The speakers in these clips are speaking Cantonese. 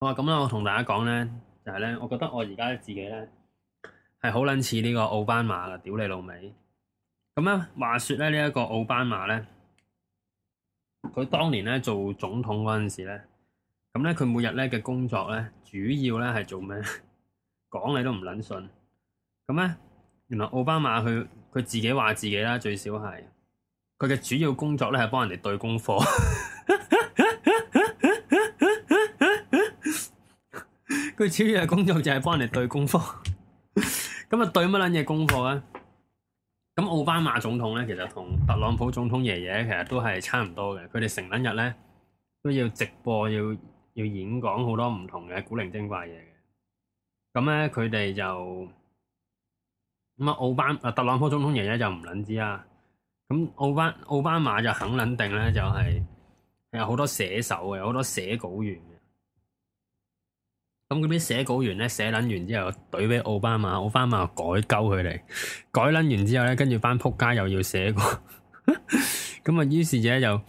咁啦，啊、我同大家講咧，就係、是、咧，我覺得我而家自己咧係好撚似呢個奧巴馬噶，屌你老味，咁咧，話說咧呢一、這個奧巴馬咧，佢當年咧做總統嗰陣時咧，咁咧佢每日咧嘅工作咧，主要咧係做咩？講你都唔撚信。咁咧，原來奧巴馬佢佢自己話自己啦，最少係佢嘅主要工作咧係幫人哋對功課。 佢主要嘅工作就係幫人哋對功課，咁啊對乜撚嘢功課咧？咁奧巴馬總統咧，其實同特朗普總統爺爺其實都係差唔多嘅。佢哋成撚日咧都要直播，要要演講好多唔同嘅古靈精怪嘢嘅。咁咧佢哋就咁啊奧巴啊特朗普總統爺爺就唔撚知啦。咁奧巴奧巴馬就肯撚定咧、就係，就係有好多寫手嘅，有好多寫稿員。咁嗰啲寫稿員咧寫捻完之後懟俾奧巴馬，奧巴馬改鳩佢哋，改捻完之後咧，跟住翻扑街又要寫過。咁 啊，於、這個、是者就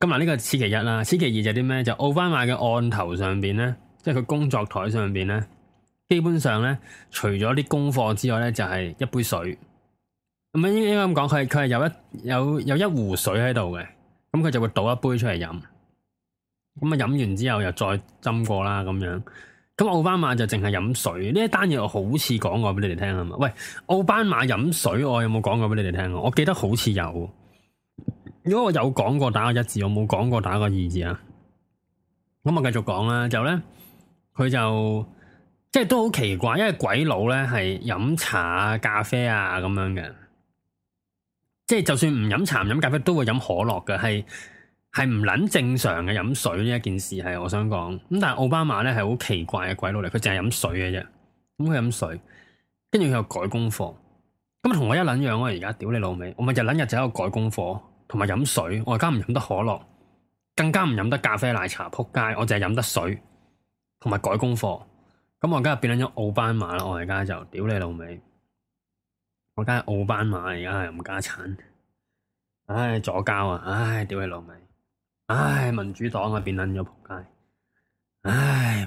今日呢個次期一啦，次期二就啲咩就奧巴馬嘅案頭上邊咧，即係佢工作台上邊咧，基本上咧除咗啲功課之外咧，就係、是、一杯水。咁啊，應該咁講，佢係佢係有一有有一壺水喺度嘅，咁佢就會倒一杯出嚟飲。咁啊，飲完之後又再斟過啦，咁樣。咁啊，奧巴馬就淨係飲水呢一單嘢，我好似講過俾你哋聽啊嘛。喂，奧巴馬飲水，我有冇講過俾你哋聽？我記得好似有。如果我有講過打個一字，我冇講過打個二字啊。咁啊，繼續講啦。就咧，佢就即係都好奇怪，因為鬼佬咧係飲茶啊、咖啡啊咁樣嘅，即係就算唔飲茶、唔飲咖啡，都會飲可樂嘅，係。係唔撚正常嘅，飲水呢一件事係，我想講咁。但係奧巴馬咧係好奇怪嘅鬼佬嚟，佢淨係飲水嘅啫。咁佢飲水，跟住佢又改功課。咁同我一撚樣，我而家屌你老味。我咪日撚日就喺度改功課，同埋飲水。我而家唔飲得可樂，更加唔飲得咖啡奶茶，扑街！我淨係飲得水，同埋改功課。咁我而家變捻咗奧巴馬啦，我而家就、哎啊哎、屌你老味。我而家係奧巴馬而家又冚家鏟，唉左膠啊，唉屌你老味。唉，民主黨啊變捻咗仆街，唉，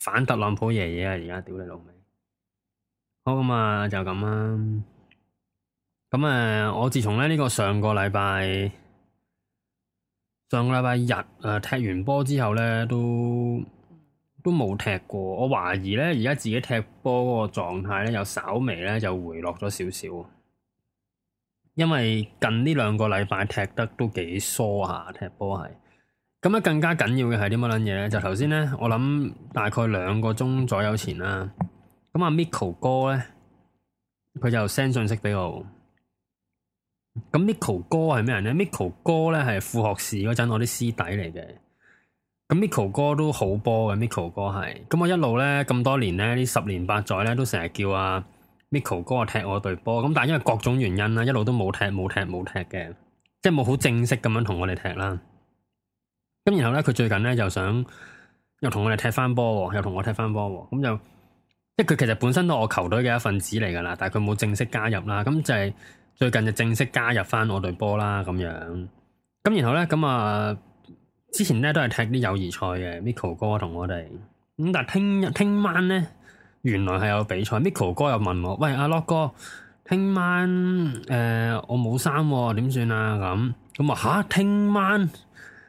反特朗普爺爺啊，而家屌你老味，好咁，嗯，啊就咁啦，咁，嗯，啊，嗯，我自從呢，呢個上個禮拜上個禮拜日啊、呃、踢完波之後呢，都都冇踢過，我懷疑呢，而家自己踢波嗰個狀態呢有稍微呢，就回落咗少少。因為近呢兩個禮拜踢得都幾疏下，踢波係。咁啊，更加緊要嘅係啲乜撚嘢咧？就頭先咧，我諗大概兩個鐘左右前啦。咁阿 Miko 哥咧，佢就 send 信息畀我。咁 Miko 哥係咩人咧？Miko 哥咧係副學士嗰陣，我啲師弟嚟嘅。咁 Miko 哥都好波嘅，Miko 哥係。咁我一路咧咁多年咧，呢十年八載咧都成日叫啊。Miko 哥啊，踢我隊波咁，但係因為各種原因啦，一路都冇踢，冇踢，冇踢嘅，即係冇好正式咁樣同我哋踢啦。咁然後咧，佢最近咧又想又同我哋踢翻波，又同我踢翻波，咁就即係佢其實本身都係我球隊嘅一份子嚟噶啦，但係佢冇正式加入啦。咁就係最近就正式加入翻我隊波啦，咁樣。咁然後咧，咁啊之前咧都係踢啲友誼賽嘅 Miko 哥同我哋，咁但係聽日聽晚咧。原來係有比賽 Miko 哥又問我：，喂，阿、啊、Lock 哥，聽晚，誒、呃，我冇衫、哦，點算啊？咁咁、嗯、啊，吓，聽晚，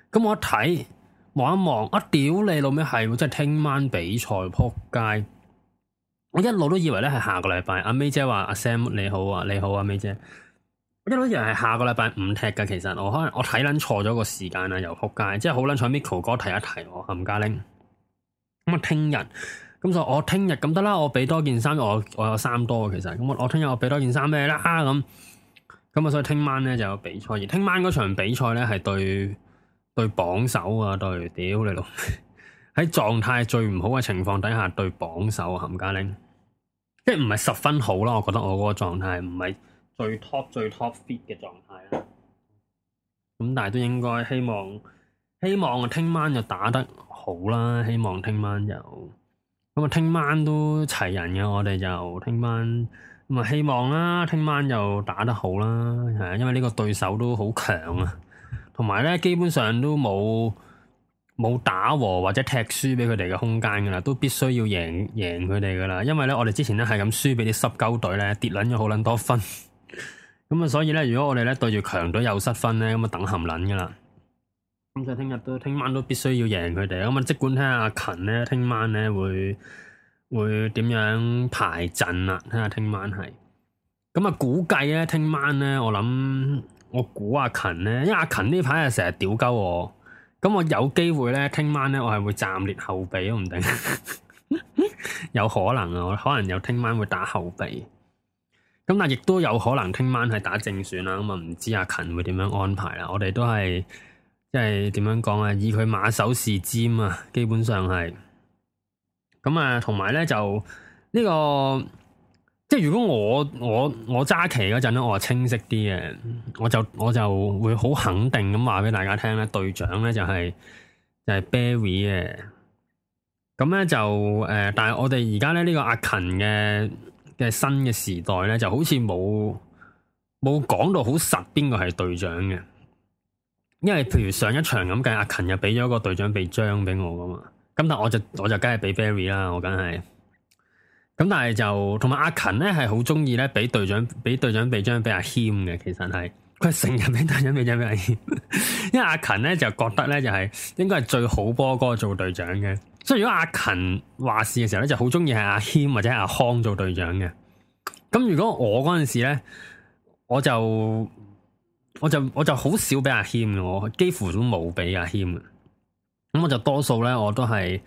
咁我一睇，望一望，啊屌你老咩？係，即係聽晚比賽，撲街！我一路都以為咧係下個禮拜，阿 May 姐話：，阿 Sam 你好啊，你好啊 May 姐。我一路以為係下個禮拜五踢噶，其實我可能我睇捻錯咗個時間啊，又撲街，即係好捻彩。Miko 哥提一提我，冚家拎。咁啊聽日。咁就、嗯、我聽日咁得啦，我畀多件衫，我我有衫多其實，咁我我聽日我畀多件衫咩啦咁。咁啊，所以聽晚咧就有比賽，而聽晚嗰場比賽咧係對對榜首啊，對屌你老，喺狀態最唔好嘅情況底下對榜首啊。冚家拎，即係唔係十分好啦。我覺得我嗰個狀態唔係最 top 最 top fit 嘅狀態啦。咁但係都應該希望希望聽晚就打得好啦，希望聽晚就。咁啊，聽晚都齊人嘅，我哋就聽晚咁啊，希望啦，聽晚又打得好啦，係因為呢個對手都好強啊，同埋咧，基本上都冇冇打和或者踢輸俾佢哋嘅空間噶啦，都必須要贏贏佢哋噶啦，因為咧，我哋之前咧係咁輸俾啲濕鳩隊咧，跌撚咗好撚多分，咁啊，所以咧，如果我哋咧對住強隊又失分咧，咁啊，等冚撚噶啦。咁所以聽日都聽晚都必須要贏佢哋，咁啊，即管睇下阿勤咧，聽晚咧會會點樣排陣啦？睇下聽晚係，咁啊，估計咧聽晚咧，我諗我估阿勤咧，因為阿勤呢排係成日屌鳩我，咁我有機會咧，聽晚咧，我係會暫列後備都唔定， 有可能啊，可能有聽晚會打後備，咁但亦都有可能聽晚係打正選啦，咁啊，唔知阿勤會點樣安排啦，啊？我哋都係。即係點樣講啊？以佢馬首是瞻啊，基本上係咁啊，同埋咧就呢、這個即係如果我我我揸旗嗰陣咧，我啊清晰啲嘅，我就我就，我就會好肯定咁話俾大家聽咧，隊長咧就係、是、就係、是、Barry 嘅。咁咧就誒、呃，但係我哋而家咧呢、這個阿勤嘅嘅新嘅時代咧，就好似冇冇講到好實邊個係隊長嘅。因為譬如上一場咁計，阿勤又俾咗個隊長臂章俾我噶嘛，咁但我就我就梗係俾 Barry 啦，我梗係。咁但係就同埋阿勤咧，係好中意咧俾隊長俾隊長臂章俾阿謙嘅，其實係佢係成日俾隊長臂章俾阿謙，因為阿勤咧就覺得咧就係、是、應該係最好波哥做隊長嘅，所以如果阿勤話事嘅時候咧，就好中意係阿謙或者係阿康做隊長嘅。咁如果我嗰陣時咧，我就。我就我就好少俾阿謙嘅，我幾乎都冇俾阿謙嘅。咁我就多數咧，我都係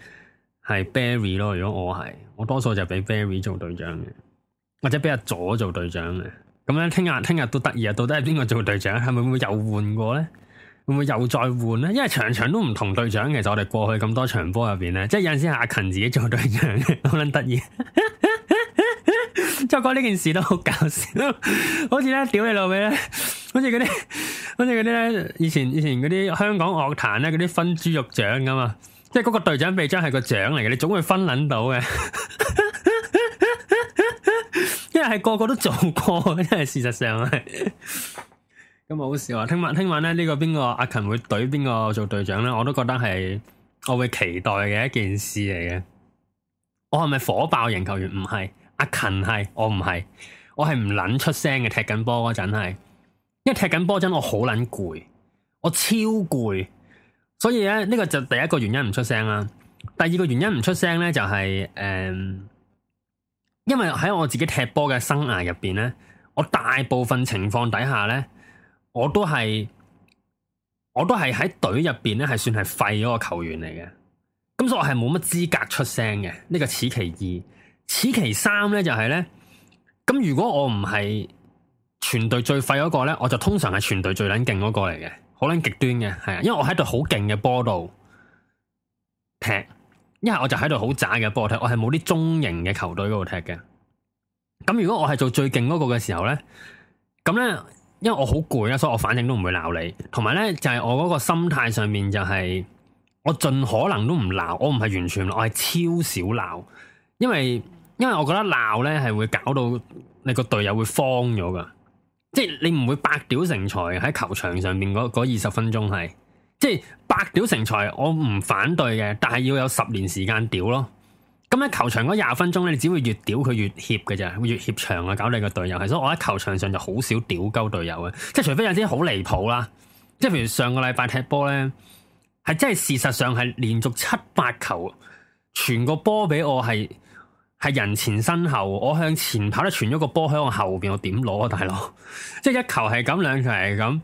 係 Barry 咯。如果我係，我多數就俾 Barry 做隊長嘅，或者俾阿左做隊長嘅。咁咧，聽日聽日都得意啊！到底係邊個做隊長？係咪會又換過咧？會唔會又再換咧？因為場場都唔同隊長。其實我哋過去咁多場波入邊咧，即係有陣時阿勤自己做隊長嘅，好撚得意。再講呢件事都好搞笑， 好似咧屌你老味咧！好似嗰啲，好似嗰啲咧，以前以前嗰啲香港樂壇咧，嗰啲分豬肉獎噶嘛，即係嗰個隊長臂章係個獎嚟嘅，你總會分捻到嘅， 因為係個個都做過，因為事實上係咁 好笑啊！聽晚聽晚咧，呢、呢個邊個阿勤會懟邊個做隊長咧？我都覺得係，我會期待嘅一件事嚟嘅。我係咪火爆型球員？唔係，阿勤係，我唔係，我係唔捻出聲嘅，踢緊波嗰陣係。因為踢緊波真，我好撚攰，我超攰，所以咧呢個就第一個原因唔出聲啦。第二個原因唔出聲呢、就是，就係誒，因為喺我自己踢波嘅生涯入邊呢，我大部分情況底下呢，我都係我都係喺隊入邊呢，係算係廢嗰個球員嚟嘅。咁所以我係冇乜資格出聲嘅。呢、呢個此其二，此其三呢、就是，就係呢。咁如果我唔係。全隊最廢嗰個呢，我就通常係全隊最捻勁嗰個嚟嘅，好捻極端嘅，係啊，因為我喺度好勁嘅波度踢，一係我就喺度好渣嘅波踢，我係冇啲中型嘅球隊嗰度踢嘅。咁如果我係做最勁嗰個嘅時候呢，咁呢，因為我好攰啊，所以我反正都唔會鬧你。同埋呢，就係我嗰個心態上面就係我盡可能都唔鬧，我唔係完全鬧，我係超少鬧，因為因為我覺得鬧呢係會搞到你個隊友會慌咗噶。即係你唔會百屌成才喺球場上面嗰二十分鐘係，即係百屌成才我唔反對嘅，但係要有十年時間屌咯。咁喺球場嗰廿分鐘咧，你只會越屌佢越怯嘅咋，越怯場啊，搞你個隊友。所以，我喺球場上就好少屌鳩隊友嘅，即係除非有啲好離譜啦。即係譬如上個禮拜踢波咧，係真係事實上係連續七八球傳個波俾我係。係人前身後，我向前跑咧，傳咗個波喺我後邊，我點攞啊大佬？即係一球係咁，兩球係咁，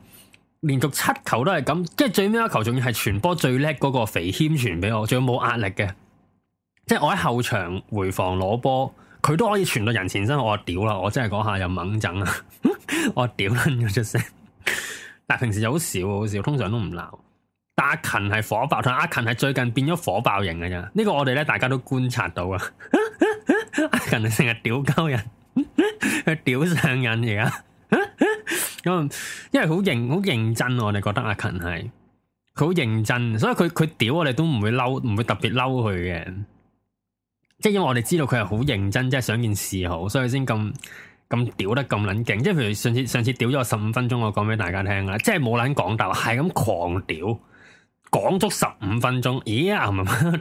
連續七球都係咁，即係最尾一球仲要係傳波最叻嗰個肥謙傳俾我，仲要冇壓力嘅，即係我喺後場回防攞波，佢都可以傳到人前身後，我屌啦！我真係嗰下又猛整啊！ 我屌啦嗰出聲， 但係平時就好少，少通常都唔鬧。阿勤係火爆，同阿勤係最近變咗火爆型嘅啫。呢、這個我哋咧，大家都觀察到啊。 阿勤成日屌鳩人，佢 屌上人而家。 因為因為好認好認,認真，我哋覺得阿勤係佢好認真，所以佢佢屌我哋都唔會嬲，唔會特別嬲佢嘅。即係因為我哋知道佢係好認真，即、就、係、是、想件事好，所以先咁咁屌得咁撚勁。即係譬如上次上次屌咗我十五分鐘，我講俾大家聽啦，即係冇撚講但係咁狂屌。講足十五分鐘，咦、欸、啊，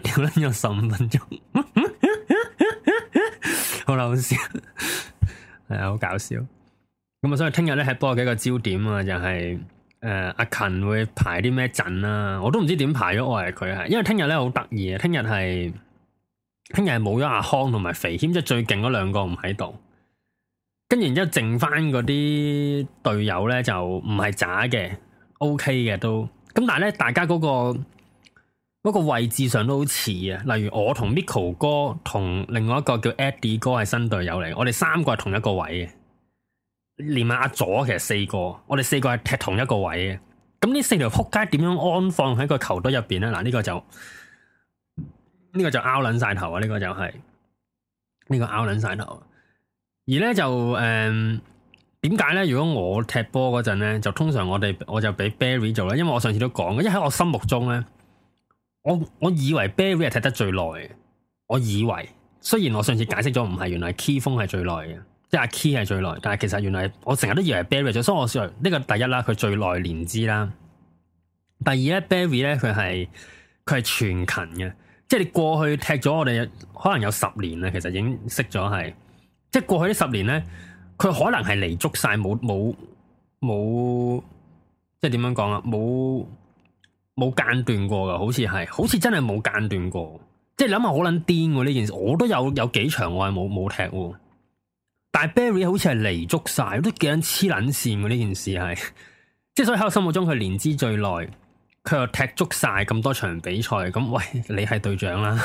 屌你個十五分鐘，嗯啊啊啊啊嗯，好搞笑，係啊，好搞笑。咁啊，所以聽日咧喺波嘅幾個焦點啊，就係、是、誒、呃、阿勤會排啲咩陣啊，我都唔知點排咗我係佢係，因為聽日咧好得意啊，聽日係聽日係冇咗阿康同埋肥謙，即係最勁嗰兩個唔喺度，跟住然之後剩翻嗰啲隊友咧就唔係渣嘅，OK 嘅都。咁但係咧，大家嗰、嗰個、嗰個位置上都好似啊，例如我同 Miko 哥同另外一個叫 Eddie 哥係新隊友嚟，我哋三個係同一個位嘅，連埋阿左其實四個，我哋四個係踢同一個位嘅。咁呢四條撲街點樣安放喺個球隊入邊咧？嗱，呢、呢個就呢、呢個就拗捻晒頭啊！呢、呢個就係、係、呢、呢個拗捻晒頭了。而咧就嗯。點解咧？如果我踢波嗰陣咧，就通常我哋我就俾 Barry 做啦，因為我上次都講嘅，因為喺我心目中咧，我我以為 Barry 係踢得最耐嘅。我以為，雖然我上次解釋咗唔係，原來 Key 風係最耐嘅，即係阿 Key 係最耐，但係其實原來我成日都以為 Barry 做，所以我認為呢個第一啦，佢最耐年資啦。第二咧，Barry 咧，佢係佢係全勤嘅，即係你過去踢咗我哋可能有十年啦，其實已經認識咗係，即係過去呢十年咧。佢可能係離足晒，冇冇冇，即係點樣講啊？冇冇間斷過噶，好似係，好似真係冇間斷過。即係諗下，好捻癲喎呢件事！我都有有幾場我係冇冇踢，但係 Barry 好似係離足晒，都幾捻黐捻線嘅呢件事係。即係所以喺我心目中，佢連資最耐，佢又踢足晒咁多場比賽。咁喂，你係隊長啦，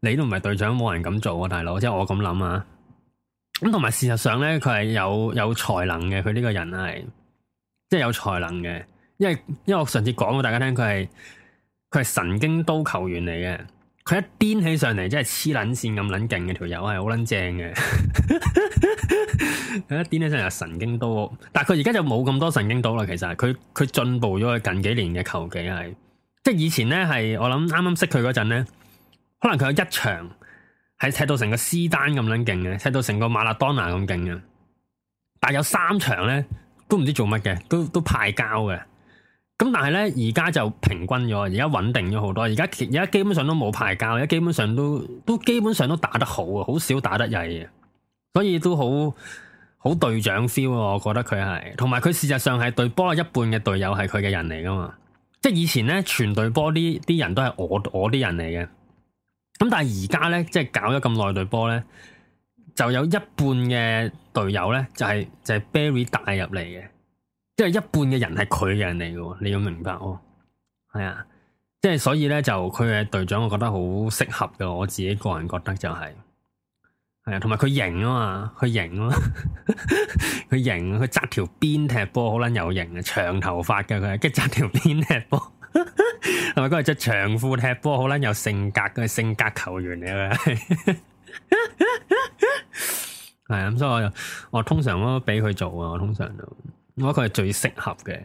你都唔係隊長，冇人咁做啊，大佬。即係我咁諗啊。咁同埋事實上咧，佢係有有才能嘅，佢呢個人係即係有才能嘅，因為因為我上次講過大家聽，佢係佢係神經刀球員嚟嘅，佢一癲起上嚟即係黐撚線咁撚勁嘅，條友係好撚正嘅，佢一癲起上嚟神經刀，但係佢而家就冇咁多神經刀啦，其實佢佢進步咗佢近幾年嘅球技係，即係以前咧係我諗啱啱識佢嗰陣咧，可能佢有一場。係踢到成個斯丹咁撚勁嘅，踢到成個馬拉多納咁勁嘅，但係有三場咧都唔知做乜嘅，都都，都派膠嘅。咁但係咧而家就平均咗，而家穩定咗好多。而家而家基本上都冇派膠，而家基本上都都基本上都打得好啊，好少打得曳嘅。所以都好好隊長 feel，啊、我覺得佢係。同埋佢事實上係隊波一半嘅隊友係佢嘅人嚟噶嘛？即係以前咧全隊波啲啲人都係我我啲人嚟嘅。咁但係而家咧，即係搞咗咁耐隊波咧，就有一半嘅隊友咧，就係、是、就係 Berry 帶入嚟嘅，即係一半嘅人係佢嘅人嚟嘅，你要明白哦。係啊，即係所以咧，就佢嘅隊長，我覺得好適合嘅，我自己個人覺得就係、是，係啊，同埋佢型啊嘛，佢型咯，佢型、啊，佢紮條辮踢波好捻有型啊，長頭髮嘅佢，跟住紮條辮踢波。 係咪嗰日着長褲踢波好撚有性格嘅，性格球員嚟嘅，係 啊。 咁所以我，我通常都俾佢做啊。我通常就，我覺得佢係最適合嘅。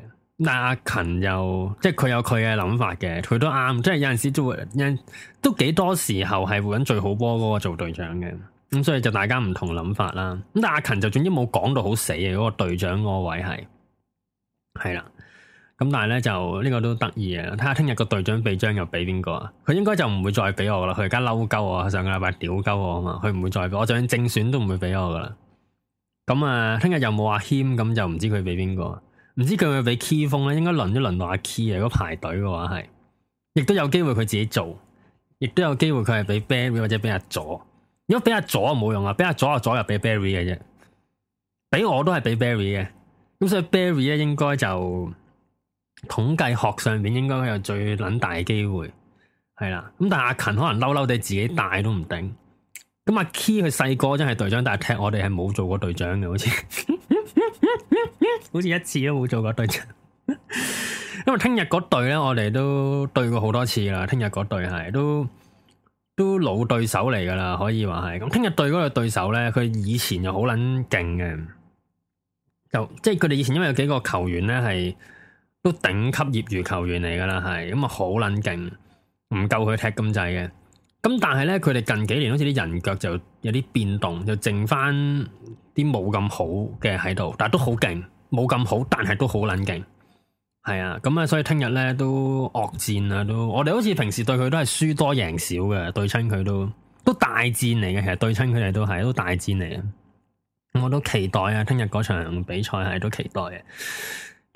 但阿勤又，即係佢有佢嘅諗法嘅，佢都啱。即係有陣時都會，有都，有都幾多時候係護緊最好波嗰個做隊長嘅。咁所以就大家唔同諗法啦。咁但阿勤就總之冇講到好死嘅嗰個隊長個位係，係啦。咁但係呢，就呢、這個都得意嘅，睇下聽日個隊長臂章又俾邊個啊？佢應該就唔會再俾我啦，佢而家嬲鳩我，上個禮拜屌鳩我嘛，佢唔會再俾，我就算正選都唔會俾我噶啦。咁、嗯、啊，聽日有冇阿謙？咁就唔知佢俾邊個，唔知佢會俾 Key 風咧，應該輪咗輪到阿 K 啊。如果排隊嘅話係，亦都有機會佢自己做，亦都有機會佢係俾 Barry 或者俾阿左。如果俾阿左，俾阿佐佐就冇用啊，俾阿左，啊，左，又俾 Barry 嘅啫，俾我都係俾 Barry 嘅。咁所以 Barry 咧應該就。統計學上面應該有最捻大嘅機會，係啦。咁但阿勤可能嬲嬲地自己大都唔頂。咁阿 key 佢細個真係隊長，但係踢我哋係冇做過隊長嘅，好似 好似一次都冇做過隊長。 因為聽日嗰隊咧，我哋都對過好多次啦。聽日嗰隊係都都老對手嚟噶啦，可以話係。咁聽日對嗰個對手咧，佢以前就好捻勁嘅，就即係佢哋以前因為有幾個球員咧係。都頂級業餘球員嚟噶啦，係咁啊，好、嗯、冷靜，唔夠佢踢咁滯嘅。咁但係咧，佢哋近幾年好似啲人腳就有啲變動，就剩翻啲冇咁好嘅喺度，但係都好勁，冇咁好，但係都好冷靜。係啊，咁、嗯、啊，所以聽日咧都惡戰啊，都，都我哋好似平時對佢都係輸多贏少嘅，對親佢都都大戰嚟嘅，其實對親佢哋都係都大戰嚟嘅。我都期待啊，聽日嗰場比賽係都期待嘅、啊。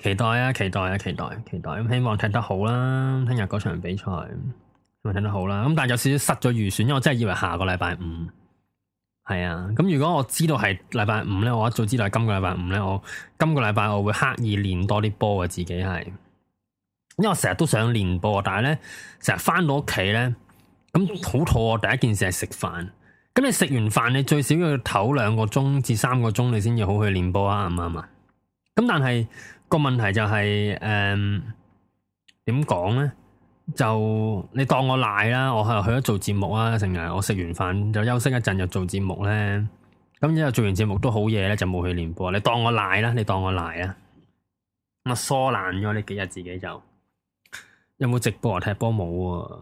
期待啊！期待啊！期待、啊、期待咁、啊，希望踢得好啦。聽日嗰場比賽希望踢得好啦。咁但係有少少失咗預算，因為我真係以為下個禮拜五係啊。咁如果我知道係禮拜五咧，我一早知道係今個禮拜五咧，我今個禮拜我會刻意練多啲波嘅自己係，因為我成日都想練波，但係咧成日翻到屋企咧咁好肚餓，我第一件事係食飯。咁你食完飯，你最少要唞兩個鐘至三個鐘，你先至好去練波啊？唔係嘛？咁但係。個問題就係、是、誒，點講咧？就你當我賴啦，我係去咗做節目啊，成日我食完飯就休息一陣，又做節目咧。咁之後做完節目都好夜咧，就冇去練波。你當我賴啦，你當我賴啦。咁啊，疏懶咗呢幾日自己就有冇直播啊？踢波冇啊，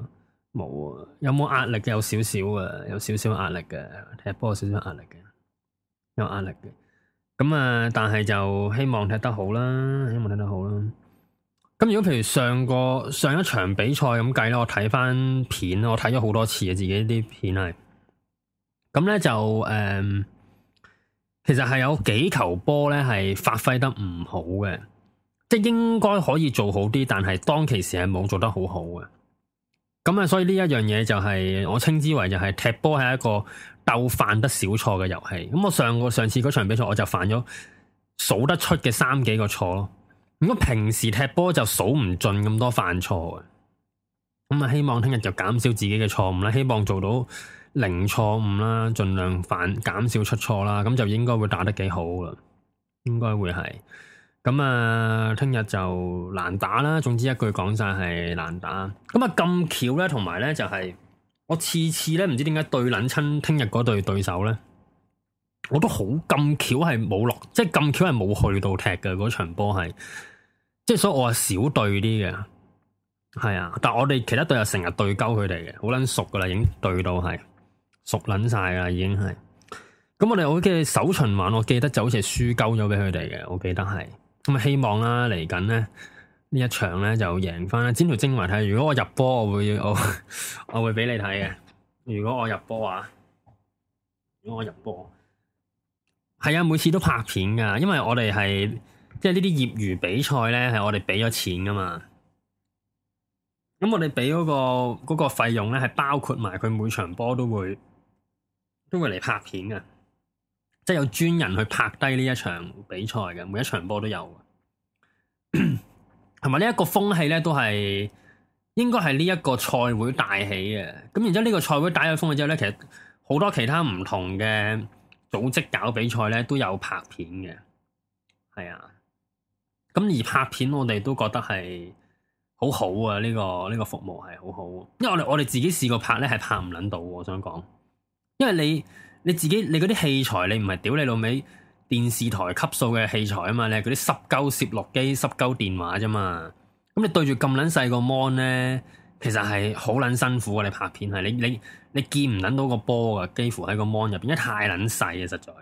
冇啊。有冇壓力？有少少啊，有少少壓力嘅，踢波有少少壓力嘅，有壓力嘅。咁啊、嗯！但係就希望踢得好啦，希望踢得好啦。咁、嗯、如果譬如上個上一場比賽咁計啦，我睇翻片，我睇咗好多次嘅自己啲片係。咁、嗯、呢就誒、嗯，其實係有幾球波呢係發揮得唔好嘅，即係應該可以做好啲，但係當其時係冇做得好好嘅。咁、嗯、啊，所以呢一樣嘢就係、是、我稱之為就係踢波係一個。鬥犯得少錯嘅遊戲，咁我上個上次嗰場比賽我就犯咗數得出嘅三幾個錯咯，如果平時踢波就數唔盡咁多犯錯嘅，咁啊希望聽日就減少自己嘅錯誤啦，希望做到零錯誤啦，盡量犯減少出錯啦，咁就應該會打得幾好啦，應該會係，咁啊聽日就難打啦，總之一句講晒係難打，咁啊咁巧咧，同埋咧就係、是。我次次咧唔知點解對捻親聽日嗰對對手咧，我都好咁巧係冇落，即係咁巧係冇去到踢嘅嗰場波係，即係所以我係少對啲嘅，係啊。但係我哋其他隊又成日對鳩佢哋嘅，好捻熟噶啦，已經對到係熟捻晒啦，已經係。咁我哋好嘅首循環我記得就好似係輸鳩咗俾佢哋嘅，我記得係咁啊。希望啦嚟緊咧。呢一場咧就贏翻啦！詹兆晶話睇，如果我入波，我會我我會俾你睇嘅。如果我入波啊，如果我入波，係啊，每次都拍片噶因為我哋係即係呢啲業餘比賽咧，係我哋畀咗錢噶嘛。咁我哋畀嗰個嗰個費用咧，係包括埋佢每場波都會都會嚟拍片噶，即係有專人去拍低呢一場比賽嘅，每一場波都有。 同埋呢一個風氣咧，都係應該係呢一個賽會帶起嘅。咁然之後呢個賽會帶咗風氣之後咧，其實好多其他唔同嘅組織搞比賽咧，都有拍片嘅。係啊，咁而拍片我哋都覺得係好好啊！呢個呢個服務係好好，因為我哋我哋自己試過拍咧，係拍唔捻到。我想講，因為你你自己你嗰啲器材，你唔係，屌你老味。電視台級數嘅器材啊嘛，你嗰啲濕鳩攝錄機、濕鳩電話啫嘛，咁你對住咁撚細個 mon 咧，其實係好撚辛苦啊！你拍片係你你你見唔撚到個波㗎，幾乎喺個 mon 入邊，因為太撚細啊，實在。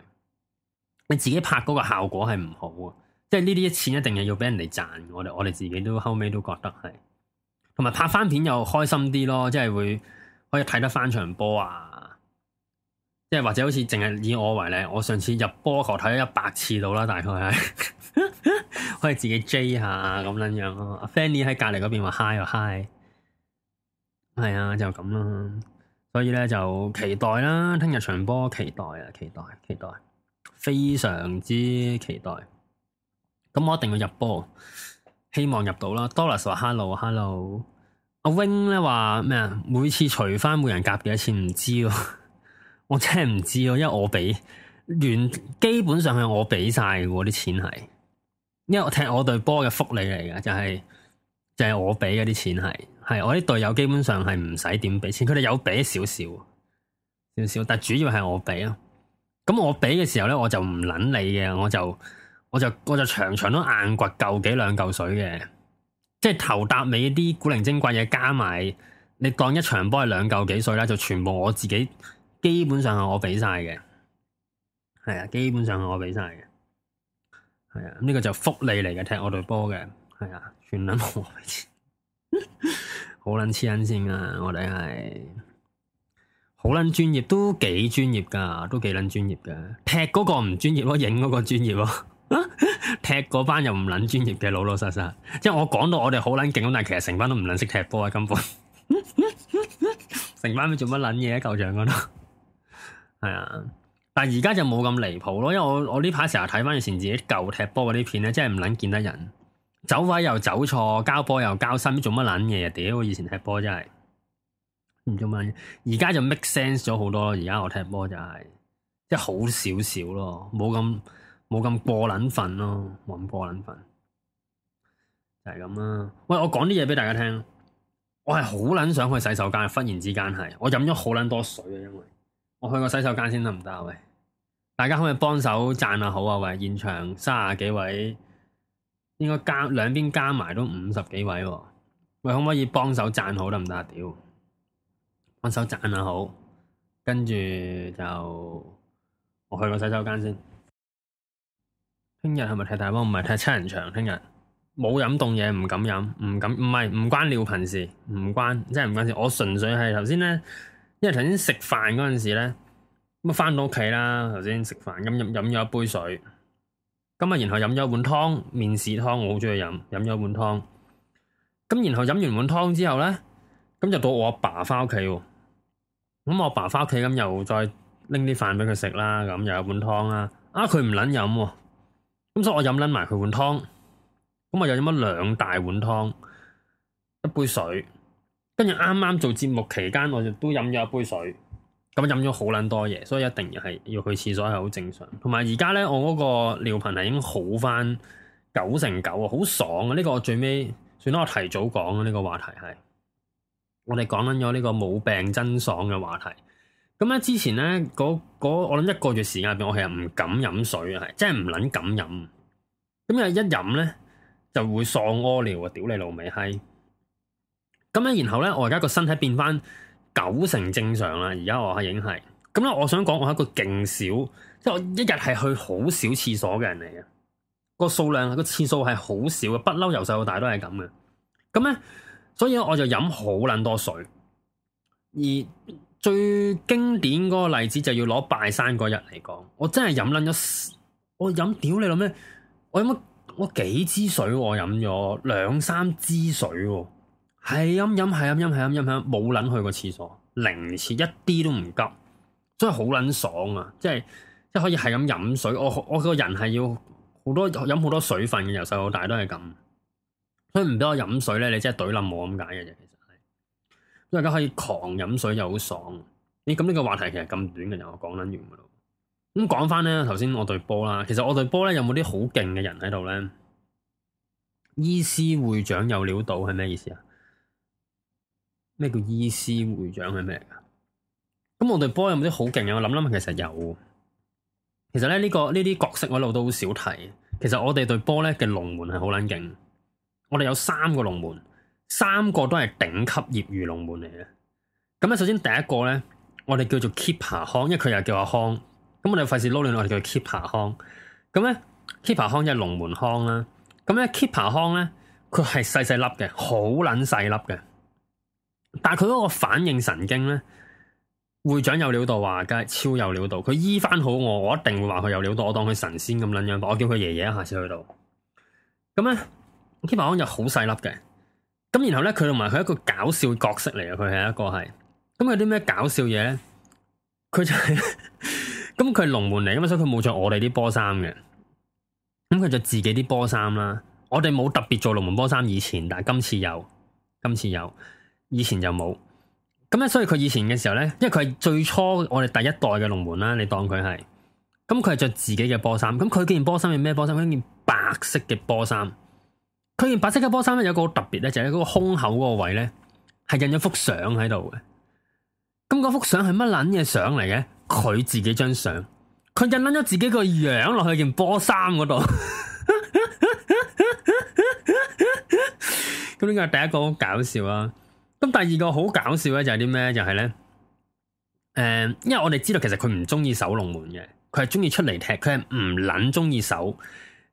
你自己拍嗰個效果係唔好啊，即係呢啲錢一定係要俾人哋賺。我哋我哋自己都後尾都覺得係，同埋拍翻片又開心啲咯，即係會可以睇得翻場波啊！即係或者好似淨係以我為例，我上次入波球睇咗一百次到啦，大概係 可以自己 J 下咁樣 hi, hi、啊、樣咯。Fanny 喺隔籬嗰邊話 Hi 啊 Hi，係啊就咁咯。所以咧就期待啦，聽日場波期待啊，期待期待，非常之期待。咁我一定要入波，希望入到啦。Dollars 話 Hello Hello，阿 Wing 咧話咩啊？每次除翻每人夾幾多次，唔知喎。我真係唔知咯，因為我俾完基本上係我俾晒喎啲錢係，因為我踢我隊波嘅福利嚟嘅，就係、是、就係、是、我俾嘅啲錢係，係我啲隊友基本上係唔使點俾錢，佢哋有俾少少，少少，但主要係我俾咯。咁我俾嘅時候咧，我就唔捻你嘅，我就我就我就場場都硬掘夠幾兩嚿水嘅，即係頭搭尾啲古靈精怪嘢加埋，你當一場波係兩嚿幾水啦，就全部我自己。基本上係我畀晒嘅，係啊，基本上係我畀晒嘅，係啊，呢個就福利嚟嘅，踢我隊波嘅，係啊，算全撚好撚黐線先啊，我哋係好撚專業都幾專業噶，都幾撚專業嘅，踢嗰個唔專業咯，影嗰個專業咯， 踢嗰班又唔撚專業嘅，老老實實，即係我講到我哋好撚勁咁，但係其實成班都唔撚識踢波啊，根本，成、嗯嗯嗯嗯、 班都做乜撚嘢啊，球場嗰度。係啊，但而家就冇咁離譜咯，因為我我呢排成日睇翻以前自己舊踢波嗰啲片咧，真係唔撚見得人，走位又走錯，交波又交深，做乜撚嘢啊？屌，以前踢波真係唔知做乜嘢。而家就 make sense 咗好多，而家我踢波就係、是、即係好少少咯，冇咁冇咁過撚份咯，冇咁過撚份，就係咁啦。喂，我講啲嘢畀大家聽，我係好撚想去洗手間，忽然之間係我飲咗好撚多水啊，因為。我去個洗手間先得唔得啊？喂，大家可唔可以幫手讚下好啊？喂，現場三十幾位，應該加兩邊加埋都五十幾位喎，啊。喂，可唔可以幫手讚好得唔得啊？屌，幫手讚下好，跟住就我去個洗手間先。聽日係咪踢大波？唔係踢七人場。聽日冇飲凍嘢，唔敢飲，唔敢，唔係唔關尿頻事，唔關，真係唔關事。我純粹係頭先咧。因為頭先食飯嗰陣時咧，咁啊返到屋企啦。頭先食飯，飲飲飲咗一杯水，咁啊然後飲咗一碗湯，麵豉湯我好鍾意飲，飲咗一碗湯。咁然後飲完碗湯之後咧，咁就到我阿爸返屋企。咁我阿爸返屋企咁又再拎啲飯畀佢食啦，咁又有碗湯啦。啊佢唔撚飲喎，咁所以我飲撚埋佢碗湯。咁啊又飲咗兩大碗湯，一杯水。跟住啱啱做節目期間，我就都飲咗一杯水，咁飲咗好撚多嘢，所以一定係要去廁所係好正常。同埋而家咧，我嗰個尿頻係已經好翻九成九啊，好爽啊！呢個最尾算啦，我提早講啊，呢個話題係我哋講緊咗呢個冇病真爽嘅話題。咁咧之前咧，嗰嗰我諗一個月時間入邊，我係唔敢飲水啊，係即係唔撚敢飲。咁又一飲咧就會喪屙尿啊，屌你老味閪！咁咧，然後咧，我而家個身體變翻九成正常啦。而家我係已經係咁咧。我想講，我係一個勁少，即係我一日係去好少廁所嘅人嚟嘅。個數量個次數係好少嘅，不嬲由細到大都係咁嘅。咁咧，所以我就飲好撚多水。而最經典嗰個例子就要攞拜山嗰日嚟講，我真係飲撚咗，我飲屌你諗咩？我飲乜我幾支水？我飲咗兩三支水喎，啊。係飲飲係飲飲係飲飲，冇捻去過廁所，零次，一啲都唔急，真係好捻爽啊！即係即係可以係咁飲水，我我個人係要好多飲好多水分嘅，由細到大都係咁，所以唔俾我飲水咧，你真係懟冧我咁解嘅啫。其實係，所以大家可以狂飲水又好爽。咦、哎？咁呢個話題其實咁短嘅，就我講捻完噶啦。咁講翻咧，頭先我對波啦，其實我對波咧有冇啲好勁嘅人喺度咧？醫師會長有料到係咩意思啊？咩叫醫師會長係咩嚟噶？咁我隊波有冇啲好勁嘅？我諗諗，其實有。其實咧、這、呢個呢啲角色我一路都好少提。其實我哋隊波咧嘅龍門係好捻勁。我哋有三個龍門，三個都係頂級業餘龍門嚟嘅。咁咧，首先第一個咧，我哋叫做 keeper 康，ung, 因為佢又叫阿康。咁我哋費事撈亂，我哋叫 keeper 康。咁咧 keeper 康就係龍門康啦。咁咧 keeper 康咧，佢係細細粒嘅，好捻細粒嘅。但係佢嗰個反應神經咧，會長有料到話，梗係超有料到。佢醫翻好我，我一定會話佢有料到，我當佢神仙咁捻樣。我叫佢爺爺，下次去到咁咧。Keybank 就好細粒嘅，咁然後咧佢同埋佢一個搞笑角色嚟嘅，佢係一個係咁有啲咩搞笑嘢咧？佢就係咁，佢係龍門嚟，咁啊所以佢冇着我哋啲波衫嘅，咁佢就自己啲波衫啦。我哋冇特別做龍門波衫以前，但係今次有，今次有。以前就冇，咁咧，所以佢以前嘅時候咧，因為佢係最初我哋第一代嘅龍門啦，你當佢係，咁佢係着自己嘅波衫，咁佢件波衫係咩波衫？一件白色嘅波衫，佢件白色嘅波衫咧，有個好特別咧，就喺嗰個胸口嗰個位咧，係印咗幅相喺度嘅。咁嗰幅相係乜捻嘅相嚟嘅？佢自己張相，佢印捻咗自己個樣落去件波衫嗰度。咁呢個係第一個好搞笑啊！咁第二個好搞笑咧，就是，就係啲咩？就係咧，誒，因為我哋知道其實佢唔中意守龍門嘅，佢係中意出嚟踢，佢係唔捻中意守。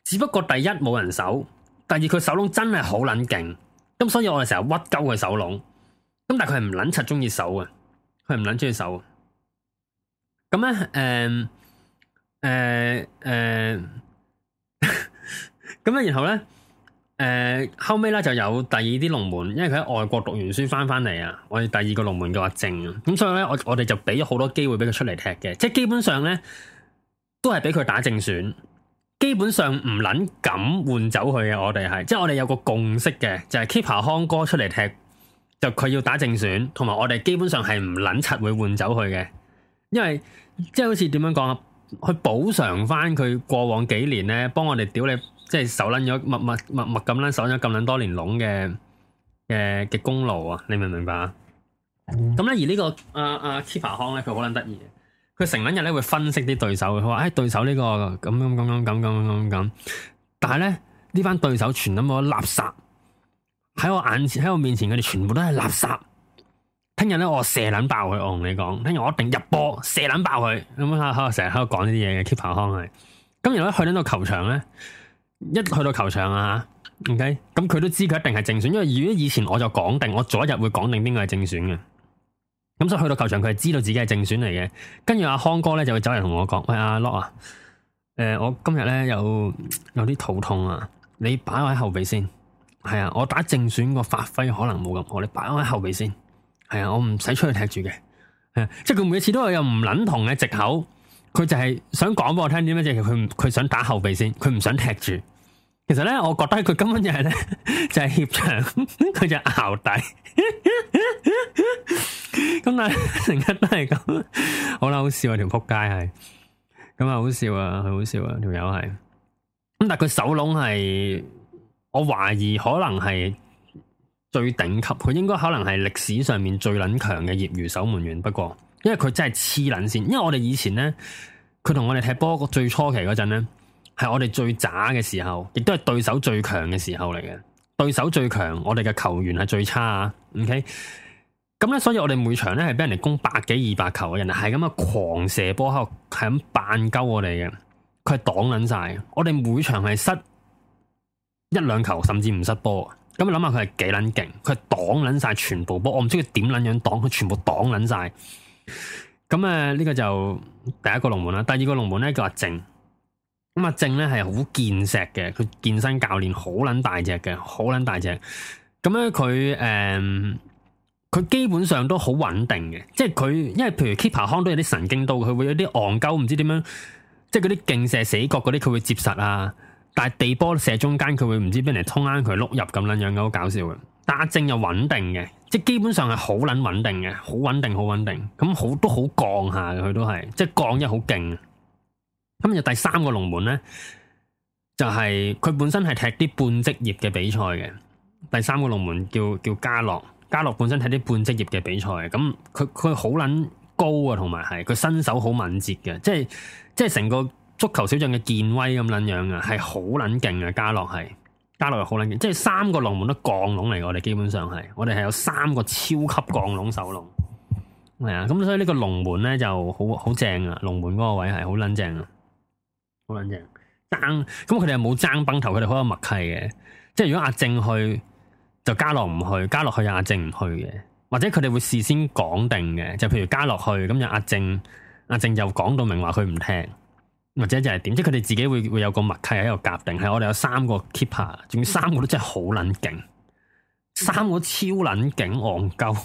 只不過第一冇人守，第二佢守籠真係好捻勁。咁所以我哋成日屈鳩佢守籠。咁但係佢係唔捻柒中意守啊，佢係唔捻中意守啊。咁咧，誒、呃，誒、呃，誒、呃，咁 咧，然後咧。誒、呃，後尾咧就有第二啲龍門，因為佢喺外國讀完書翻翻嚟啊，我哋第二個龍門嘅話正啊，咁所以咧我我哋就俾咗好多機會俾佢出嚟踢嘅，即係基本上咧都係俾佢打正選，基本上唔捻敢換走佢嘅，我哋係，即係我哋有個共識嘅，就係 Keeper 康哥出嚟踢，就佢要打正選，同埋我哋基本上係唔捻柒會換走佢嘅，因為即係好似點樣講啊，去補償翻佢過往幾年咧，幫我哋屌你。即係手捻咗默默默默咁捻手捻咗咁捻多年攏嘅嘅嘅功勞啊！你明唔明白、 這個呃、啊？咁咧而呢個阿阿 Kipper 康咧，佢好捻得意。佢成捻日咧會分析啲對手，佢話：誒、哎，對手呢，這個咁樣咁樣咁咁咁咁咁。但係咧呢班對手全部都垃圾，喺我眼前，喺我面前，佢哋全部都係垃圾。聽日咧我射捻爆佢，我同你講，聽日我一定入波射捻爆佢。咁喺度成日喺度講呢啲嘢嘅 Kipper 康係。今日咧去到個球場咧。呢呢一去到球場啊，OK，咁佢都知佢一定係正選，因為如果以前我就講定，我左一日會講定邊個係正選嘅。咁所以去到球場，佢係知道自己係正選嚟嘅。跟住阿康哥咧就會走嚟同我講：喂，阿 lock 啊，誒，我今日咧有有啲肚痛啊，你擺我喺後備先。係啊，我打正選個發揮可能冇咁好，你擺我喺後備先。係啊，我唔使出去踢住嘅。係啊，即係佢每一次都係有唔捻同嘅藉口。佢就係想講俾我聽啲咩啫，其實佢佢想打後備先，佢唔想踢住。其實咧，我覺得佢根本就係咧， 就係怯場，佢就拗底。咁啊，成日都係咁。好啦，好笑啊，條、這、撲、個、街係。咁啊，好笑啊，佢、這、好、個、笑啊，條友係。咁但係佢守籠係，我懷疑可能係最頂級，佢應該可能係歷史上面最捻強嘅業餘守門員。不過。因為佢真係黐捻線，因為我哋以前呢，佢同我哋踢波，最初期嗰陣呢，係我哋最渣嘅時候，亦都係對手最強嘅時候嚟嘅。對手最強，我哋嘅球員係最差。OK，咁呢，所以我哋每場呢，係俾人哋攻百幾二百球嘅，人哋係咁樣狂射波喺度，係咁扮鳩我哋嘅。佢係擋捻晒，我哋每場係失一兩球，甚至唔失波。咁你諗下佢係幾捻勁，佢係擋捻晒全部波。我唔知佢點捻樣擋，佢全部擋捻晒。咁啊，呢個就第一個龍門啦。第二個龍門咧叫阿靜。咁、嗯、啊呢，靜咧係好健碩嘅，佢健身教練好捻大隻嘅，好捻大隻。咁咧佢誒，佢、嗯、基本上都好穩定嘅。即係佢，因為譬如 keeper 康都有啲神經刀，佢會有啲戇鳩，唔知點樣，即係嗰啲勁射死角嗰啲，佢會接實啊。但係地波射中間，佢會唔知邊嚟通啱佢碌入咁捻樣嘅，好搞笑嘅。但阿、啊、靜又穩定嘅。即基本上係好捻穩定嘅，好穩定，好穩定。咁好都好降下嘅，佢都係，即係降一好勁。咁就第三個龍門咧，就係佢本身係踢啲半職業嘅比賽嘅。第三個龍門叫叫加樂，加樂本身踢啲半職業嘅比賽，咁佢佢好捻高啊，同埋係佢身手好敏捷嘅，即係即係成個足球小將嘅健威咁捻樣啊，係好捻勁啊，加樂係。加落去好撚勁，即係三個龍門都降龍嚟，我哋基本上係，我哋係有三個超級降龍守龍，係啊，咁所以個龍呢個龍門咧就好好正啊，龍門嗰個位係好撚正啊，好撚正，但爭，咁佢哋又冇爭崩頭，佢哋好有默契嘅，即係如果阿正去就加落唔去，加落去又阿正唔去嘅，或者佢哋會事先講定嘅，就譬如加落去，咁就阿正，阿正就講到明話佢唔聽。或者就係點，即係佢哋自己會會有個默契喺度夾定，係我哋有三個 keeper，仲要三個都真係好撚勁，三個都超撚勁，憨鳩。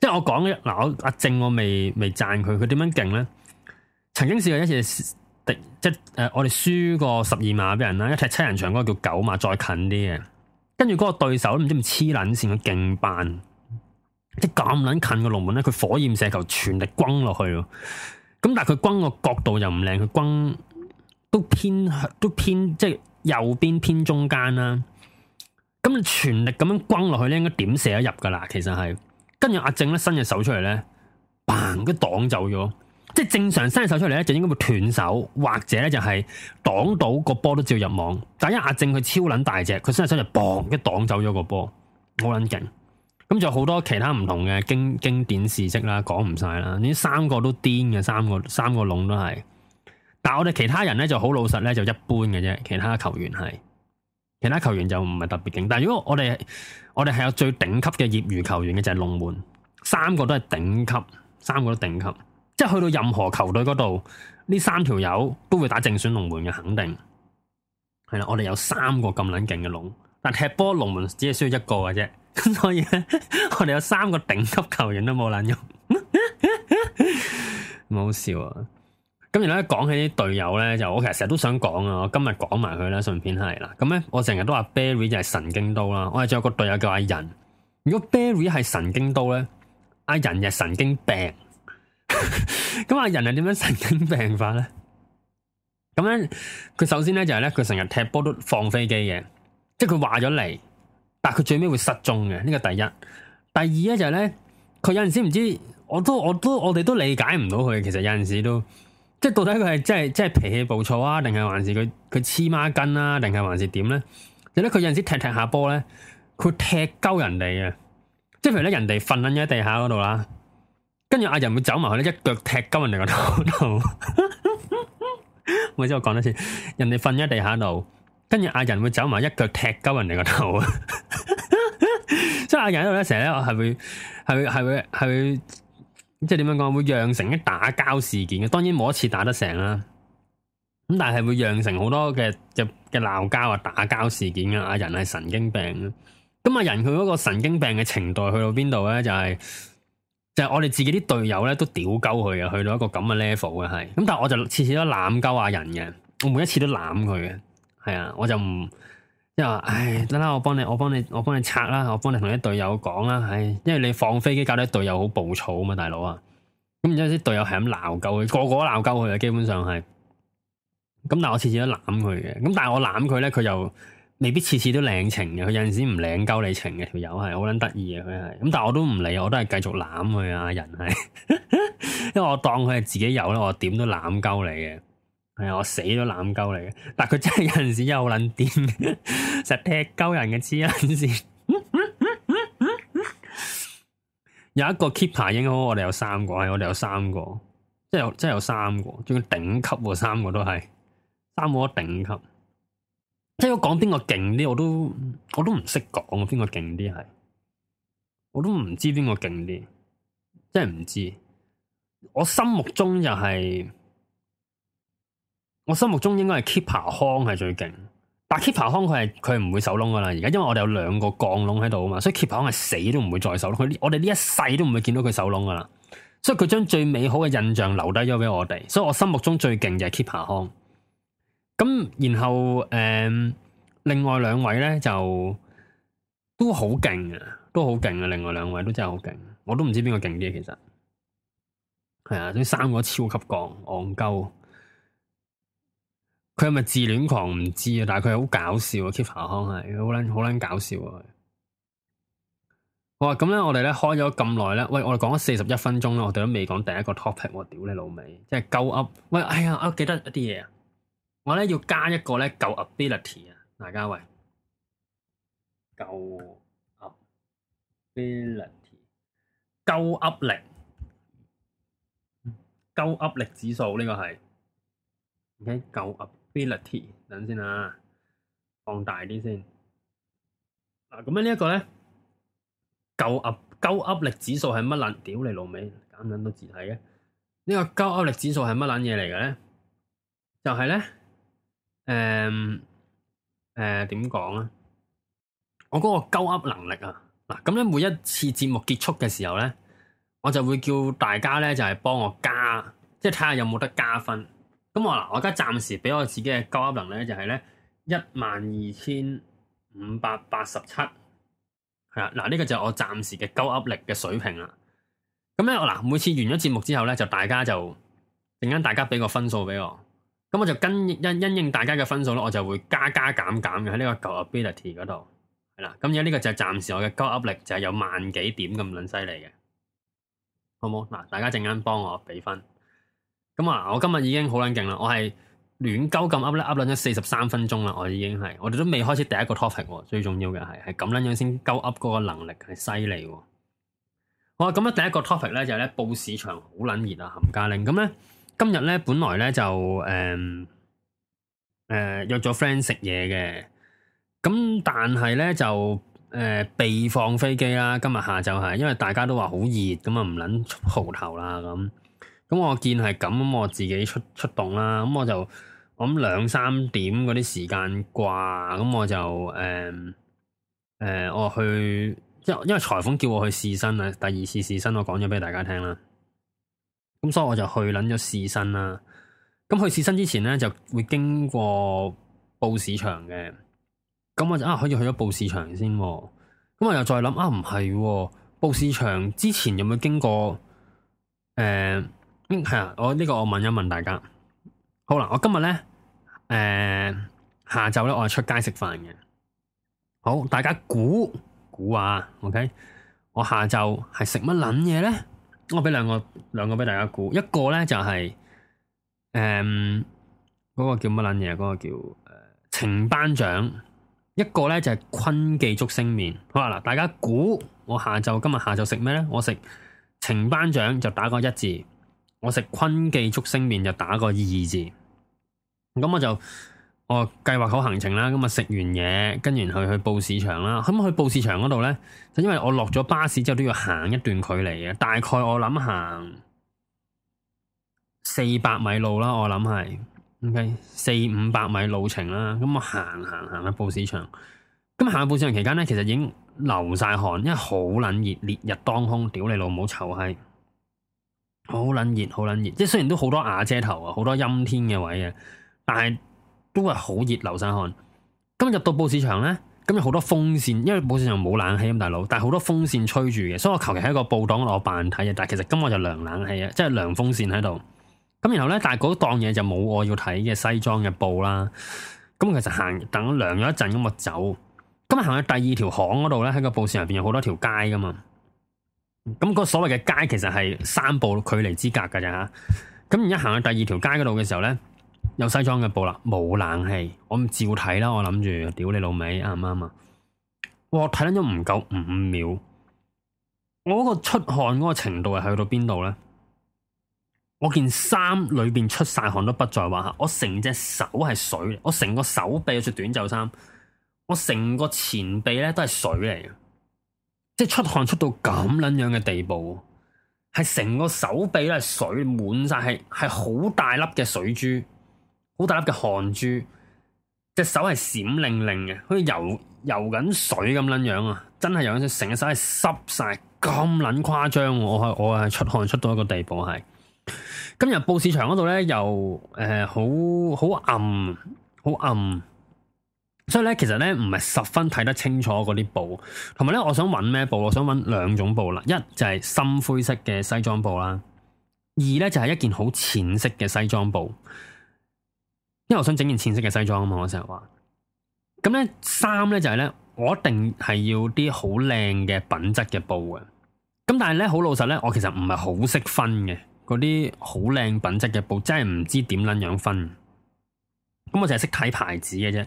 即係我講嗱，阿、啊、正我未未讚佢，佢點樣勁咧？曾經試過一次，即係誒、呃，我哋輸過十二碼俾人啦，一踢七人場嗰個叫九碼，再近啲嘅，跟住嗰個對手都唔知點黐撚線，佢勁扮，即係咁撚近個龍門咧，佢火焰射球全力轟落去。咁但係佢轟個角度又唔靚，佢轟都偏都偏即係右邊偏中間啦、啊。咁全力咁樣轟落去咧，應該點射得入噶啦？其實係跟住阿正咧伸隻手出嚟咧嘭，佢一擋走咗。即係正常伸隻手出嚟咧，就應該會斷手或者咧就係、是、擋到個波都照入網。但因為阿正佢超撚大隻，佢伸隻手就嘭一擋走咗個波，好撚勁。咁就好多其他唔同嘅經經典事蹟啦，講唔晒啦。呢三個都癲嘅，三個三個龍都係。但係我哋其他人呢，就好老實呢，就一般嘅啫。其他球員係其他球員就唔係特別勁。但係如果我哋我哋係有最頂級嘅業餘球員嘅就係龍門，三個都係頂級，三個都頂級。即係去到任何球隊嗰度，呢三條友都會打正選龍門嘅，肯定係啦。我哋有三個咁撚勁嘅龍，但踢波龍門只係需要一個嘅啫。咁所以咧，我哋有三個頂級球員都冇撚用，冇好笑啊！咁而咧，講起啲隊友咧，就我其實成日都想講啊，我今日講埋佢啦，順便係啦。咁咧，我成日都話 Barry 就係神經刀啦。我哋仲有個隊友叫阿仁。如果 Barry 係神經刀咧，阿仁就係神經病。咁阿仁係點樣神經病法咧？咁咧，佢首先咧就係咧，佢成日踢波都放飛機嘅，即係佢話咗嚟。但佢最尾會失蹤嘅，呢、這個第一。第二咧就係、是、咧，佢有陣時唔知，我都我都我哋都理解唔到佢。其實有陣時都，即係到底佢係真係真係脾氣暴躁啊，定係還是佢佢黐孖筋啊，定係還是點咧？就咧佢有陣時踢踢下波咧，佢踢鳩人哋嘅，即係譬如咧人哋瞓喺地下嗰度啦，跟住阿仁會走埋去咧，一腳踢鳩人哋個頭度。我知我講多次，人哋瞓喺地下度。跟住阿仁會走埋，一腳踢鳩人哋個頭啊！ 即係阿仁喺度咧，成日咧我係會係會係會係會即係點樣講？會釀成一打交事件嘅。當然冇一次打得成啦，咁但係會釀成好多嘅嘅嘅鬧交啊、打交事件嘅。阿仁係神經病，咁阿仁佢嗰個神經病嘅程度去到邊度咧？就係、是、就係、是、我哋自己啲隊友咧都屌鳩佢嘅，去到一個咁嘅 level 嘅係。咁但係我就次次都攬鳩阿仁嘅，我每一次都攬佢嘅。係啊，我就唔，即係話唉，得啦，我幫你，我幫你，我幫你拆啦，我幫你同啲隊友講啦，唉，因為你放飛機搞到啲隊友好暴躁啊嘛，大佬啊，咁然之後啲隊友係咁鬧鳩佢，個個都鬧鳩佢啊，基本上係，咁但係我次次都攬佢嘅，咁但係我攬佢咧，佢又未必次次都領情嘅，佢有陣時唔領鳩你情嘅，條友係好撚得意嘅。佢係，咁但係我都唔理，我都係繼續攬佢啊，人係， 因為我當佢係自己友咧，我點都攬鳩你嘅。係啊、哎，我死都濫鳩嚟嘅，但佢真係有陣時又好撚癲，成日 踢鳩人嘅黐線，有一個 keeper 應該我哋有三個，係我哋有，有三個，即係即係有三個，仲要頂級喎，三個都係，三個都頂級。即係我講邊個勁啲，我都我都唔識講邊個勁啲係，我都唔知邊個勁啲，真係唔知。我心目中就係、是。我心目中應該係 keeper 康係最勁，但 keeper 康佢係佢係唔會守窿噶啦，而家因為我哋有兩個降窿喺度啊嘛，所以 keeper 康係死都唔會再守窿，佢我哋呢一世都唔會見到佢守窿噶啦，所以佢將最美好嘅印象留低咗俾我哋，所以我心目中最勁就係 keeper 康。咁然後誒、呃，另外兩位呢，就都好勁啊，都好勁啊，另外兩位都真係好勁，我都唔知邊個勁啲，其實係啊，咁三個都超級降戇鳩。佢係咪自戀狂唔知啊？但係佢係好搞笑啊！Keep 阿康係好撚好撚搞笑啊！好啊，咁咧，我哋咧開咗咁耐咧，喂，我哋講咗四十一分鐘啦，我哋都未講第一個 topic。我屌你老味，即係鳩噏。喂！哎呀，我記得一啲嘢啊！我咧要加一個咧鳩 ability 啊，大家喂，鳩噏 ability，鳩噏力，鳩噏力，力指數呢、這個係 OK，鳩噏。ability 等先啊，放大啲先。嗱、啊，咁樣這呢一個咧，鳩噏鳩噏力指數係乜撚？屌你老味？搞唔到字體嘅呢、這個鳩噏力指數係乜撚嘢嚟嘅咧？就係、是、咧，誒、嗯、誒，點講咧？我嗰個鳩噏能力啊，嗱、啊，咁咧每一次節目結束嘅時候咧，我就會叫大家咧就係、是、幫我加，即係睇下有冇得加分。咁我嗱，我而家暫時畀我自己嘅鳩噏能力就係咧一萬二千五百八十七，係啦。嗱，呢個就我暫時嘅鳩噏力嘅水平啦。咁咧，我嗱每次完咗節目之後咧，就大家就陣間大家畀個分數畀我，咁我就跟因因應大家嘅分數咯，我就會加加減減嘅喺呢個鳩 ability 嗰度，係啦。咁而家呢個就係暫時我嘅鳩噏力，就係有萬幾點咁撚犀利嘅，好唔好？嗱，大家陣間幫我俾分。咁啊、嗯，我今日已經好撚勁啦，我係亂鳩咁噏噏咗四十三分鐘啦，我已經係，我哋都未開始第一個 topic。最重要嘅係，係咁卵樣先鳩噏嗰個能力係犀利。我咁咧第一個 topic 咧就係、是、咧，布市場好撚熱啊，冚家令。咁、嗯、咧今日咧本來咧就誒誒、嗯嗯、約咗 friend 食嘢嘅，咁、嗯、但係咧就誒、嗯、被放飛機啦。今日下晝係，因為大家都話好熱，咁啊唔撚蒲頭啦咁。嗯咁我見係咁，我自己出出動啦。咁我就，我諗兩三點嗰啲時間啩，咁我就，誒、嗯，誒、嗯，我去，因因為裁縫叫我去試身啊，第二次試身，我講咗俾大家聽啦。咁所以我就去諗咗試身啦。咁去試身之前咧，就會經過布市場嘅。咁我就啊，可以去咗布市場先。咁我又再諗啊，唔係、啊啊，布市場之前有冇經過，誒、嗯？嗯係啊，我呢、這個我問一問大家好啦。我今日咧，誒、呃、下晝咧，我係出街食飯嘅好，大家估估下，OK？我下晝係食乜卵嘢咧？我俾兩個兩個俾大家估，一個咧就係誒嗰個叫乜卵嘢？嗰、嗰個叫誒、呃、程班長，一個咧就係坤記竹升麵。好啦，嗱，大家估我下晝今日下晝食咩咧？我食程班長就打個一字。我食坤記竹升麵就打個二字，咁、嗯、我就我計劃好行程啦，咁啊食完嘢，跟住去去布市場啦，咁、嗯嗯、去布市場嗰度咧，就因為我落咗巴士之後都要行一段距離嘅，大概我諗行四百米路啦，我諗係，ok 四五百米路程啦，咁、嗯、我、嗯、行行行去布市場，咁、嗯、行去布市場期間咧，其實已經流晒汗，因為好捻熱，烈日當空，屌你老母臭閪！好冷熱，好冷熱，即雖然都好多瓦遮頭啊，好多陰天嘅位嘅，但係都係好熱流晒汗。今日入到布市場呢，今日好多風扇，因為布市場冇冷氣咁大佬，但係好多風扇吹住嘅，所以我求其喺一個布檔度我扮睇嘅，但係其實今日就涼冷氣啊，即係涼風扇喺度。咁然後呢，但係嗰檔嘢就冇我要睇嘅西裝嘅布啦。咁其實行等涼咗一陣咁，我走。今日行去第二條巷嗰度呢，喺個布市入邊有好多條街噶嘛。咁個所謂嘅街其實係三步距離之隔㗎咋。吓、啊，咁而家行去第二條街嗰度嘅時候咧，有西裝嘅布啦，冇冷氣，我照睇啦，我諗住，屌你老味啱唔啱啊？我睇得咗唔夠五秒，我個出汗嗰個程度係去到邊度咧？我件衫裏邊出晒汗都不在話下，我成隻手係水，我成個手臂着短袖衫，我成個前臂咧都係水嚟嘅。即係出汗出到咁撚樣嘅地步，係成個手臂咧水滿晒，係係好大粒嘅水珠，好大粒嘅汗珠，隻手係閃靈靈嘅，好似游游緊水咁撚樣啊！真係游緊水，成，成個手係濕晒，咁撚誇張，我係我係出汗出到一個地步係。今日布市場嗰度咧，又誒好好暗，好暗。所以咧，其實咧唔係十分睇得清楚嗰啲布，同埋咧，我想揾咩布？我想揾兩種布啦，一就係深灰色嘅西裝布啦，二咧就係一件好淺色嘅西裝布，因為我，我想整件淺色嘅西裝啊嘛，我成日話。咁咧，三咧就係咧，我一定係要啲好靚嘅品質嘅布嘅。咁但係咧，好老實咧，我其實唔係好識分嘅嗰啲好靚品質嘅布，真係唔知點捻樣分。咁我淨係識睇牌子嘅啫。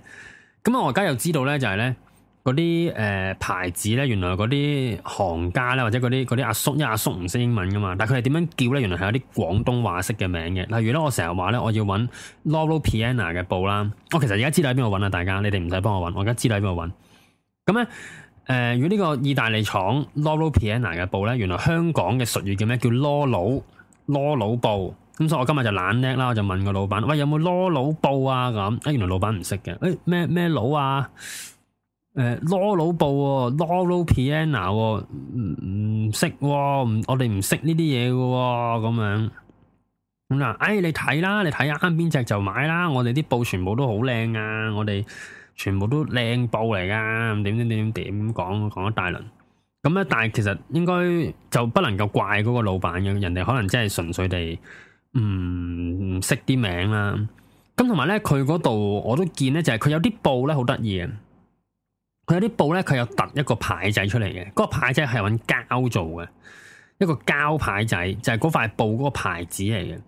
咁、嗯、我而家又知道咧，就係咧嗰啲誒牌子咧，原來嗰啲行家咧，或者嗰啲啲阿叔，因為阿叔唔識英文噶嘛，但係佢哋點樣叫咧，原來係有啲廣東話式嘅名嘅，例如咧，我成日話咧，我要搵 Loro Piana 嘅布啦，我其實而家知道喺邊度搵啦，大家，你哋唔使幫我搵，我而家知道喺邊度搵。咁、嗯、咧，誒、呃，如果呢個意大利廠 Loro Piana 嘅布咧，原來香港嘅術語叫咩？叫 Loro Loro 布。咁、嗯、所以我今日就懶叻啦，我就問個老闆：喂，有冇羅老布啊？咁，誒，原來老闆唔識嘅。誒、欸，咩咩老啊？誒、呃，羅老布，羅老 Piana 唔唔識喎，我哋唔識呢啲嘢嘅喎，咁樣。咁嗱，誒，你睇啦，你睇下啱邊隻就買啦。我哋啲布全部都好靚啊，我哋全部都靚布嚟噶。點點點點點，講講一大輪。咁咧，但係其實應該就不能夠怪嗰個老闆嘅，人哋可能真係純粹地。唔識啲名啦，咁同埋咧，佢嗰度我都見咧，就係、是、佢有啲布咧，好得意啊！佢有啲布咧，佢有突一個牌仔出嚟嘅，嗰、那個牌仔係搵膠做嘅，一個膠牌仔就係嗰塊布嗰個牌子嚟嘅。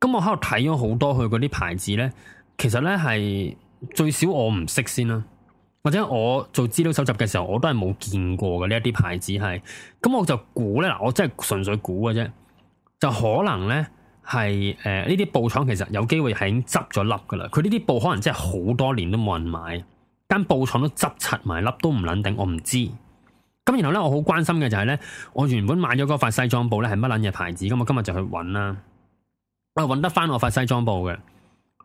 咁我喺度睇咗好多佢嗰啲牌子咧、嗯，其實咧係最少我唔識先啦，或者我做資料搜集嘅時候，我都係冇見過嘅呢一啲牌子係。咁、嗯、我就估咧，嗱，我真係純粹估嘅啫，就可能咧。係誒，呢啲、呃、布廠其實有機會係已經執咗笠噶啦。佢呢啲布可能真係好多年都冇人買，間布廠都執齊埋笠都唔捻定。我唔知。咁然後咧，我好關心嘅就係、是、咧，我原本買咗嗰塊西裝布咧係乜捻嘢牌子？咁我今日就去搵啦、啊。我搵得翻我塊西裝布嘅，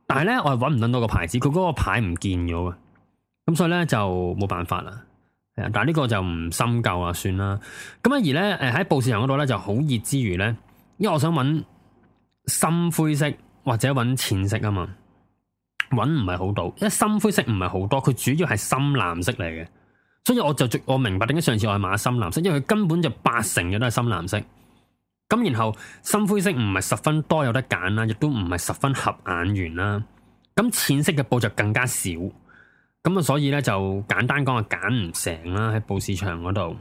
但係咧我係搵唔捻到個牌子，佢嗰個牌唔見咗嘅。咁所以咧就冇辦法啦。係啊，但係呢個就唔深究啊，算啦。咁啊而咧誒喺布市場嗰度咧就好熱之餘咧，因為我想問。深灰色或者揾淺色啊嘛，揾唔係好到，因為深灰色唔係好多，佢主要係深藍色嚟嘅，所以我就我明白點解上次我係買咗深藍色，因為佢根本就八成嘅都係深藍色，咁然後深灰色唔係十分多有得揀啦，亦都唔係十分合眼緣啦，咁淺色嘅布就更加少，咁啊所以呢，就簡單講啊揀唔成啦喺布市場嗰度，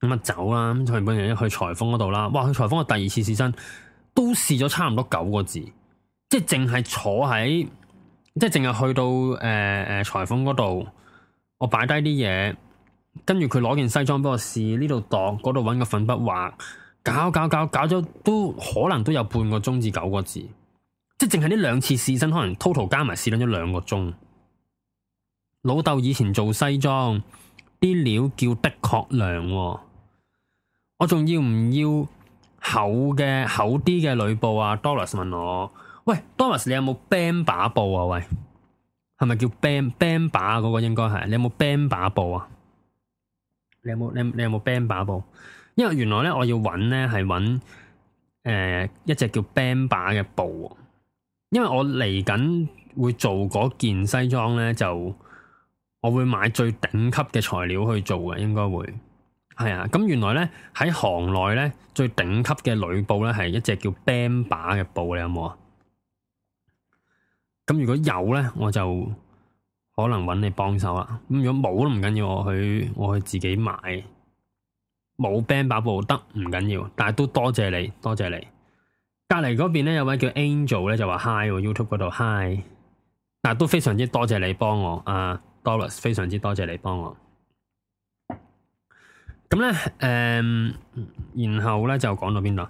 咁啊走啦咁，佢本人一去裁縫嗰度啦，哇去裁縫嘅第二次試身。都試咗差唔多九個字，即係淨係坐喺，即係淨係去到誒誒、呃呃、裁縫嗰度，我擺低啲嘢，跟住佢攞件西裝俾我試，呢度度，嗰度搵個粉筆畫，搞搞搞搞咗，都可能都有半個鐘至九個字，即係淨係呢兩次試身，可能 total 加埋試緊咗兩個鐘。老豆以前做西裝，啲料叫的確良、哦，我仲要唔要？厚嘅厚啲嘅女布啊，Doris 問我，喂，Doris 你有冇 Bamba 布啊？喂，係咪叫 Bam, Bamba，啊嗰個應該係？你有冇 Bamba 布啊？你有冇你你有冇 Bamba 布？因為原來咧我要揾咧係揾誒一隻叫 Bamba 嘅布，因為我嚟緊會做嗰件西裝咧，就我會買最頂級嘅材料去做嘅，應該會。係啊，咁原來咧喺行內咧最頂級嘅女布咧係一隻叫 Bamba 嘅布，你有冇啊？咁如果有咧，我就可能揾你幫手啦。咁如果冇都唔緊要，我去我去自己買。冇 Bamba 布得唔緊要，但係都多謝你，多謝你。隔籬嗰邊咧有位叫 Angel 咧就話 hi，YouTube 嗰度 hi，, hi 但係都非常之多謝你幫我啊，Dollars 非常之多謝你幫我。咁咧，誒、嗯，然後咧就講到邊度？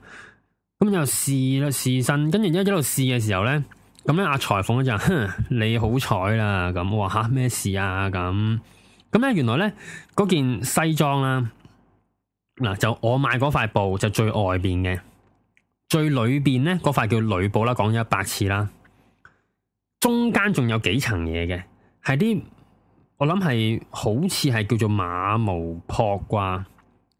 咁就試啦，試身。跟住一一路試嘅時候咧，咁咧阿裁縫就，哼，你好彩啦，咁我話吓咩事啊？咁，咁咧原來咧嗰件西裝啦，啊，嗱就我買嗰塊布就最外邊嘅，最裏邊咧嗰塊叫裏布啦，講咗一百次啦，中間仲有幾層嘢嘅，係啲。我諗係好似係叫做馬毛撲啩，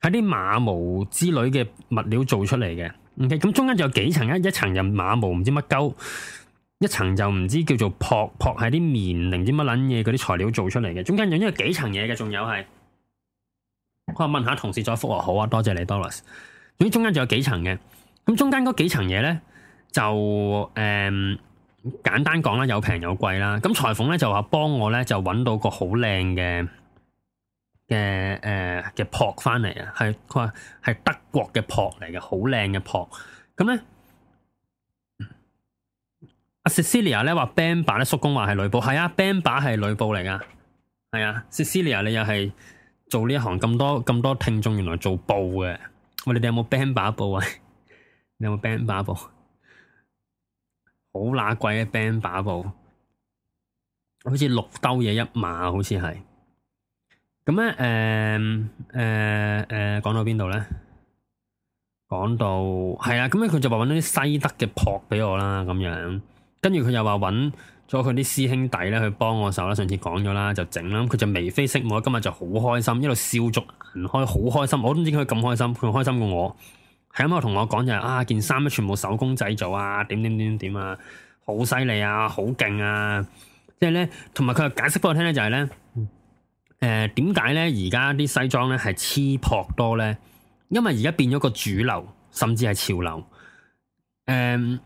喺啲馬毛之類嘅物料做出嚟嘅。OK，咁中間仲有幾層一一層就馬毛唔知乜鳩，一層就唔知叫做撲撲喺啲棉定啲乜撚嘢嗰啲材料做出嚟嘅。中間有呢個幾層嘢嘅，仲有係我問下同事再覆我好啊，多謝你，Dollars。總之中間仲有幾層嘅，咁中間嗰幾層嘢咧就誒。嗯簡單講啦，有平有貴啦。咁裁縫咧就話幫我咧就揾到個好靚嘅嘅誒嘅扑翻嚟啊，係佢話係德國嘅扑嚟嘅，好靚嘅扑。咁咧阿 Cecilia 咧話 Bamba 咧，叔公話係女布，係啊 Bamba 係女布嚟噶。係啊 Cecilia 你又係做呢一行，咁多咁多聽眾原來做布嘅，喂，你哋有冇 Bamba 布啊？ 你有冇 Bamba 布？好乸貴嘅 Band 把布，好似六兜嘢一碼，好似係。咁咧，誒誒誒，講、呃呃、到邊度咧？講到係啦，咁咧佢就話搵啲西德嘅撲俾我啦，咁樣。跟住佢又話搵咗佢啲師兄弟咧去幫我手啦。上次講咗啦，就整啦。佢就眉飛色舞，今日就好開心，一路笑逐顏開，好開心。我都唔知佢咁開心，佢開心過我。係咁我同我講就係、是、啊，件衫咧全部手工製造啊，點點點點啊，好犀利啊，好勁啊！即係咧，同埋佢又解釋俾我聽咧、就是，就係咧，誒、呃，點解咧而家啲西裝咧係黐扑多咧？因為而家變咗個主流，甚至係潮流。誒、嗯，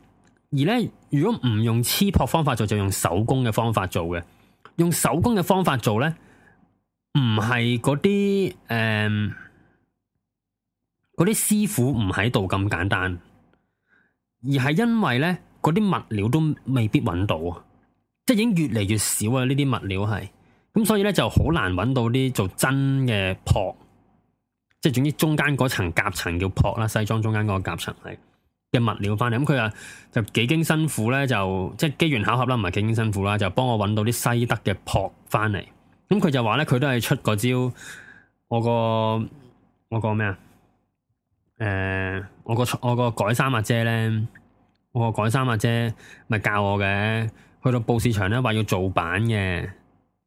而咧如果唔用黐扑方法做，就用手工嘅方法做嘅。用手工嘅方法做咧，唔係嗰啲誒。嗯嗰啲師傅唔喺度咁簡單，而係因為咧嗰啲物料都未必揾到，即係已經越嚟越少啊，呢啲物料係，咁所以咧就好難揾到啲做真嘅朴，即係總之中間嗰層夾層叫朴啦，西裝中間嗰個夾層係嘅物料翻嚟。咁佢啊就幾經辛苦咧，就即係機緣巧合啦，唔係幾經辛苦啦，就幫我揾到啲西德嘅朴翻嚟。咁、嗯、佢就話咧，佢都係出個招，我個我個咩啊？誒、呃，我個我個改衫阿姐咧，我個改衫阿姐咪教我嘅，去到布市場咧話要做板嘅，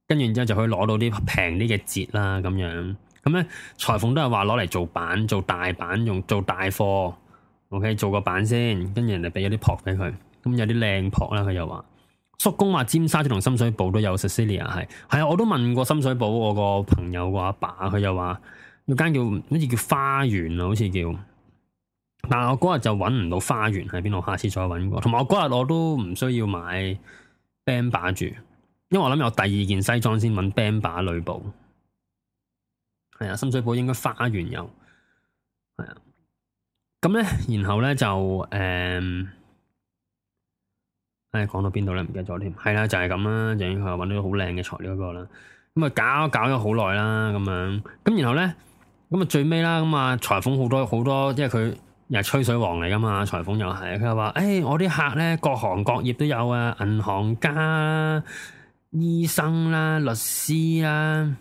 跟住然之後就可以攞到啲平啲嘅折啦咁樣，咁咧裁縫都係話攞嚟做板做大板用做大貨，OK 做個板先，跟住人哋俾咗啲扑俾佢，咁、嗯、有啲靚扑啦，佢又話叔公話尖沙咀同深水埗都有 Cecilia 係，係啊，我都問過深水埗我個朋友個阿爸，爸，佢又話。間叫好似叫花園啊，好似叫，但係我嗰日就搵唔到花園喺邊度，下次再搵過。同埋我嗰日我都唔需要買 band 把住，因為我諗有第二件西裝先搵 band 把裏布，係啊，深水埗應該花園有，係啊。咁咧，然後咧就誒，誒講到邊度咧？唔記得咗添。係啦，就係咁啦，就應該搵到好靚嘅材料嗰個啦。咁啊搞搞咗好耐啦，咁樣，咁然後咧。咁啊，最尾啦，咁啊，裁縫好多好多，即係佢又係吹水王嚟噶嘛，裁縫又係，佢又話，誒，我啲客咧，各行各業都有啊，銀行家、啊、醫生啦、啊、律師啦、啊，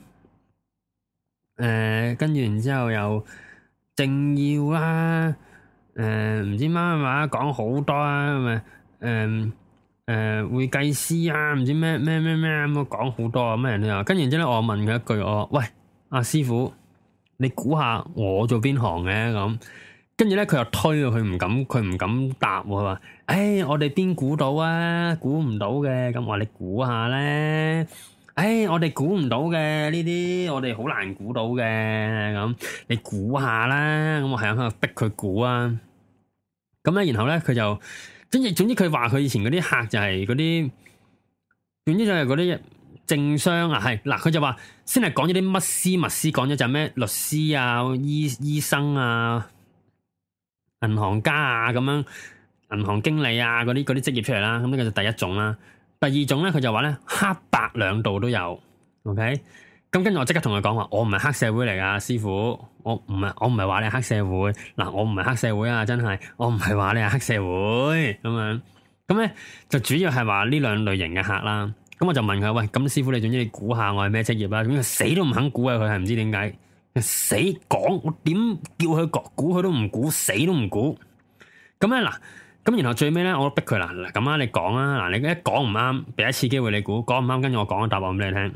誒、呃，跟住然之後又政要啦、啊，誒、呃，唔知乜話，講好多啊，咁、嗯、啊，誒，誒，會計師啊，唔知咩咩咩咩咁，講好多啊，咩人都有，跟住之後我問佢一句，我喂，阿、啊、師傅。你估下我做邊行嘅？咁，跟住咧佢又推啊，佢唔敢，佢唔敢答喎。佢話：誒，我哋邊估到啊？估唔到嘅。咁我話你估下咧。誒，我哋估唔到嘅呢啲，我哋好難估到嘅。咁你估下啦。咁我係咁喺度逼佢估啊。咁咧，然後咧，佢就，總之，總之佢話佢以前嗰啲客就係嗰啲，總之就係嗰啲一。政商啊，係嗱，佢就話先係講咗啲乜師物師，講咗就咩律師啊、醫醫生啊、銀行家啊咁樣、銀行經理啊嗰啲嗰啲職業出嚟啦，咁呢個就第一種啦。第二種咧，佢就話咧黑白兩道都有，OK。咁跟住我即刻同佢講話，我唔係黑社會嚟噶，師傅，我唔係我唔係話你黑社會嗱，我唔係黑社會啊，真係，我唔係話你係黑社會咁樣。咁咧就主要係話呢兩類型嘅客啦。咁我就問佢：喂，咁師傅你總之你估下我係咩職業啦？咁佢死都唔肯估啊！佢係唔知點解死講，我點叫佢講估佢都唔估，死都唔估。咁咧嗱，咁然後最尾咧，我都逼佢啦，嗱咁啊你講啊，嗱你,、啊、你一講唔啱，俾一次機會你估，講唔啱跟住我講個答案俾你聽。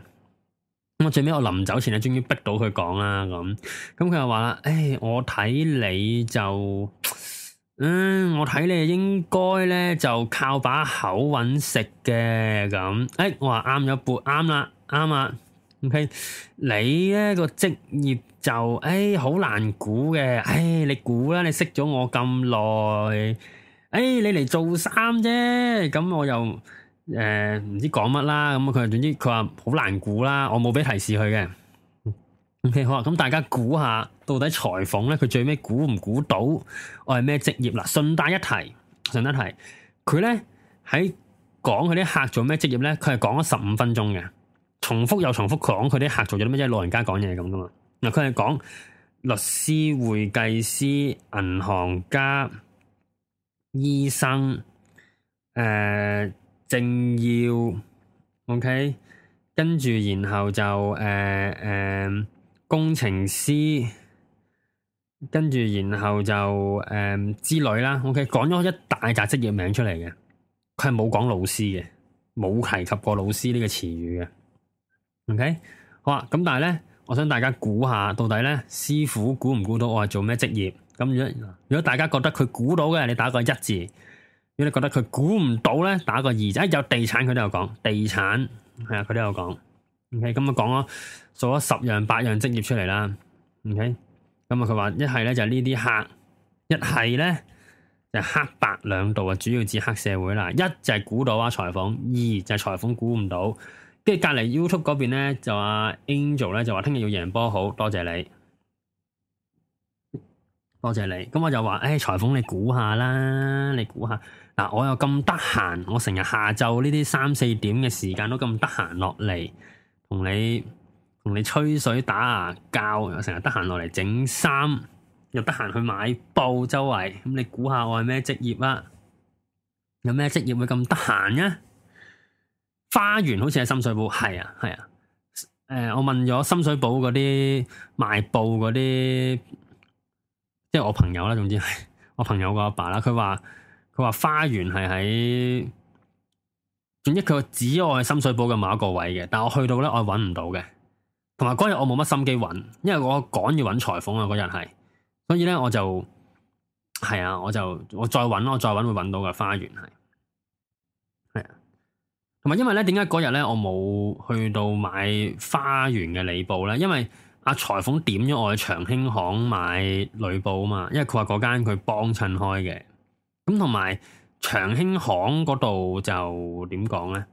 咁我最尾我臨走前咧，終於逼到佢講啦、啊，咁咁佢又話啦：，唉、哎，我睇你就。嗯，我睇你應該咧就靠把口搵食嘅，咁。哎、欸，我話啱咗一半，啱啦，啱啊。O K，、嗯、你咧個職業就哎好、欸、難估嘅。哎、欸，你估啦，你識咗我咁耐。哎、欸，你嚟做衫啫。咁、嗯、我又誒唔知講乜啦。咁佢又總之佢話好難估啦。我冇俾提示佢嘅。O、嗯、K，、嗯、好啊。咁、嗯、大家估下。到底裁縫咧，佢最尾估唔估到我係咩職業？嗱，順帶一提，順帶一提，佢咧喺講佢啲客做咩職業咧，佢係講咗十五分鐘嘅，重複又重複講佢啲客做咗啲咩，即老人家講嘢咁啫嘛。嗱，佢係講律師、會計師、銀行家、醫生、誒、呃、政要，OK，跟住然後就誒誒、呃呃、工程師。跟住，然後就誒、嗯、之類啦。O K，講咗一大紮職業名出嚟嘅，佢係冇講老師嘅，冇提及過老師呢個詞語嘅。O K，好啊。咁但係咧，我想大家估下到底咧，師傅估唔估到我係做咩職業？咁如果如果大家覺得佢估到嘅，你打個一字；如果你覺得佢估唔到咧，打個二。一、哎、有地產，佢都有講地產，係啊，佢都有講。O K，咁我講咗數咗十樣、八樣職業出嚟啦。O K。咁啊！佢話一係咧就係呢啲黑，一係咧就係黑白兩道啊，主要指黑社會啦。一就係估到啊，裁縫；二就係裁縫估唔到。跟住隔籬 YouTube 嗰邊咧，就阿 Angel 咧就話聽日要贏波，好多謝你，多謝你。咁我就話，誒、欸，裁縫你估下啦，你估下。嗱，我又咁得閒，我成日下晝呢啲三四點嘅時間都咁得閒落嚟，同你。同你吹水打牙鉸，又成日得閒落嚟整衫，又得閒去買布周圍。咁你估下我係咩職業啦？有咩職業會咁得閒嘅？花園好似喺深水埗，係啊係啊。誒、啊呃，我問咗深水埗嗰啲賣布嗰啲，即係我朋友啦。總之係我朋友個阿爸啦。佢話佢話花園係喺，總之佢指我喺深水埗嘅某一個位嘅，但我去到咧，我揾唔到嘅。同埋嗰日我冇乜心機揾，因為我趕要揾裁縫啊！嗰日係，所以咧我就係啊，我就我再揾，我再揾會揾到嘅。花園係係啊，同埋因為咧，點解嗰日咧我冇去到買花園嘅禮布咧？因為阿、啊、裁縫點咗我去長興行買禮布啊嘛，因為佢話嗰間佢幫襯開嘅，咁同埋長興行嗰度就點講咧？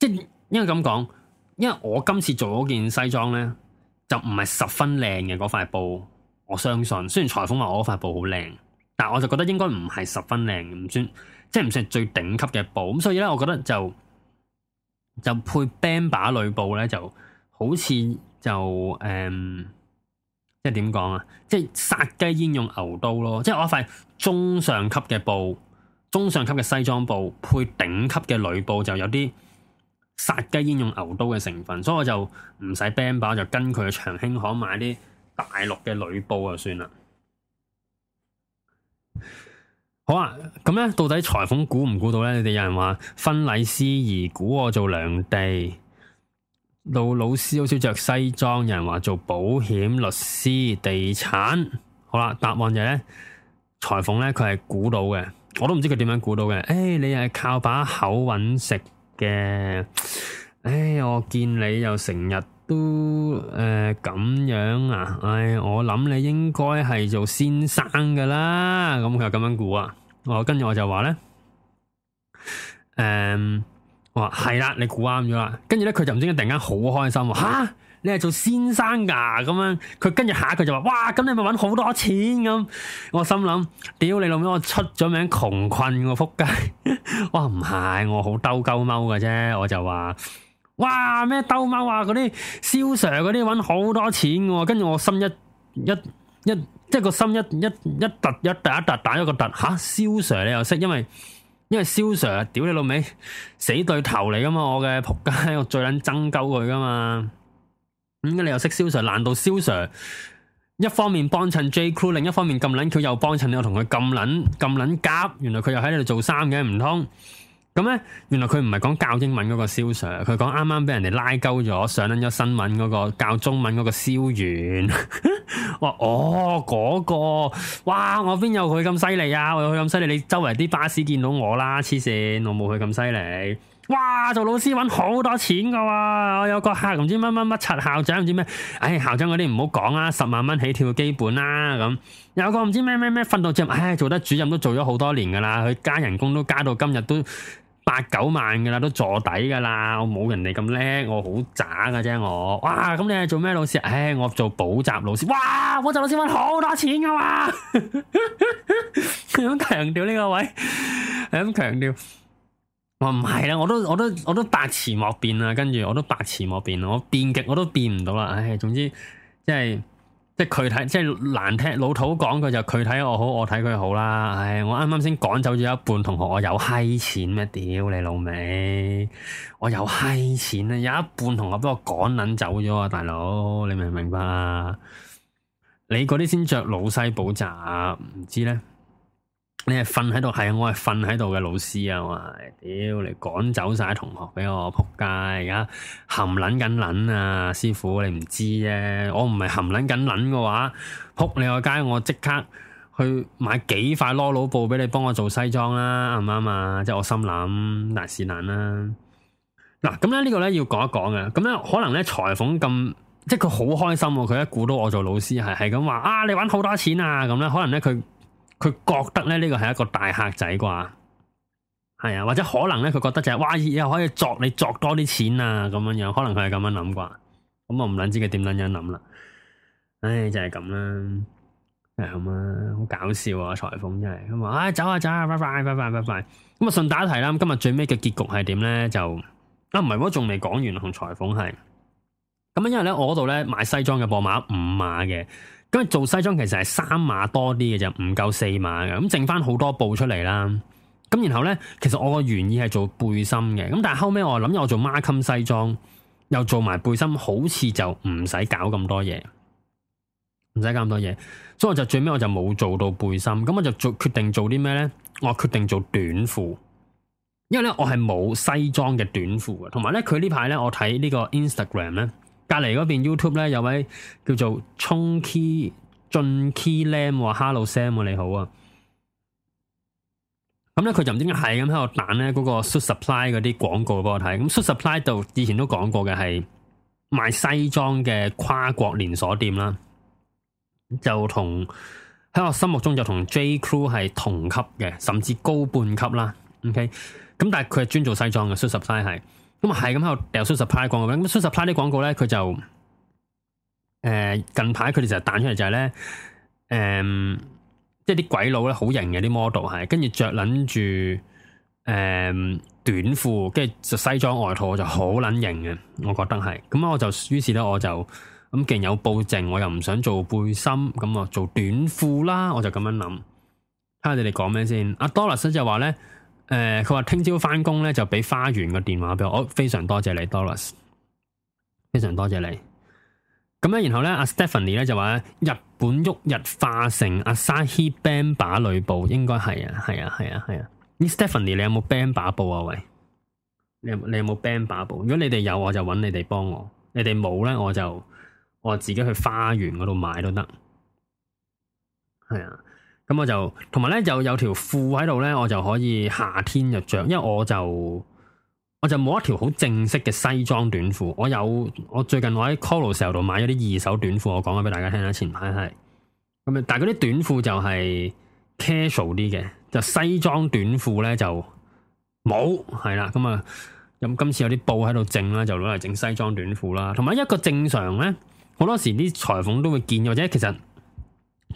即係因為咁講。因為我今次做嗰件西裝呢，就唔係十分靚嘅嗰塊布。我相信，雖然裁縫話我嗰塊布好靚，但我就覺得應該唔係十分靚，唔算即係唔算最頂級嘅布。咁所以呢，我覺得就就配 Bamba 履布呢，就好似就誒、嗯，即係點講啊？即係殺雞焉用牛刀咯！即係我塊中上級嘅布，中上級嘅西裝布配頂級嘅履布，女布就有啲。殺雞焉用牛刀嘅成分，所以我就唔使 band 把，就跟佢去長興行買啲大陸嘅女布就算啦。好啊，咁咧到底裁縫估唔估到咧？你哋有人話婚禮司儀估我做良地，老老師好少着西裝，有人話做保險律師地產。好啦、啊，答案就係咧，裁縫咧佢係估到嘅，我都唔知佢點樣估到嘅。誒、欸，你係靠把口揾食。嘅，唉，我見你又成日都誒咁樣啊，唉，我諗你應該係做先生噶啦，咁佢又咁樣估啊，我跟住我就話咧，誒，我話係啦，你估啱咗啦，跟住咧佢就唔知點突然間好開心啊，吓！你係做先生噶咁樣，佢跟住下佢就話，哇，咁你咪揾好多錢咁。我心諗，屌你老味，我出咗名窮困個仆街。哇，唔係，我好兜鳩踎嘅啫。我就話，哇，咩兜踎啊？嗰啲蕭 Sir 嗰啲揾好多錢嘅。跟住我心一一一，即係個心一一一突一突一突打咗個突。吓，蕭 Sir 你又識，因為因為蕭 Sir，屌你老味，死對頭嚟噶嘛，我嘅仆街，我最捻憎鳩佢噶嘛。點解、嗯、你又識蕭 Sir？難道蕭 Sir 一方面幫襯 J Crew，另一方面咁卵，佢又幫襯，又同佢咁卵咁卵夾。原來佢又喺度做衫嘅，唔通咁咧？原來佢唔係講教英文嗰個蕭 Sir，佢講啱啱俾人哋拉鳩咗，上撚咗新聞嗰、那個教中文嗰個蕭源。話 哦，嗰、那個哇，我邊有佢咁犀利啊？我有佢咁犀利？你周圍啲巴士見到我啦，黐線，我冇佢咁犀利。哇！做老師揾好多錢噶喎、啊，我有個客唔知乜乜乜七校長唔知咩，唉、哎、校長嗰啲唔好講啦，十萬蚊起跳嘅基本啦、啊、咁。有個唔知咩咩咩訓導主任，唉、哎、做得主任都做咗好多年噶啦，佢加人工都加到今日都八九萬噶啦，都坐底噶啦。我冇人哋咁叻，我好渣噶啫我。哇！咁你係做咩老師？唉、哎，我做補習老師。哇！補習老師揾好多錢噶嘛、啊，佢咁強調呢個位，咁強調。我唔係啦，我都我都我都百詞莫辯啦，跟住我都百詞莫辯，我變極我都變唔到啦。唉，總之即係即係佢睇，即係難聽老土講句，佢就佢睇我好，我睇佢好啦。唉，我啱啱先趕走咗一半同學，我有閪錢咩？屌你老味，我有閪錢啊！有一半同學俾我趕撚走咗啊，大佬，你明唔明白啊？你嗰啲先着老西補習，唔知咧。你係瞓喺度係啊，是我係瞓喺度嘅老師啊，我係，屌、哎、你趕走晒同學俾我仆街，而家含捻緊捻啊，師傅你唔知啫，我唔係含捻緊捻嘅話，仆你個街，我即刻去買幾塊撈佬布俾你，幫我做西裝啦，啱唔啱啊？嗯嗯、即係我心諗難是難啦，啊。嗱、啊，咁咧呢個咧要講一講嘅，咁咧可能咧裁縫咁，即係佢好開心，佢一估到我做老師係係咁話啊，你揾好多錢啊，咁咧可能咧佢。佢覺得咧呢個係一個大客仔啩，係啊，或者可能咧佢覺得就係、是、哇以後可以作你作多啲錢啊咁樣樣，可能佢係咁樣諗啩。咁我唔捻知佢點捻樣諗啦。唉，就係咁啦，係咁啦，好搞笑啊！裁縫真係，唉走啊走啊，拜拜拜拜拜拜。咁啊、嗯、順帶一提啦，今日最尾嘅結局係點咧？就啊唔係喎，仲未講完同裁縫係。咁、嗯、因為咧我嗰度咧買西裝嘅磅碼五碼嘅。咁做西裝其實係三碼多啲嘅，就唔夠四碼嘅，咁剩翻好多布出嚟啦。咁然後呢，其實我個原意係做背心嘅，咁但係後尾我諗，我做孖襟西裝又做埋背心，好似就唔使搞咁多嘢，唔使咁多嘢。所以我就最尾我就冇做到背心，咁我就做決定做啲咩呢？我決定做短褲，因為呢，我係冇西裝嘅短褲嘅，同埋呢，佢呢排呢，我睇呢個 Instagram 呢。隔籬嗰邊 YouTube 咧，有位叫做沖 key 進 keySam 話 Hello Sam，你好啊，咁咧佢就唔知點解係咁喺度彈咧嗰個 Suitsupply 嗰啲廣告俾我睇，咁 Suitsupply 度以前都講過嘅係賣西裝嘅跨國連鎖店啦，就同喺我心目中就同 J.Crew 係同級嘅，甚至高半級啦。OK，咁但係佢係專做西裝嘅，Suitsupply 係。咁啊，係咁喺度掉 Suitsupply 廣告。咁 Suitsupply 啲廣告咧，佢、嗯、就誒近排佢哋就彈出嚟就係、是、咧，誒即係啲鬼佬咧好型嘅啲 model 係，跟住着捻住誒短褲，跟住就西裝外套就好捻型嘅。我覺得係，咁我，我就於是咧我就咁既然有布證，我又唔想做背心，咁啊做短褲啦，我就咁樣諗。睇下你哋講咩先。阿 Doris 就話咧。誒佢話聽朝返工咧就畀花園個電話畀我，我、哦、非常多謝你，Doris，非常多謝你。咁咧，然後咧，阿 Stephanie 咧就話日本旭日化成阿 Sahi Bamba 女布，應該係啊，係啊，係啊，係啊。你 Stephanie 你有冇 Bamba 布啊？喂，你有你有冇 Bamba 布？如果你哋有，我就揾你哋幫我。你哋冇咧，我就我自己去花園嗰度買都得。係啊。咁我就同埋咧，就有條褲喺度咧，我就可以夏天就着，因為我就我就冇一條好正式嘅西裝短褲，我有我最近我喺 Callo 時候度買咗啲二手短褲，我講下俾大家聽啦，前排係咁啊，但係嗰啲短褲就係 casual 啲嘅，就西裝短褲咧就冇係啦，咁啊咁今次有啲布喺度整啦，就攞嚟整西裝短褲啦，同埋一個正常咧，好多時啲裁縫都會見或者其實。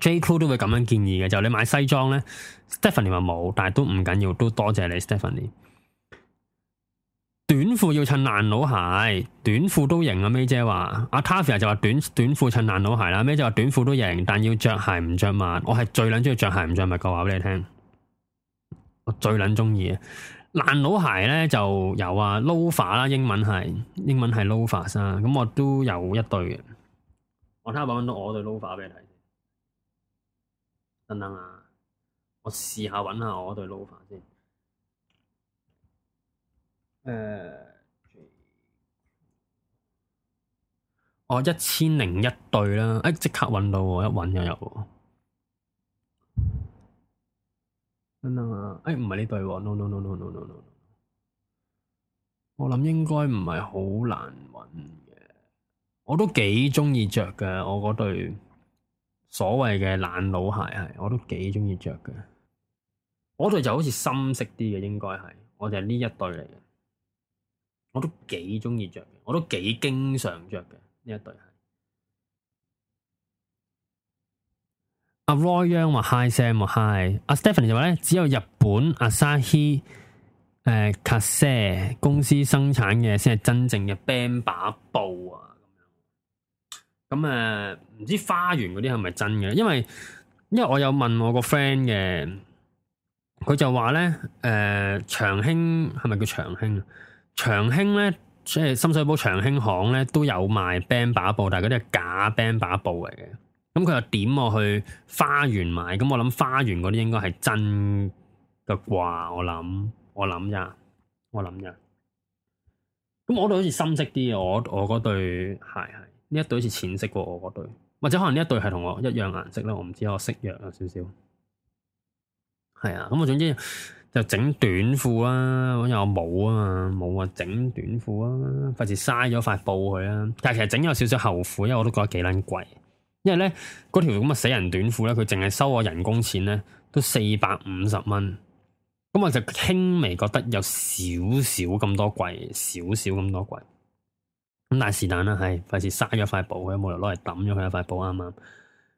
J.Cool 都會咁樣建議嘅，就你買西裝咧 Stephanie 話冇，但係都唔緊要，都多謝你 Stephanie 短褲要襯爛佬鞋，短褲都型啊！May 姐話阿 Tavia 就話短短褲襯爛佬鞋啦，May 姐就話短褲都型，但要着鞋唔着襪。我係最撚中意着鞋唔着襪嘅話俾你聽，我最撚中意啊！爛佬鞋咧就有啊 Loafer 啦，英文係英文係 Loafer 啊，咁我都有一對嘅。我睇下揾唔到我對 Loafer 俾你睇。等等啊！我試下揾下我對 loafer 先。我一千零一對啦。即刻揾到喎，一揾就有喎。等等啊！誒、欸，唔係呢對喎、哦。No no no no no no 我諗應該唔係好難揾嘅。我都幾鍾意着嘅，我嗰對。所謂嘅懶佬鞋係，我都幾中意着嘅。我對就好似深色啲嘅，應該係，我就係呢一對嚟嘅。我都幾中意着嘅，我都幾經常着嘅呢一對鞋。阿、啊、Roy Yang 話 Hi Sam 話 Hi，阿、啊、Stephen 就話咧，只有日本阿沙、呃、希誒 Kase 公司生產嘅先係真正嘅 Bamba 布啊。咁誒唔知花園嗰啲係咪真嘅？因為因為我有問我個 friend 嘅，佢就話咧，誒，長興係咪叫長興啊，長興咧即係深水埗長興行咧都有賣 band 把布，但係嗰啲係假 band 把布嚟嘅。咁佢又點我去花園買？咁我諗花園嗰啲應該係真嘅啩，我諗我諗咋，我諗咋？咁我度好似深色啲，我我對鞋係。呢一對好似淺色喎，我嗰對，或者可能呢一對係同我一樣顏色咧，我唔知道我色弱啊少少。係啊，咁我總之就整短褲啊，因為我冇啊嘛，冇啊，整、啊、短褲啊，費事嘥咗塊布佢啊。但其實整有少少後悔，因為我都覺得幾撚貴，因為呢，嗰條咁嘅死人短褲呢，佢淨係收我人工錢呢，都四百五十蚊，咁我就輕微覺得有少少咁多貴，少少咁多貴。咁但係是但啦，係費事嘥咗塊布，佢冇嚟攞嚟抌咗佢一塊布啊嘛。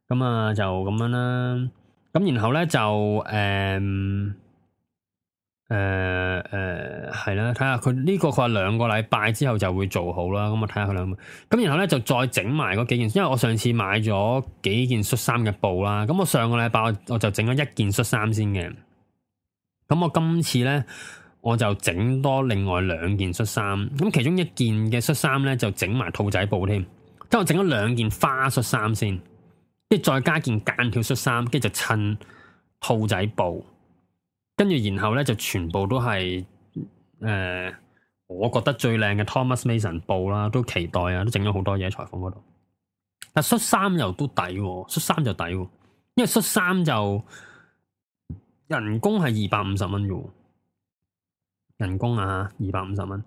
咁啊就咁樣啦。咁然後咧就誒誒誒係啦，睇下佢呢個佢話兩個禮拜之後就會做好啦。咁我睇下佢兩個。咁然後咧就再整埋嗰幾件，因為我上次買咗幾件恤衫嘅布啦。咁我上個禮拜我我就整咗一件恤衫先嘅。咁我今次咧。我就整多另外兩件恤衫，咁其中一件嘅恤衫咧就整埋兔仔布添，即係我整咗兩件花恤衫先，跟住再加件間條恤衫，跟住就襯兔仔布，跟住然後咧就全部都係誒、呃，我覺得最靚嘅 Thomas Mason 布啦，都期待啊，都整咗好多嘢喺裁縫嗰度。但恤衫又都抵，恤衫就抵，因為恤衫就人工係二百五十蚊啫。人工啊，二百五十蚊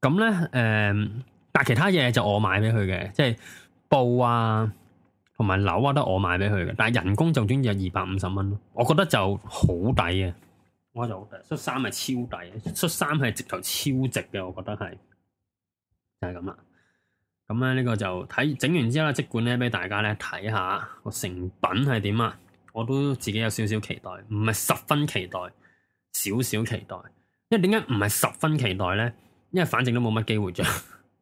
咁咧，誒、嗯，但係其他嘢就我買畀佢嘅，即係布啊，同埋樓啊，都我買畀佢嘅。但係人工就專有二百五十蚊咯，我覺得就好抵啊。我覺得好抵。恤衫係超抵，恤衫係直頭超值嘅，我覺得係就係咁啦。咁咧呢、呢個就睇整完之後咧，即管咧畀大家咧睇下個成品係點啊，我都自己有少少期待，唔係十分期待，少少期待。因為點解唔係十分期待咧？因為反正都冇乜機會着，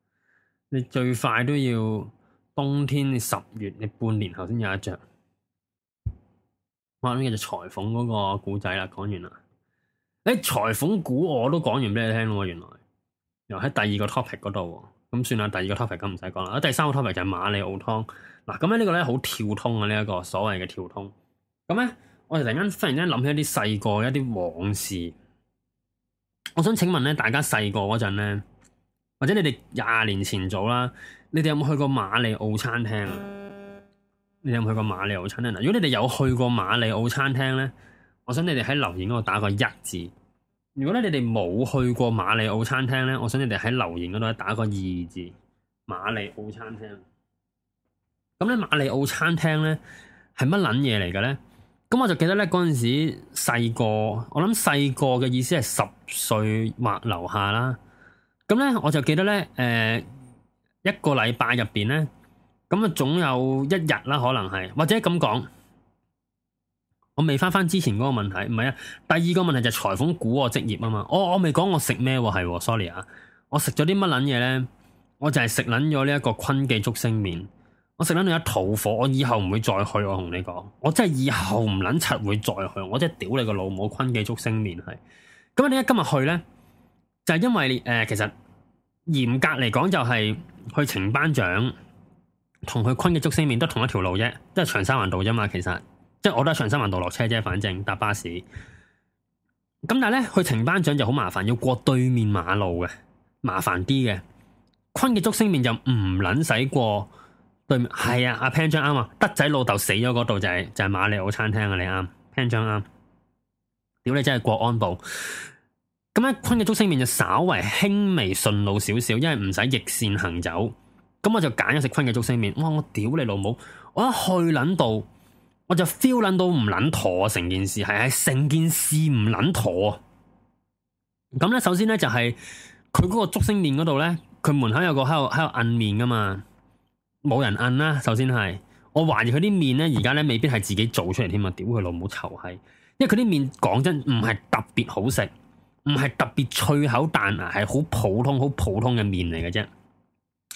你最快都要冬天十月，你半年後先有一着。我啱啱叫做裁縫嗰個古仔啦，講完啦。誒，裁縫估，估我都講完畀你聽咯，原來又喺第二個 topic 嗰度。咁算啦，第二個 topic 咁唔使講啦。啊，第三個 topic 就係馬利奧湯嗱。咁咧呢個咧好跳通嘅呢一個所謂嘅跳通。咁咧我哋突然間忽然間諗起一啲細個一啲往事。我想請問大家細個嗰陣咧，或者你哋廿年前早啦，你哋有冇去過馬里奧餐廳啊？你有冇去過馬里奧餐廳？如果你哋有去過馬里奧餐廳咧，我想你哋喺留言嗰度打個一字；如果你哋冇去過馬里奧餐廳咧，我想你哋喺留言嗰度打個二字。馬里奧餐廳。咁咧，馬里奧餐廳咧係乜撚嘢嚟嘅咧？咁我就記得咧，嗰陣時細個，我諗細個嘅意思係十歲或樓下啦。咁咧，我就記得咧，誒、呃，一個禮拜入邊咧，咁啊總有一日啦，可能係或者咁講，我未翻翻之前嗰個問題，唔係啊，第二個問題就係裁縫估我職業啊嘛。我我未講我食咩喎，係、哦、sorry 啊，我食咗啲乜捻嘢咧，我就係食捻咗呢一個坤記竹升麵。我食咗你一肚火，我以後唔會再去。我同你講，我真係以後唔捻柒會再去。我真係屌你個老母，坤記竹升麵係。咁啊，點解今日去呢，就係、是、因為誒、呃，其實嚴格嚟講，就係去程班長同去坤記竹升麵都同一條路啫，即係長沙灣道啫嘛。其實即係我都係長沙灣道落車啫，反正搭巴士。咁但係咧去程班長就好麻煩，要過對面馬路嘅，麻煩啲嘅。坤記竹升麵就唔捻使過。對，係啊，阿 Pan 張啱啊，德仔老豆死咗嗰度就係、是、就係、是、瑪利奧餐廳啊，你啱，Pan 張啱，屌你真係國安部。咁咧，坤嘅竹升麵就稍為輕微順路少少，因為唔使逆線行走，咁我就揀咗食坤嘅竹升麵。哇，我屌你老母，我一去捻到我就 feel 捻到唔捻妥啊，成件事係喺成件事唔捻妥啊。咁咧，首先咧就係佢嗰個竹升麵嗰度咧，佢門口有個喺度喺度摁麵噶嘛。冇人摁啦，首先係我懷疑佢啲麵呢，而家咧未必係自己做出嚟添啊！屌佢老母臭閪，因為佢啲麵講真唔係特別好食，唔係特別脆口彈牙，係好普通好普通嘅麵嚟嘅啫。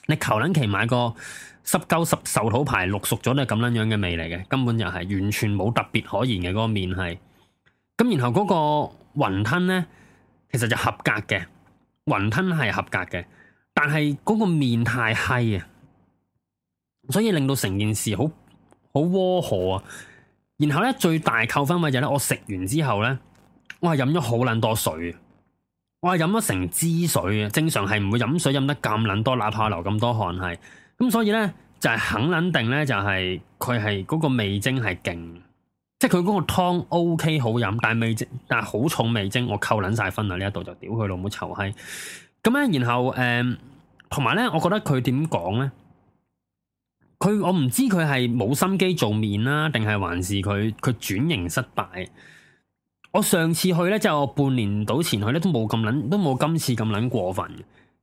你求其買個濕鳩濕壽桃牌六熟咗都咁樣樣嘅味嚟嘅，根本就係、是、完全冇特別可言嘅嗰、那個麵係。咁然後嗰個雲吞呢，其實就合格嘅，雲吞係合格嘅，但係嗰個麵太稀啊！所以令到成件事好好窩火啊！然後呢，最大扣分位就係呢，我食完之後呢，我係飲咗好捻多水，我係飲咗成支水嘅。正常係唔會飲水飲得咁捻多，哪怕流咁多汗係。咁所以呢，就係、是、肯捻定呢、就是，就係佢係嗰個味精係勁，即係佢嗰個湯 OK 好飲，但係味精但係好重味精，我扣捻晒分啊！呢一度就屌佢老母臭閪咁呢，然後誒，同、嗯、埋呢，我覺得佢點講呢？佢我唔知佢係冇心機做麵啦，定係還是佢佢轉型失敗。我上次去呢，就半年到前去呢，都冇咁捻，都冇今次咁捻過分。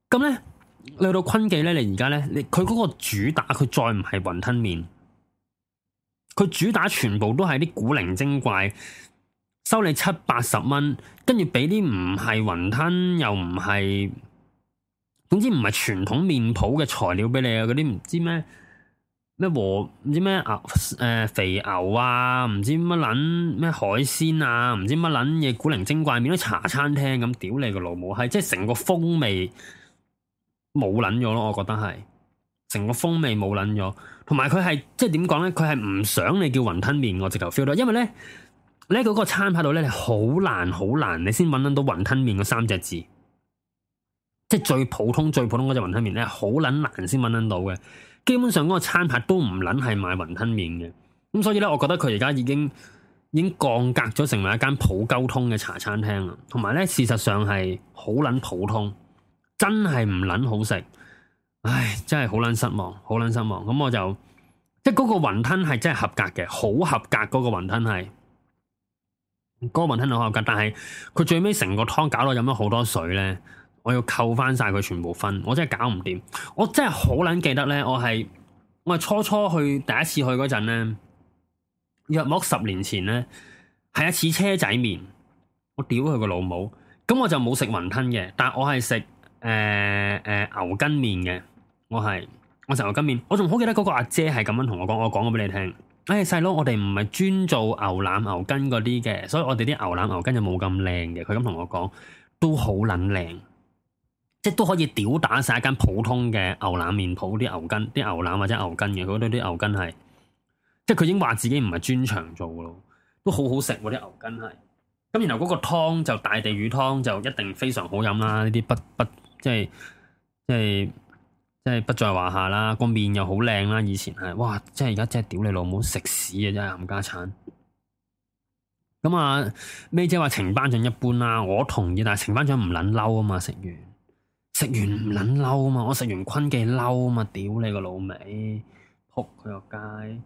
咁呢，你去到坤記呢，你而家呢，你佢嗰個主打，佢再唔係雲吞麵，佢主打全部都係啲古靈精怪，收你七八十蚊，跟住俾啲唔係雲吞，又唔係，總之唔係傳統麵鋪嘅材料俾你啊，嗰啲唔知咩。咩和唔知咩牛，誒肥牛啊，唔知乜捻咩海鮮啊，唔知乜捻嘢古靈精怪麵，變咗茶餐廳咁，屌你個老母，係即係成個風味冇捻咗咯，我覺得係成個風味冇捻咗，同埋佢係即係點講咧？佢係唔想你叫雲吞麵我直頭 feel 到，因為咧喺嗰個餐牌度咧，係好難好難，你先搵到到雲吞麵個三隻字，即係最普通最普通嗰隻雲吞麵咧，好捻難先搵得到嘅。基本上嗰個餐牌都唔捻係賣雲吞麵嘅，咁所以呢，我覺得佢而家已經已經降格咗，成為一間普溝通嘅茶餐廳啦。同埋呢，事實上係好捻普通，真係唔捻好食，唉，真係好捻失望，好捻失望。咁我就即係嗰個雲吞係真係合格嘅，好合格嗰個雲吞係，嗰個雲吞好合格，但係佢最尾成個湯搞到飲咗好多水呢。我要扣翻晒佢全部分，我真係搞唔掂。我真係好捻記得呢。我係我係初初去第一次去嗰陣呢，約莫十年前呢，係一次車仔麵。我屌佢個老母，咁我就冇食雲吞嘅，但我係食誒誒牛筋麵嘅。我係我食牛筋麵，我仲好記得嗰個阿姐係咁樣同我講，我講咗俾你聽。誒，細佬，我哋唔係專做牛腩牛筋嗰啲嘅，所以我哋啲牛腩牛筋就冇咁靚嘅。佢咁同我講，都好捻靚。即都可以屌打晒一間普通嘅牛腩麵鋪啲牛筋，啲牛腩或者牛筋嘅，佢嗰度啲牛筋係，即係佢已經話自己唔係專長做嘅咯，都好好食喎啲牛筋係。咁然後嗰個湯就大地魚湯就一定非常好飲啦，呢啲不不即係即係即係不在話下啦。個麵又好靚啦，以前係哇，即係而家真係屌你老母食屎啊，真係冚家鏟。咁啊，May 姐話程班長一般啦，我同意，但係程班長唔捻嬲啊嘛食完。食完唔捻嬲啊嘛！我食完坤記嬲啊嘛！屌你個老味，扑佢個街！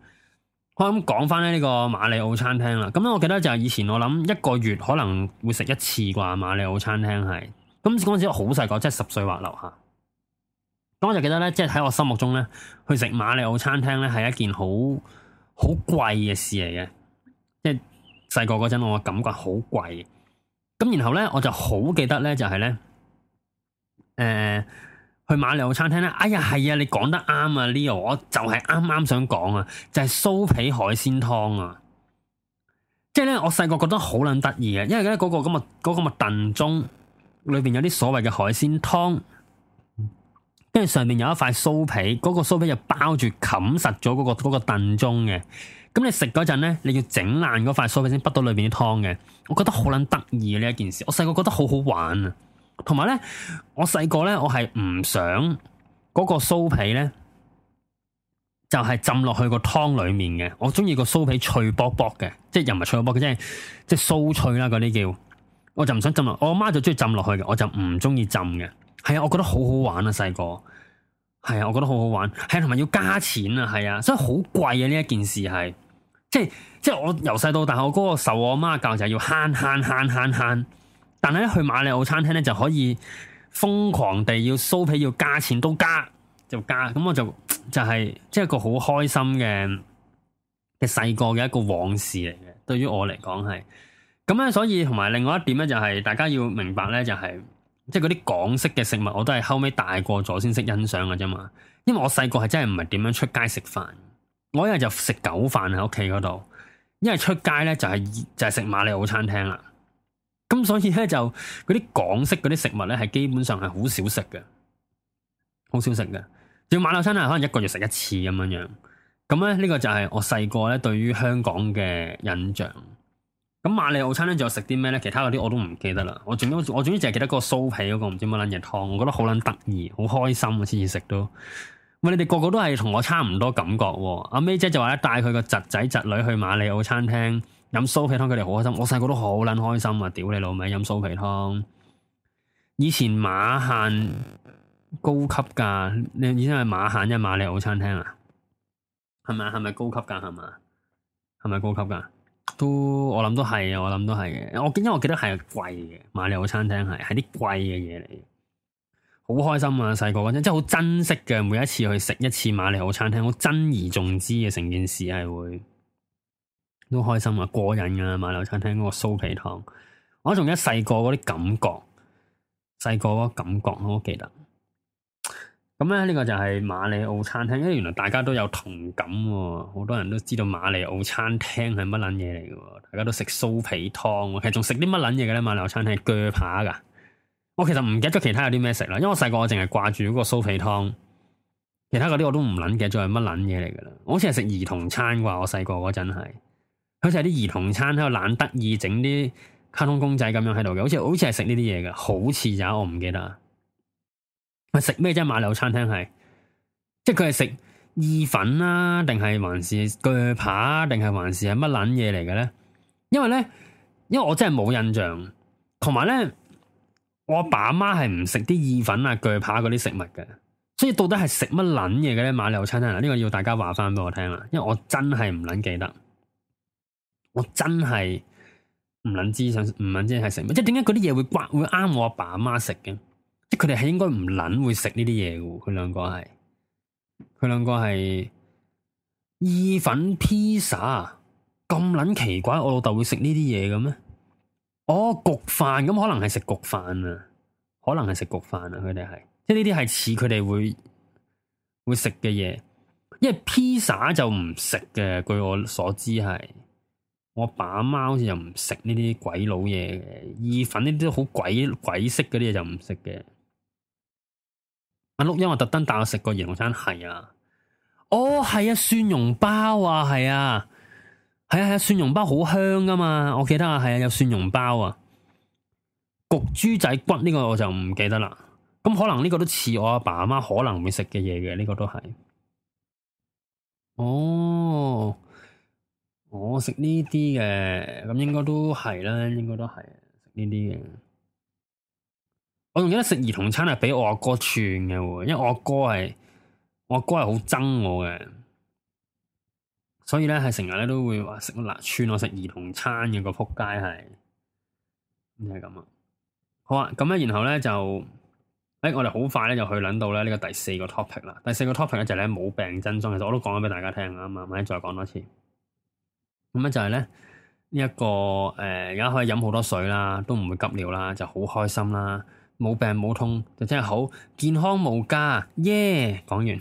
我咁講翻呢個馬里奧餐廳啦。咁我記得就係以前我諗一個月可能會食一次啩馬里奧餐廳係。咁嗰陣時我好細個，即係十歲或樓下。咁我就記得呢，即係喺我心目中呢，去食馬里奧餐廳呢係一件好好貴嘅事嚟嘅。即係細個嗰陣，我感覺好貴。咁然後呢，我就好記得呢，就係呢。誒、呃，去馬料理餐廳瑪利奧餐廳咧？哎呀，係啊，你講得啱啊，Leo，我就係啱啱想講、就是、啊，就係酥皮海鮮湯啊。即係咧，我細個覺得好捻得意啊，因為咧、那、嗰個咁啊，嗰、那個咁啊，燉盅裏邊有啲所謂嘅海鮮湯，跟住上面有一塊酥皮，嗰、那個酥皮就包住冚實咗嗰個嗰、那個燉盅嘅。咁你食嗰陣咧，你要整爛嗰塊酥皮先滗到裏邊啲湯嘅。我覺得好捻得意啊，呢一件事，我細個覺得好好玩啊。同埋咧，我細個咧，我係唔想嗰個酥皮咧，就係、是、浸落去個湯裏面嘅。我中意個酥皮脆卜卜嘅，即係又唔係脆卜卜嘅，即係即係酥脆啦，嗰啲叫。我就唔想浸落，我阿媽就中意浸落去嘅，我就唔中意浸嘅。係啊，我覺得好好玩啊，細個。係啊，我覺得好好玩。係啊，同埋要加錢啊，係啊，所以好貴啊！呢一件事係即係即係我由細到大，我嗰個受我阿媽教就係、是、要慳慳慳慳慳。但係咧去瑪利奧餐廳咧就可以瘋狂地要酥皮，要加錢都加就加，咁我就就係即係一個好開心嘅嘅細個嘅一個往事嚟嘅，對於我嚟講係咁咧。所以同埋另外一點咧、就是，就係大家要明白咧、就是，就係即係嗰啲港式嘅食物，我都係後尾大個咗先識欣賞嘅啫嘛。因為我細個係真係唔係點樣出街食飯，我一係就食狗飯喺屋企嗰度，一係出街咧就係、是、就係食瑪利奧餐廳啦。咁、嗯、所以咧就嗰啲港式嗰啲食物咧，係基本上係好少食嘅，好少食嘅。要瑪利奧餐啊，可能一個月食一次咁樣樣。咁咧呢、呢個就係我細個咧對於香港嘅印象。咁瑪利奧餐廳咧仲有食啲咩咧？其他嗰啲我都唔記得啦。我總之我總之淨係記得個酥皮嗰、嗰個唔知乜撚嘢湯，我覺得好撚得意，好開心啊！次次食都。喂，你哋個個都係同我差唔多感覺喎。阿、啊、May 姐就話咧，帶佢個侄仔侄女去瑪利奧餐廳。飲酥皮湯，佢哋好開心。我細個都好捻開心啊！屌你老味，飲酥皮湯。以前馬行高級噶，你意思係馬行即係馬利奧餐廳啊？係咪？係咪高級噶？係咪？係咪高級噶？都我諗都係啊！我諗都係嘅。我，我因為我記得係貴嘅，馬利奧餐廳係係啲貴嘅嘢嚟嘅，好開心啊！細個嗰陣真係好珍惜嘅，每一次去食一次馬利奧餐廳，好珍而重之嘅成件事係會。都開心啊，過癮噶！馬柳餐廳嗰個酥皮湯，我仲記得細個嗰啲感覺，細個嗰個感覺我都記得。咁咧呢、這個就係馬里奧餐廳，因為原來大家都有同感喎、哦，好多人都知道馬里奧餐廳係乜捻嘢嚟嘅。大家都食酥皮湯，其實仲食啲乜捻嘢嘅咧？馬里奧餐廳鋸扒噶，我其實唔記得咗其他有啲咩食啦。因為我細個我淨係掛住嗰個酥皮湯，其他嗰啲我都唔捻記得，仲係乜捻嘢嚟嘅啦？我好似係食兒童餐啩，我細個嗰陣係。好似係啲兒童餐喺度懶得意整啲卡通公仔咁樣喺度嘅，好似好似係食呢啲嘢嘅，好似咋，我唔記得。食咩啫？瑪利奧餐廳係，即係佢係食意粉啦、啊，定係還是鋸扒、啊，定係還是係乜撚嘢嚟嘅咧？因為咧，因為我真係冇印象，同埋咧，我阿爸阿媽係唔食啲意粉啊、鋸扒嗰啲食物嘅，所以到底係食乜撚嘢嘅咧？瑪利奧餐廳呢、呢個要大家話翻俾我聽啦，因為我真係唔捻記得。我真係唔撚知想唔撚知係食乜，即係點解嗰啲嘢會刮會啱我阿爸阿媽食嘅？即係佢哋係應該唔撚會食呢啲嘢嘅，佢兩個係，佢兩個係意粉披薩咁撚奇怪，我老豆會食呢啲嘢嘅咩？哦，焗飯咁可能係食焗飯啊，可能係食焗飯啊，佢哋係，即係呢啲係似佢哋會會食嘅嘢，因為披薩就唔食嘅，據我所知係。我阿爸阿媽好似又唔食呢啲鬼佬嘢嘅，意粉呢啲好鬼鬼式嗰啲嘢就唔食嘅。阿陸因為特登帶我食過鹽焗生，係啊，哦係啊，蒜蓉包啊，係啊，係啊係啊，蒜蓉包好香噶嘛，我記得啊係啊有蒜蓉包啊，焗豬仔骨呢個我就唔記得啦。咁可能呢個都似我阿爸阿媽可能會食嘅嘢嘅，呢個都係。哦。我食呢啲嘅，咁應該都係啦，應該都係食呢啲嘅。我仲記得食兒童餐係畀我阿哥，哥串嘅，因為我阿哥係我阿哥係好憎我嘅，所以咧係成日咧都會話食辣串我食兒童餐嘅個仆街係，就係咁啊。好啊，咁咧然後咧就誒、欸，我哋好快咧就去諗到咧呢個第四個 topic 啦。第四個 topic 咧就係咧冇病真爽，其實我都講咗畀大家聽啊，慢慢再講多次。咁咧就係咧呢一個誒，而、呃、家可以飲好多水啦，都唔會急尿啦，就好開心啦，冇病冇痛，就真係好健康無價。耶！講完，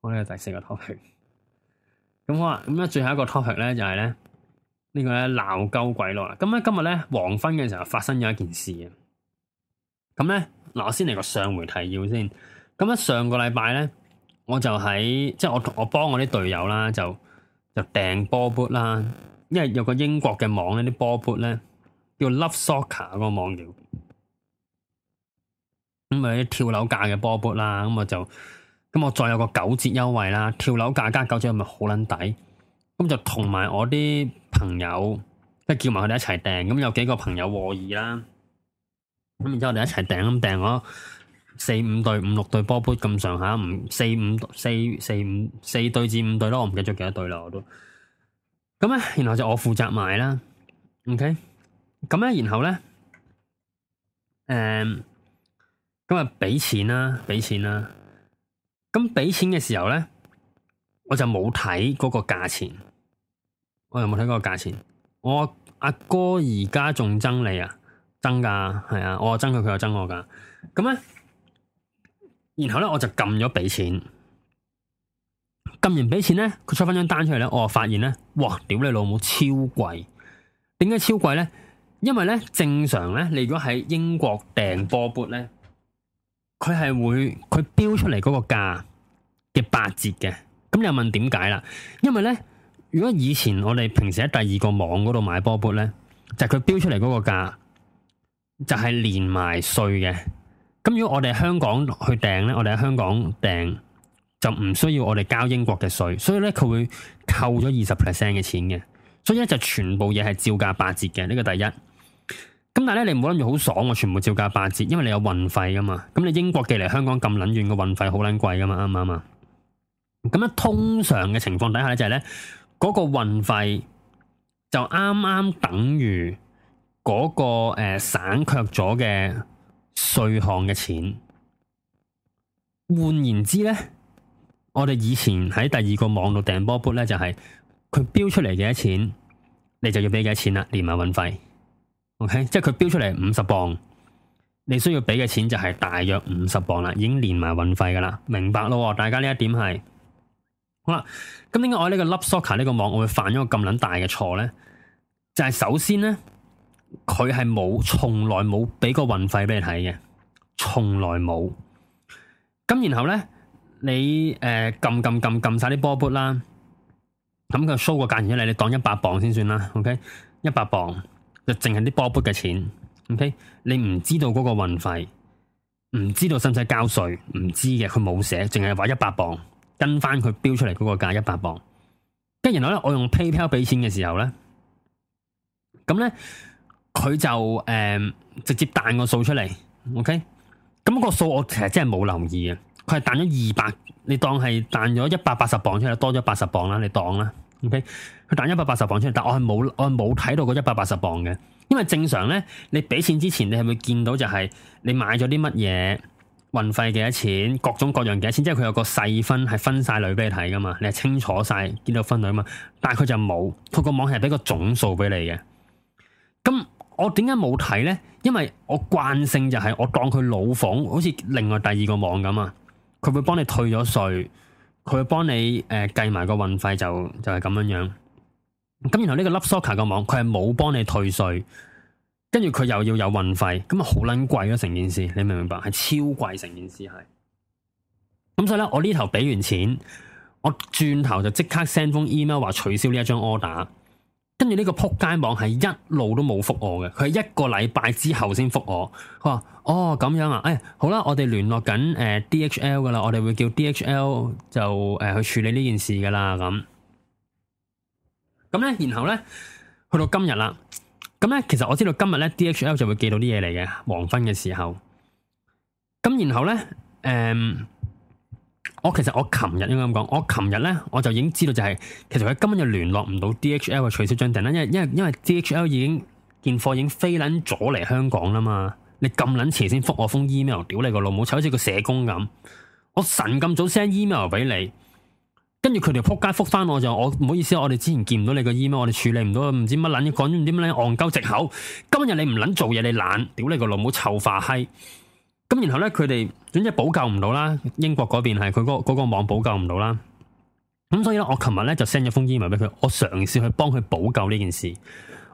我咧第四個 topic。咁我話咁咧最後一個 topic 呢，就係、是、呢，呢個咧鬧鳩鬼佬。咁咧今日呢，黃昏嘅時候發生咗一件事嘅。咁呢，嗱，我先嚟個上回提要先。咁咧上個禮拜呢，我就喺即係我我幫我啲隊友啦就。就訂波砵啦，因為有個英國嘅網呢啲波砵咧叫 Love Soccer、啊那個網叫，咁啊跳樓價嘅波砵啦，咁啊就咁我再有個九折優惠啦，跳樓價加九折係咪好撚抵，咁就同埋我啲朋友即係叫埋佢哋一齊訂，咁有幾個朋友和議啦，咁然之後我哋一齊訂咁訂咗。四五對、五六對波杯咁上下，唔，四五四四五四對至五對咯，我唔記得咗幾多對啦，我都。咁咧，然後就我負責買啦，OK？咁咧，然後咧，誒、嗯，咁啊，畀錢啦，畀錢啦。咁畀錢嘅時候咧，我就冇睇嗰個價錢，我又冇睇嗰個價錢。我阿哥而家仲憎你啊，憎噶？係啊，我憎佢，佢又憎我噶。咁咧。然後咧，我就撳咗俾錢，撳完俾錢咧，佢出翻張單，單出嚟咧，我就發現咧，哇！屌你老母超貴。點解超貴咧？因為咧，正常咧，你如果喺英國訂波波咧，佢係會佢標出嚟嗰個價嘅八折嘅。咁又問點解啦？因為咧，如果以前我哋平時喺第二個網嗰度買波波咧，就係佢標出嚟嗰個價就係連埋稅嘅。咁如果我哋香港去訂咧，我哋喺香港訂就唔需要我哋交英國嘅稅，所以咧佢會扣咗二十 percent 嘅錢嘅，所以咧就全部嘢係照價八折嘅，呢個第一。咁但係咧，你唔好諗住好爽我全部照價八折，因為你有運費噶嘛，咁你英國寄嚟香港咁撚遠嘅運費好撚貴噶嘛，啱唔啱啊？咁啊，通常嘅情況底下咧就係、是、咧，嗰、那個運費就啱啱等於嗰個誒省卻咗嘅稅項嘅錢，換言之咧，我哋以前喺第二個網度訂波波咧，就係、是、佢標出嚟幾多錢，你就要俾幾多錢啦，連埋運費。OK，即係佢標出嚟五十磅，你需要俾嘅錢就係大約五十磅啦，已經連埋運費噶啦，明白咯？大家呢一點係好啦。咁點解我呢個 Lovesoccer 呢個網我會犯咗個咁撚大嘅錯咧？就係、是、首先咧。佢係冇，從來冇俾個運費俾你睇嘅，從來冇。咁然後咧，你誒撳撳撳撳晒啲波鉢，啦，咁、呃、佢 show 個價錢出嚟，你當一百磅先算啦，OK？一百磅就淨係啲波鉢嘅錢，OK？你唔知道嗰個運費，唔知道使唔使交稅，唔知嘅，佢冇寫，淨係話一百磅，跟翻佢標出嚟嗰個價一百磅。跟然後咧，我用 PayPal 俾錢嘅時候咧，咁咧。佢就誒、嗯、直接彈個數出嚟，OK？咁個數我其實真係冇留意嘅。佢係彈咗二百，你當係彈咗一百八十磅出嚟，多咗八十磅啦，你當啦，OK？佢彈一百八十磅出嚟，但我係冇我冇睇到個一百八十磅嘅，因為正常呢，你俾錢之前，你係會見到就係、是、你買咗啲乜嘢，運費幾多錢，各種各樣幾多錢，即係佢有個細分係分晒類俾你睇噶嘛，你係清楚晒見到分類啊嘛，但係佢就冇，佢個網係俾個總數俾你嘅，咁。我點解冇睇呢？因為我慣性就係我當佢老房，好似另外第二個網咁啊，佢會幫你退咗稅，佢會幫你誒計埋個運費就就係咁樣樣。咁然後呢個 Lusoka 個網，佢係冇幫你退稅，跟住佢又要有運費，咁啊好捻貴咯成件事，你明唔明白？係超貴成件事係。咁所以咧，我呢頭俾完錢，我轉頭就即刻 send 封 email 話取消呢一張 order。跟住呢個撲街網係一路都冇覆我嘅，佢係一個禮拜之後先覆我。佢話哦咁樣啊，誒、哎、好啦，我哋聯絡緊誒、呃、DHL 噶啦我哋會叫 DHL 就誒、呃、去處理呢件事噶啦咁。咁咧，然後咧去到今日啦。咁咧，其實我知道今日咧 DHL 就會寄到啲嘢嚟嘅，黃昏嘅時候，咁然後咧誒。嗯我其實我琴日應該咁講，我琴日咧我就已經知道就係、是，其實佢根本就聯絡唔到 DHL 嘅取消訂單啦，因為因為因為 DHL 已經件貨已經飛撚咗嚟香港啦嘛，你咁撚遲先覆我封 email，屌你個老母就好似個社工咁，我晨咁早 send email 俾你，跟住佢哋撲街覆返我就，我唔好意思，我哋之前見唔到你個 email，我哋處理唔到，唔知乜撚嘢講啲乜撚戇鳩藉口，今日你唔撚做嘢你懶，屌你個老母臭化閪！咁然後咧，佢哋總之補救唔到啦。英國嗰邊係佢嗰嗰個網補救唔到啦。咁所以咧，我琴日咧就 send 咗封 email 俾佢，我嘗試去幫佢補救呢件事。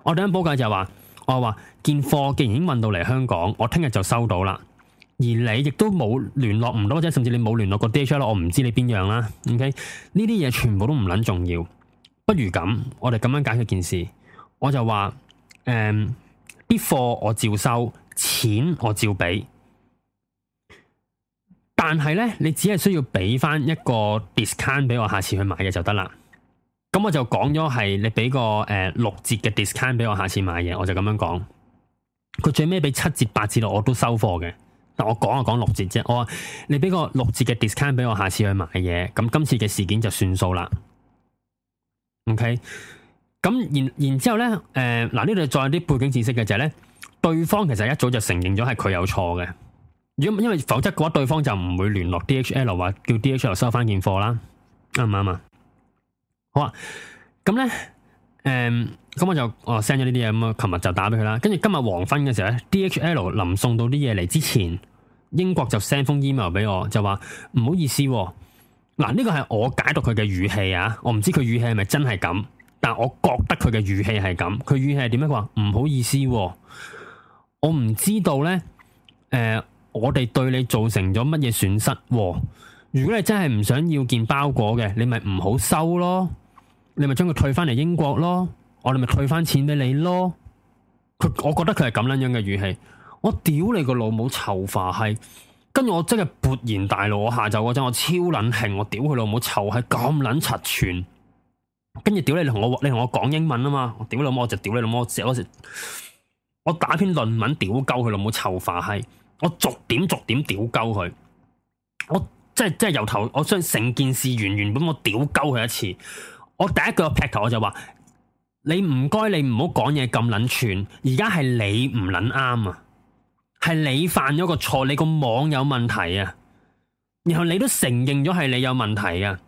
我第一補救就係話，我話件貨既然已經運到嚟香港，我聽日就收到啦。而你亦都冇聯絡唔到，或者甚至你冇聯絡過 DHL，我唔知你邊樣啦。OK，呢啲嘢全部都唔撚重要，不如咁，我哋咁樣解決件事。我就話誒，啲、嗯、貨我照收，錢我照俾。但係咧，你只係需要俾翻一個 discount 俾我下次去買嘢就得啦。咁我就講咗係你俾個誒、呃、六折嘅 discount 俾我下次買嘢，我就咁樣講。佢最尾俾七折八折咯，我都收貨嘅。但我講就講六折啫。我話你俾個六折嘅 discount 俾我下次去買嘢，咁今次嘅事件就算數啦。OK，咁然然之後咧，誒嗱呢度再有啲背景知識嘅就係、是、咧，對方其實一早就承認咗係佢有錯嘅。如果因為否則嘅話，對方就唔會聯絡 DHL，話叫 DHL 收翻件貨啦，啱唔啱啊？好啊，咁咧，誒、嗯，咁我就、哦、我 send 咗呢啲嘢，咁、嗯、啊，琴日就打俾佢啦。跟住今日黃昏嘅時候咧，DHL 臨送到啲嘢嚟之前，英國就 send 封 email 俾我，就話唔好意思、啊。嗱，呢個係我解讀佢嘅語氣啊，我唔知佢語氣係、啊、咪真係咁，但我覺得佢嘅語氣係咁。佢語氣係點樣？佢話唔好意思、啊，我唔知道咧，誒、呃。我哋對你造成咗乜嘢損失？如果你真係唔想要件包裹嘅，你咪唔好收咯，你咪將佢退翻嚟英國咯，我哋咪退翻錢俾你咯。佢，我覺得佢係咁樣樣嘅語氣，我屌你個老母臭化閪！跟住我真係勃然大怒，我下晝嗰陣我超撚㷫，我屌佢老母臭閪咁撚柒串，跟住屌你，同我你同我講英文啊嘛，我屌老母，我就屌你老母，我寫時我，我，我，我，我，我打篇論文屌鳩佢老母臭化閪。我逐點逐點屌鳩佢，我即係即係由頭，我將成件事完完本本我屌鳩佢一次。我第一句我劈頭我就話：你唔該，你唔好講嘢咁捻串。而家係你唔捻啱啊，係你犯咗個錯，你個網有問題啊。然後你都承認咗係你有問題啊。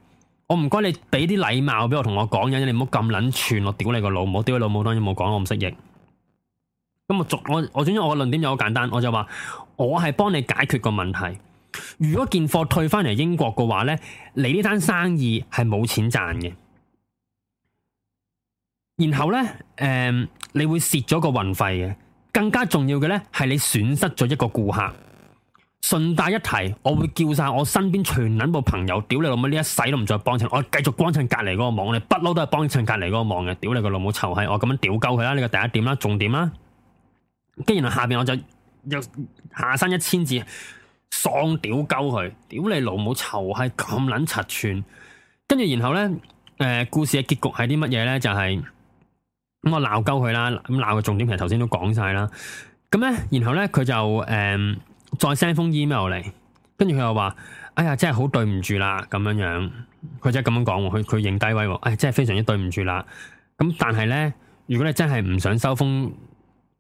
我唔該，你俾啲禮貌俾我，同我講嘢，你唔好咁捻串，我屌你個老母，屌你老母，當然冇講，我唔適應。咁我逐我我總之我個論點就好簡單，我就話。我係幫你解決個問題。如果件貨退翻嚟英國嘅話呢，你呢單生意係冇錢賺嘅。然後呢，誒、嗯，你會蝕咗個運費嘅。更加重要嘅呢係你損失咗一個顧客。順帶一提，我會叫晒我身邊全撚部朋友，屌 你，你老母，呢一世都唔再幫襯，我繼續幫襯隔籬嗰個網。你不嬲都係幫襯隔籬嗰個網嘅，屌你個老母臭閪！我咁樣屌鳩佢啦，呢個第一點啦，重點啦。跟住然後下邊我就。又下山一千字，喪屌鳩佢，屌你老母，臭閪咁捻七寸。跟住然後咧，誒、呃，故事嘅結局係啲乜嘢咧？就係、是、咁、嗯、我鬧鳩佢啦，咁鬧嘅重點其實頭先都講晒啦。咁咧，然後咧佢就誒、呃、再 send 封 email 嚟，跟住佢又話：哎呀，真係好對唔住啦，咁樣樣。佢真係咁樣講，佢佢認低威。哎，真係非常之對唔住啦。咁但係咧，如果你真係唔想收風。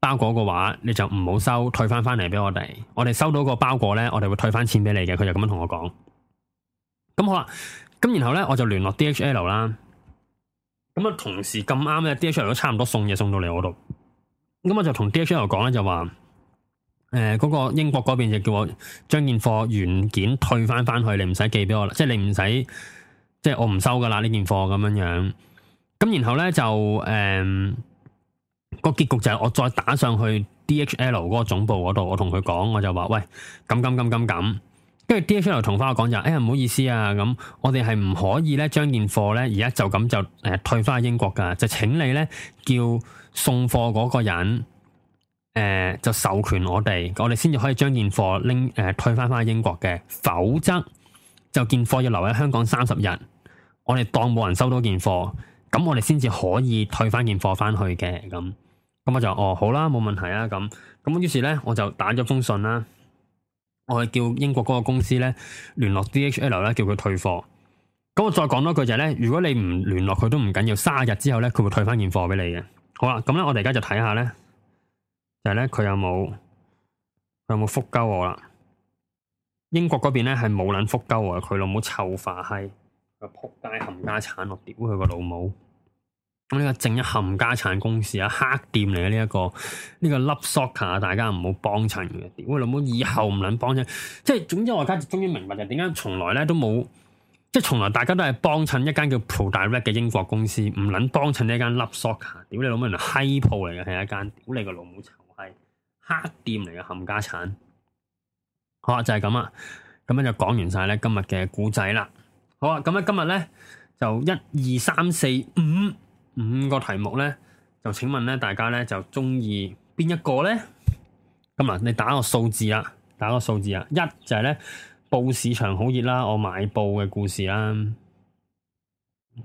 包裹嘅話，你就唔好收，退翻翻嚟俾我哋。我哋收到個包裹呢，我哋會退翻錢俾你嘅。佢就咁樣同我講。咁好啦，咁然後呢，我就聯絡 DHL 啦。咁啊，同時咁啱咧，DHL 都差唔多送嘢送到嚟我度。咁我就同 DHL 講呢，就話，誒、呃，嗰、嗰個英國嗰邊就叫我將件貨原件退翻翻去，你唔使寄俾我啦，即係你唔使，即係我唔收噶啦呢件貨咁樣樣。咁然後呢，就誒。嗯個結局就係我再打上去 DHL 嗰個總部嗰度，我同佢講，我就話喂咁咁咁咁咁，跟住 DHL 同翻我講就，哎呀唔好意思啊，咁我哋係唔可以咧將件貨咧而家就咁就誒退翻去英國噶，就請你咧叫送貨嗰個人誒、呃、就授權我哋，我哋先至可以將件貨拎誒退翻翻去英國嘅，否則就件貨要留喺香港三十日，我哋當冇人收到件貨，咁我哋先至可以退翻件貨翻去嘅咁。咁我就哦好啦，冇問題啊，咁咁於是咧，我就打咗封信啦，我係叫英國嗰個公司咧聯絡 DHL 咧，叫佢退貨。咁我再講多句就係咧，如果你唔聯絡佢都唔緊要，三日之後咧佢會退翻件貨俾你嘅。好啦，咁咧我哋而家就睇下咧，就係咧佢有冇佢有冇覆鳩我啦？英國嗰邊咧係冇撚覆鳩我，佢老母臭化閪，仆街冚家鏟落屌佢個老母！呢個正一冚家產公司啊，黑店嚟嘅呢一個呢、這個 Love Soccer 啊，大家唔好幫襯嘅，屌老母！以後唔撚幫襯，即係總之我而家終於明白就點解從來咧都冇，即係從來大家都係幫襯一間叫 Pro Direct 嘅英國公司，唔撚幫襯呢間 Love Soccer。屌你老母，原來閪鋪嚟嘅，係一間屌你個老母臭閪黑店嚟嘅冚家產。好啊，就係咁啊，咁樣就講完晒咧今日嘅古仔啦。好啊，咁咧今日咧就一二三四五。五個題目咧，就請問咧，大家咧就中意邊一個咧？咁啊、嗯，你打個數字啊，打個數字啊！一就係、是、咧，布市場好熱啦，我買布嘅故事啦。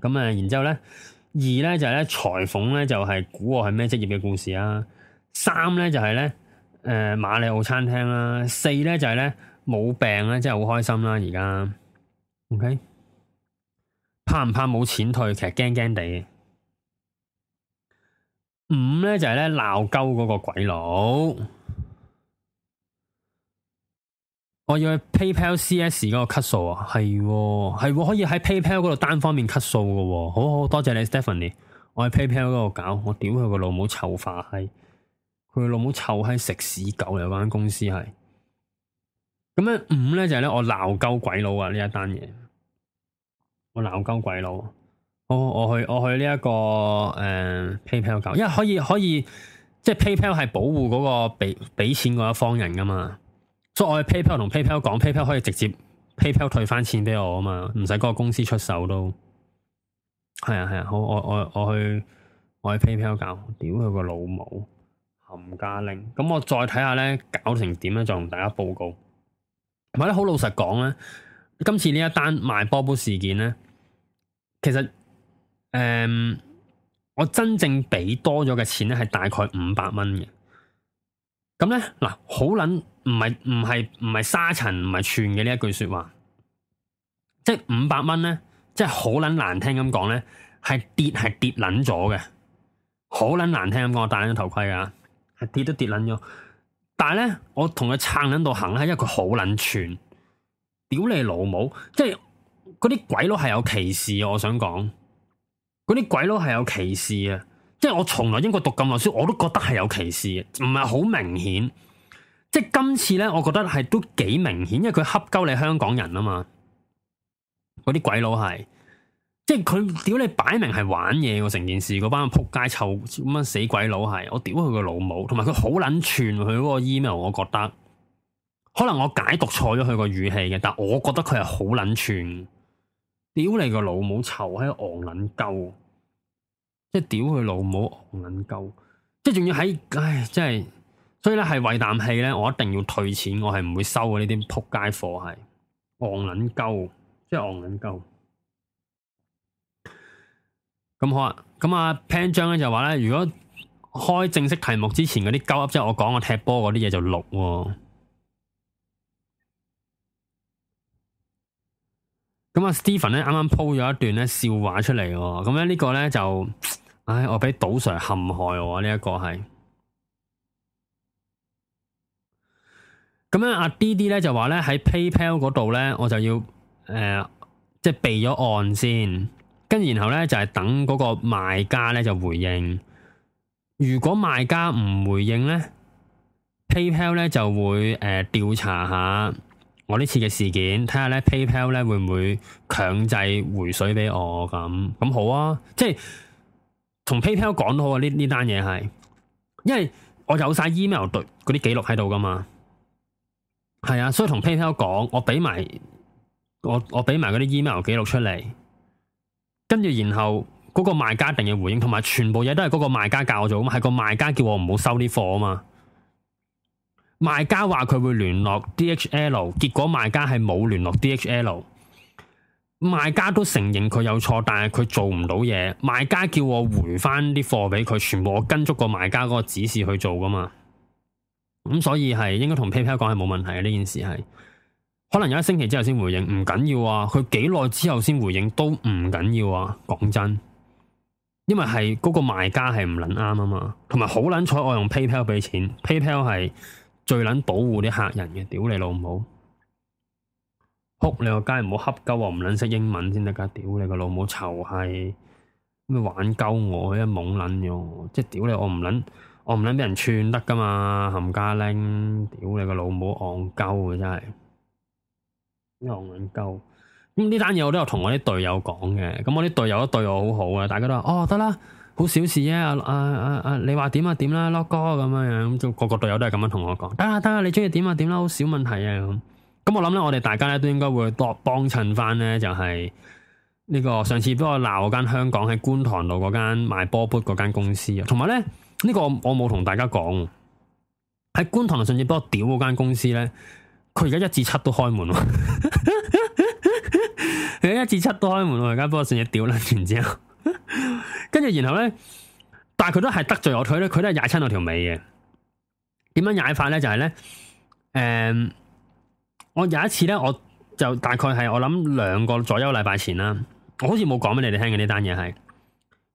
咁、嗯、啊、嗯，然之後咧，二咧就係、是、咧，裁縫咧就係、是、估我係咩職業嘅故事啊。三咧就係、是、咧，誒、呃，瑪利奧餐廳啦。四咧就係、是、咧，冇病咧，真係好開心啦！而家，OK，怕唔怕冇錢退？其實驚驚地。五咧就係咧，鬧鳩嗰個鬼佬，我要去 PayPal CS 嗰個 cut 數啊，係喎、係喎、可以喺 PayPal 嗰度單方面 cut 數嘅，好好多謝你 Stephanie，我喺 PayPal 嗰度搞，我屌佢個老母臭化閪，佢個老母臭閪食屎狗嚟，嗰間公司係，咁咧五咧就係、是、咧我鬧鳩鬼佬啊呢一單嘢，我鬧鳩鬼佬。我我去我去呢、這、一個誒、呃、PayPal 搞，因為可以可以即係、就是、PayPal 係保護嗰、那個俾俾錢嗰一方人噶嘛，所以我去 PayPal 同 PayPal 講，PayPal 可以直接 PayPal 退翻錢俾我啊嘛，唔使嗰個公司出手都係啊係啊，好我我我去我去 PayPal 搞，屌佢個老母冚家拎，咁我再睇下咧，搞成點咧，再同大家報告。或者好老實講咧，今次呢一單賣波波事件咧，其實。誒、嗯，我真正畀多咗嘅錢咧，係大概五百蚊嘅。咁咧，嗱，好捻唔係唔係唔係沙塵唔係串嘅呢一句說話，即係五百蚊咧，即係好捻難聽咁講咧，係跌係跌捻咗嘅，好捻難聽咁講，我戴緊頭盔啊，係跌都跌捻咗。但係咧，我同佢撐捻到行咧，因為佢好捻串，屌你老母，即係嗰啲鬼佬係有歧視，我想講。嗰啲鬼佬係有歧視啊！即係我從來英國讀咁耐書，我都覺得係有歧視，唔係好明顯。即係今次咧，我覺得係都幾明顯，因為佢恰鳩你香港人啊嘛。嗰啲鬼佬係，即係佢屌你擺明係玩嘢個成件事，嗰班扑街臭咁死鬼佬係，我屌佢個老母，同埋佢好捻串佢嗰個 email，我覺得可能我解讀錯咗佢個語氣嘅，但我覺得佢係好捻串。屌你個老母，臭喺度戇撚鳩，即係屌佢老母戇撚鳩，即係仲要喺唉，即係所以咧係為啖氣咧，我一定要退錢，我係唔會收嘅、嗯嗯嗯嗯嗯嗯嗯嗯、呢啲撲街貨係戇撚鳩，即係戇撚鳩。咁好啊，咁啊 Pan 張咧就話咧，如果開正式題目之前嗰啲鳩噏即係我講我踢波嗰啲嘢就錄喎、哦。咁啊，Steven 咧啱啱鋪咗一段咧笑話出嚟喎，咁、嗯、咧、這個、呢個咧就，唉，我俾賭 Sir 陷害我、這個嗯啊、呢一個係，咁樣阿 D D 咧就話咧喺 PayPal 嗰度咧，我就要誒，即係備咗案先，跟然後咧就係、是、等嗰個賣家咧就回應，如果賣家唔回應咧，PayPal 咧就會誒、呃、調查下。我呢次嘅事件，睇下咧 PayPal 咧會唔會強制回水俾我咁咁好啊？即係同 PayPal 講都好啊！呢呢單嘢係，因為我有晒 email 嗰啲記錄喺度噶嘛，係啊，所以同 PayPal 講，我俾埋我我俾埋嗰啲 email 記錄出嚟，跟住然後嗰個賣家定嘅回應，同埋全部嘢都係嗰個賣家教我做啊嘛，係個賣家叫我唔好收啲貨啊嘛。賣家話佢會聯絡 DHL，結果賣家係冇聯絡 DHL。賣家都承認佢有錯，但係佢做唔到嘢。賣家叫我回返啲貨俾佢，全部我跟足個賣家嗰個指示去做㗎嘛。咁、嗯、所以係應該同 PayPal 講係冇問題嘅，呢件事係，可能有一星期之後先回應，唔緊要啊。佢幾耐之後先回應都唔緊要啊。講真，因為係嗰、嗰個賣家係唔撚啱啊嘛，同埋好撚彩，我用 PayPal 俾錢，PayPal 係。Pay 最捻保護啲客人嘅，屌你老母！哭你個街唔好恰鳩我不恰，唔捻識英文先得噶，屌你個老母，臭閪！咩玩鳩我，一懵捻咗，即係屌你我唔捻，我唔捻俾人串得噶嘛，冚家拎，屌你個老母，戇鳩啊真係，啲戇鳩。咁呢單嘢我都有同我啲隊友講嘅，咁、嗯、我啲隊友都對我好好嘅，大家都哦得啦。好小事啫、啊，阿阿阿阿，你話點啊點啦，Lock 哥咁樣樣，咁就個個隊友都係咁樣同我講，得啊得啊，你中意點啊點啦，好少問題啊咁。咁我諗咧，我哋大家咧都應該會多幫襯翻咧，就係呢個上次幫我鬧嗰間香港喺觀塘路嗰間賣波普嗰間公司啊，同埋咧呢個我冇同大家講，喺觀塘上次幫我屌嗰間公司咧，佢而家一至七都開門喎，佢一至七都開門喎，而家幫我上次屌啦，然之後。跟住 然後咧，但係佢都係得罪我，佢咧佢都係踩親我條尾嘅。點樣踩法咧就係、是、咧，誒、嗯，我有一次咧，我就大概係我諗兩個左右禮拜前啦，我好似冇講俾你哋聽嘅呢單嘢係。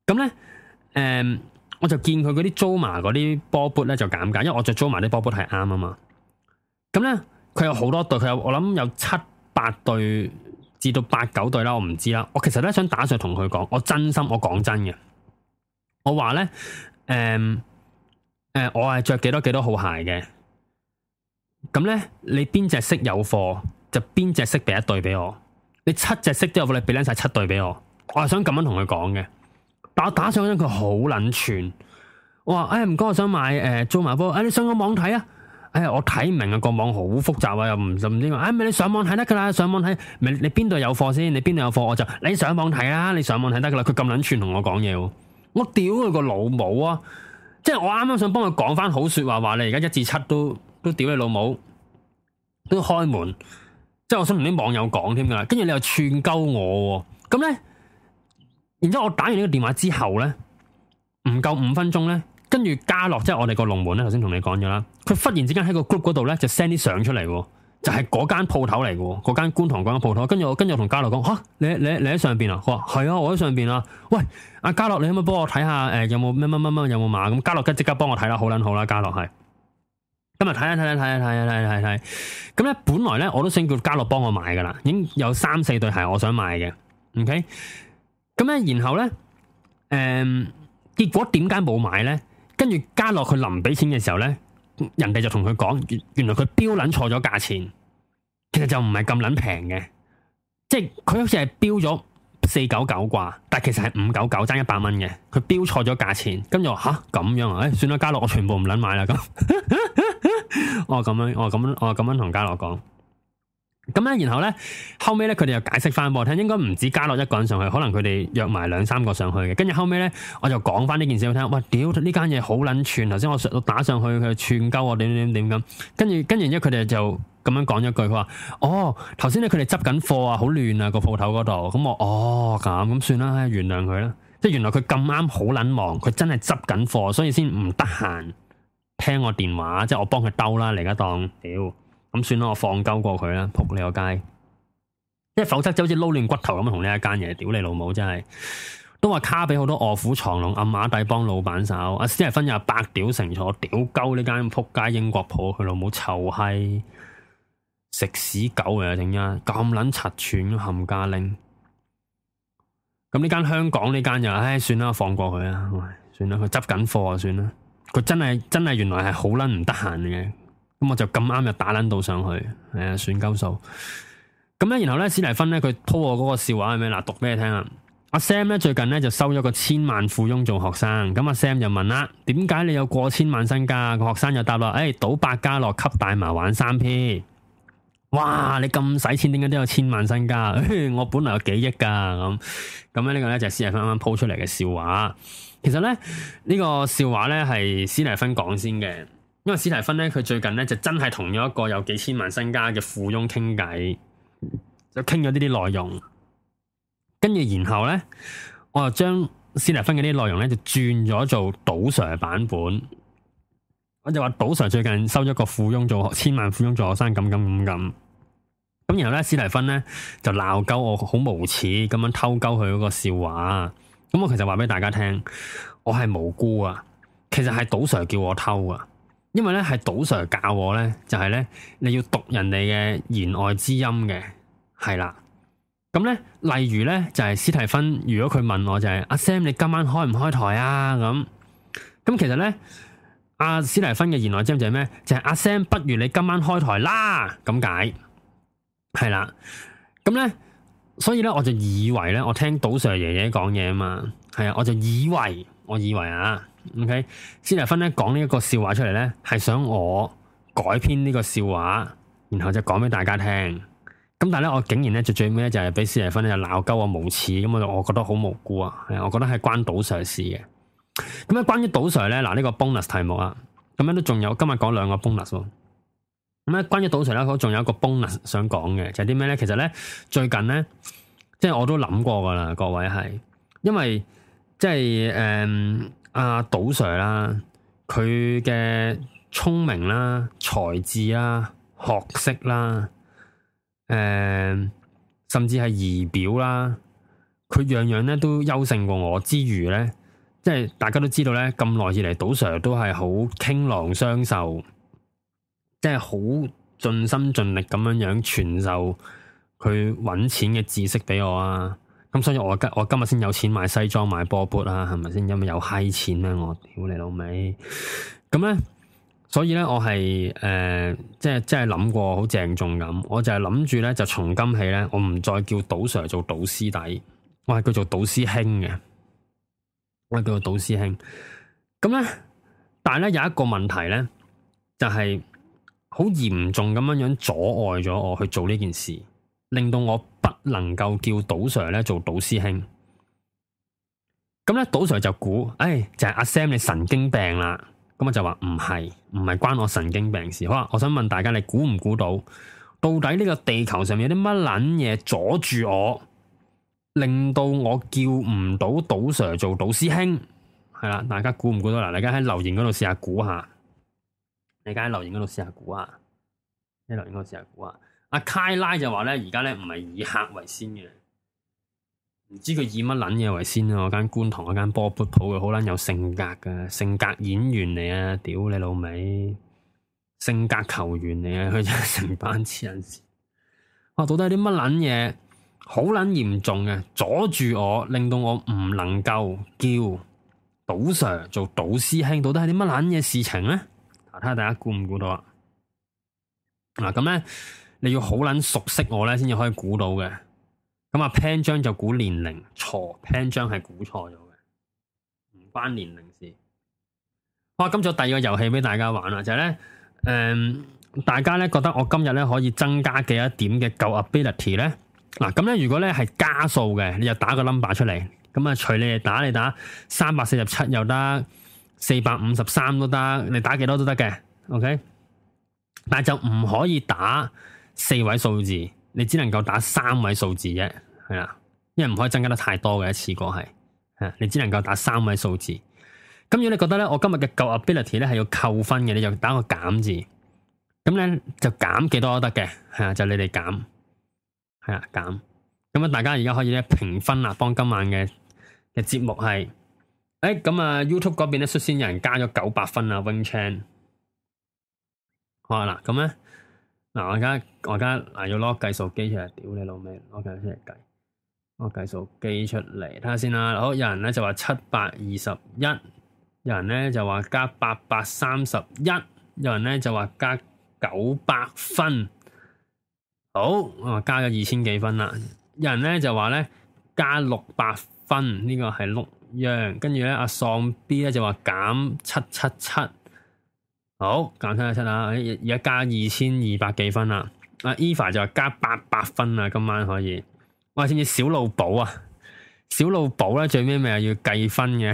咁咧，誒，我就見佢嗰啲 Joma，嗰啲波 boot 咧就減價，因為我着 Joma 啲波 boot 係啱啊嘛。咁、嗯、咧，佢有好多對，佢有我諗有七八對。至到八九對啦，我唔知啦。我其實咧想打上同佢講，我真心，我講真嘅，我話咧，誒、嗯、誒、嗯，我係着幾多幾多號鞋嘅。咁咧，你邊隻色有貨就邊隻色俾一對俾我。你七隻色都有貨，你俾靚晒七對俾我。我係想咁樣同佢講嘅，但我打上咧佢好捻串。我話誒唔該，我、哎、想買誒中馬波，你上個網睇啊？哎我睇唔明啊，個網好複雜啊，又唔唔知啊，咪、哎、你上網睇得噶啦，上網睇，你邊度有貨先，你邊度有貨我就，你上網睇啊，你上網睇得噶啦，佢咁捻串同我講嘢，我屌佢個老母啊！即係我啱啱想幫佢講翻好說話，話你而家一至七都都屌你老母，都開門，即係我想同啲網友講添噶啦，跟住你又串鳩我、啊，咁咧，然之後我打完呢個電話之後咧，唔夠五分鐘咧。跟住嘉樂，即係我哋個龍門咧，頭先同你講咗啦。佢忽然之間喺個 group 嗰度咧就 send 啲相出嚟，就係嗰間鋪頭嚟嘅，嗰間觀塘嗰間鋪頭。跟住我跟住我同嘉樂講吓，你你你喺上邊啊？係啊，我喺上邊啊。喂，阿嘉樂，你可唔可以幫我睇下誒，有冇咩乜乜乜有冇碼？咁嘉樂即刻幫我睇啦，好撚好啦，嘉樂係。今日睇下，睇下、啊，睇下、啊，睇下、啊，睇下、啊。睇、啊！咁咧、啊啊啊、本來咧我都想叫嘉樂幫我買噶啦，已經有三四對鞋我想買嘅。OK，咁咧然後咧誒、嗯，結果點解冇買咧？跟住嘉樂佢臨俾錢嘅時候咧，人哋就同佢講，原來佢標捻錯咗價錢，其實就唔係咁捻平嘅，即係佢好似係標咗四九九啩，但其實係五九九爭一百蚊嘅，佢標錯咗價錢，跟住話吓咁樣啊，誒、欸，算啦，嘉樂我全部唔捻買啦，咁， 我咁樣，我咁樣，我咁樣同嘉樂講。咁咧，然後咧，後尾咧，佢哋又解釋翻俾我聽，應該唔止加落一個人上去，可能佢哋約埋兩三個上去嘅。跟住後尾咧，我就講翻呢件事俾佢聽，哇！屌呢間嘢好捻串，頭先我上打上去佢串鳩我點點點點咁。跟住跟住，一佢哋就咁樣講咗一句，佢話：，哦，頭先咧佢哋執緊貨啊，好亂啊個鋪頭嗰度。咁我哦咁，咁算啦，原諒佢啦。即係原來佢咁啱好捻忙，佢真係執緊貨，所以先唔得閒聽我電話。即係我幫佢兜啦，嚟家當屌。咁算啦，我放鳩過佢啦，仆你個街！因為否則就好似撈亂骨頭咁，同呢一間嘢屌你老母真，真係都話卡畀好多臥虎藏龍阿馬底幫老闆手。阿史蒂芬又白屌成坐，屌鳩呢間仆街英國舖，佢老母臭閪食屎狗嚟啊！整間咁撚柒串冚家拎。咁呢間香港呢間又唉，算啦，放過佢啦，算啦，佢執緊貨，算啦。佢真係真係原來係好撚唔得閒嘅。咁我就咁啱又打捻到上去，係、哎、啊，算鳩數。咁咧，然後咧，史蒂芬咧，佢鋪我嗰個笑話係咩嗱？讀俾你聽啊！阿 Sam 咧最近咧就收咗個千萬富翁做學生。咁阿、啊、Sam 就問啦：點解你有過千萬身家？個學生就答啦：誒、哎，賭百家樂，吸大麻，玩三 P。哇！你咁使錢，點解都有千萬身家？ 我本來有幾億噶。咁咁咧，個呢個咧就係、史蒂芬啱啱鋪出嚟嘅笑話。其實咧，呢、呢個笑話咧係史蒂芬講先嘅。因為史提芬咧，佢最近咧就真係同咗一個有幾千萬身家嘅富翁傾偈，就傾咗呢啲內容。跟住然後咧，我就將史提芬嘅啲內容咧就轉咗做賭 Sir 嘅版本。我就話賭 Sir 最近收咗個富翁做千萬富翁做學生，咁咁咁咁。然後咧，史提芬咧就鬧鳩我好無恥咁樣偷鳩佢嗰個笑話。咁我其實話俾大家聽，我係無辜啊，其實係賭 Sir 叫我偷啊。因為咧係賭 Sir 教我咧，就係咧你要讀人哋嘅言外之音嘅，係啦。咁咧，例如咧就係史提芬，如果佢問我就係阿 Sam，你今晚開唔開台啊？咁咁其實咧阿史提芬嘅言外之音就係咩？就係阿 Sam，不如你今晚開台啦，咁解係啦。咁咧，所以咧我就以為咧，我聽賭 Sir 爺爺講嘢啊嘛，係啊，我就以為，我以為啊。OK，斯蒂芬咧講呢一個笑話出嚟咧，係想我改編呢個笑話，然後就講俾大家聽。咁但係咧，我竟然咧就最尾咧就係俾斯蒂芬咧就鬧鳩我無恥，咁我就我覺得好無辜啊。係，我覺得係關島 Sir 事嘅。咁咧關於島 Sir 咧，嗱呢個 bonus 題目啊，咁樣都仲有今日講兩個 bonus 咯。咁咧關於島 Sir 咧，仲有一個 bonus 想講嘅就係啲咩咧？其實咧最近咧，即係我都諗過噶啦，各位係，因為即係誒。嗯阿賭、啊、Sir 啦、啊，佢嘅聰明啦、啊、才智啦、啊、學識啦、啊，誒、呃，甚至係儀表啦、啊，佢樣樣咧都優勝過我之餘咧，即係大家都知道咧，咁耐以嚟賭 Sir 都係好傾囊相授，即係好盡心盡力咁樣樣傳授佢揾錢嘅知識畀我啊！咁、嗯、所以我今我今日先有錢買西裝買波布啦、啊，係咪先？因為有閪錢咧、啊，我屌你老味。咁咧，所以咧、呃，我係誒，即係即係諗過好鄭重咁，我就係諗住咧，就從今起咧，我唔再叫賭 Sir 做賭師弟，我係叫做賭師兄嘅，我係叫做賭師兄。咁咧，但係咧有一個問題咧，就係好嚴重咁樣樣阻礙咗我去做呢件事，令到我，能夠叫賭 Sir 咧做賭師兄，咁咧賭 Sir 就估，哎，就係、是、阿 Sam 你神經病啦！咁、嗯、我就話唔係，唔係關我神經病事。好！我想問大家，你估唔估到，到底呢個地球上面有啲乜捻嘢阻住我，令到我叫唔到賭 Sir 做賭師兄？係啦，大家估唔估到？嗱，大家喺留言嗰度試下估下，你而家喺留言嗰度試下估啊！喺留言嗰度試下估啊！阿凱拉就話咧，而家咧唔係以客為先嘅，唔知佢以乜捻嘢為先啊！我間觀塘嗰間波布鋪嘅好捻有性格嘅，性格演員嚟啊！屌你老味，性格球員嚟啊！佢成班黐人屎，我到底係啲乜捻嘢？好捻嚴重嘅，阻住我，令到我唔能夠叫賭 Sir 做賭師兄，到底係啲乜捻嘢事情咧？啊，睇下大家估唔估到啊！嗱咁咧。你要好撚熟悉我咧，先至可以估到嘅。咁啊，Pan 張就估年齡錯，Pan 張係估錯咗嘅，唔關年齡事。哇！今朝第二個遊戲俾大家玩啦，就係、是、咧，誒、嗯，大家咧覺得我今日咧可以增加幾多點嘅舊 ability 咧嗱？咁、啊、咧如果咧係加數嘅，你就打個 number 出嚟。咁啊，隨你哋打你打三百四十七又得，四百五十三都得，你打幾多都得嘅。OK，但係就唔可以打。四位數字，你只能夠打三位數字啫，係啦，因為唔可以增加得太多嘅一次過係，吓，你只能夠打三位數字。咁如果你覺得咧，我今日嘅夠 ability 咧係要扣分嘅，你就打個減字。咁咧就減幾多都得嘅，係啊，就你哋減，係啊減。咁、欸、啊，大家而家可以咧評分啦，幫今晚嘅嘅節目係，誒咁啊 YouTube 嗰邊咧率先有人加咗九百分啊 Wing Chan 好啊嗱咁咧。嗱、啊，我而家我而家嗱，要攞計數機出嚟，屌你老味，攞計數機出嚟，睇下先啦、啊。好，有人呢就話七百二十一，有人呢就話加八百三十一，有人呢就話加九百分，好，我加咗二千幾分啦。有人呢就話呢，加六百分，呢、這個係六樣，跟住呢，阿喪 B 咧就話減七七七。好簡單一下啦，而家加二千二百幾分啦。Eva 就話加八百分啊，今晚可以。哇，似唔似小露寶啊？小露寶咧，最 尾咪又要計分嘅。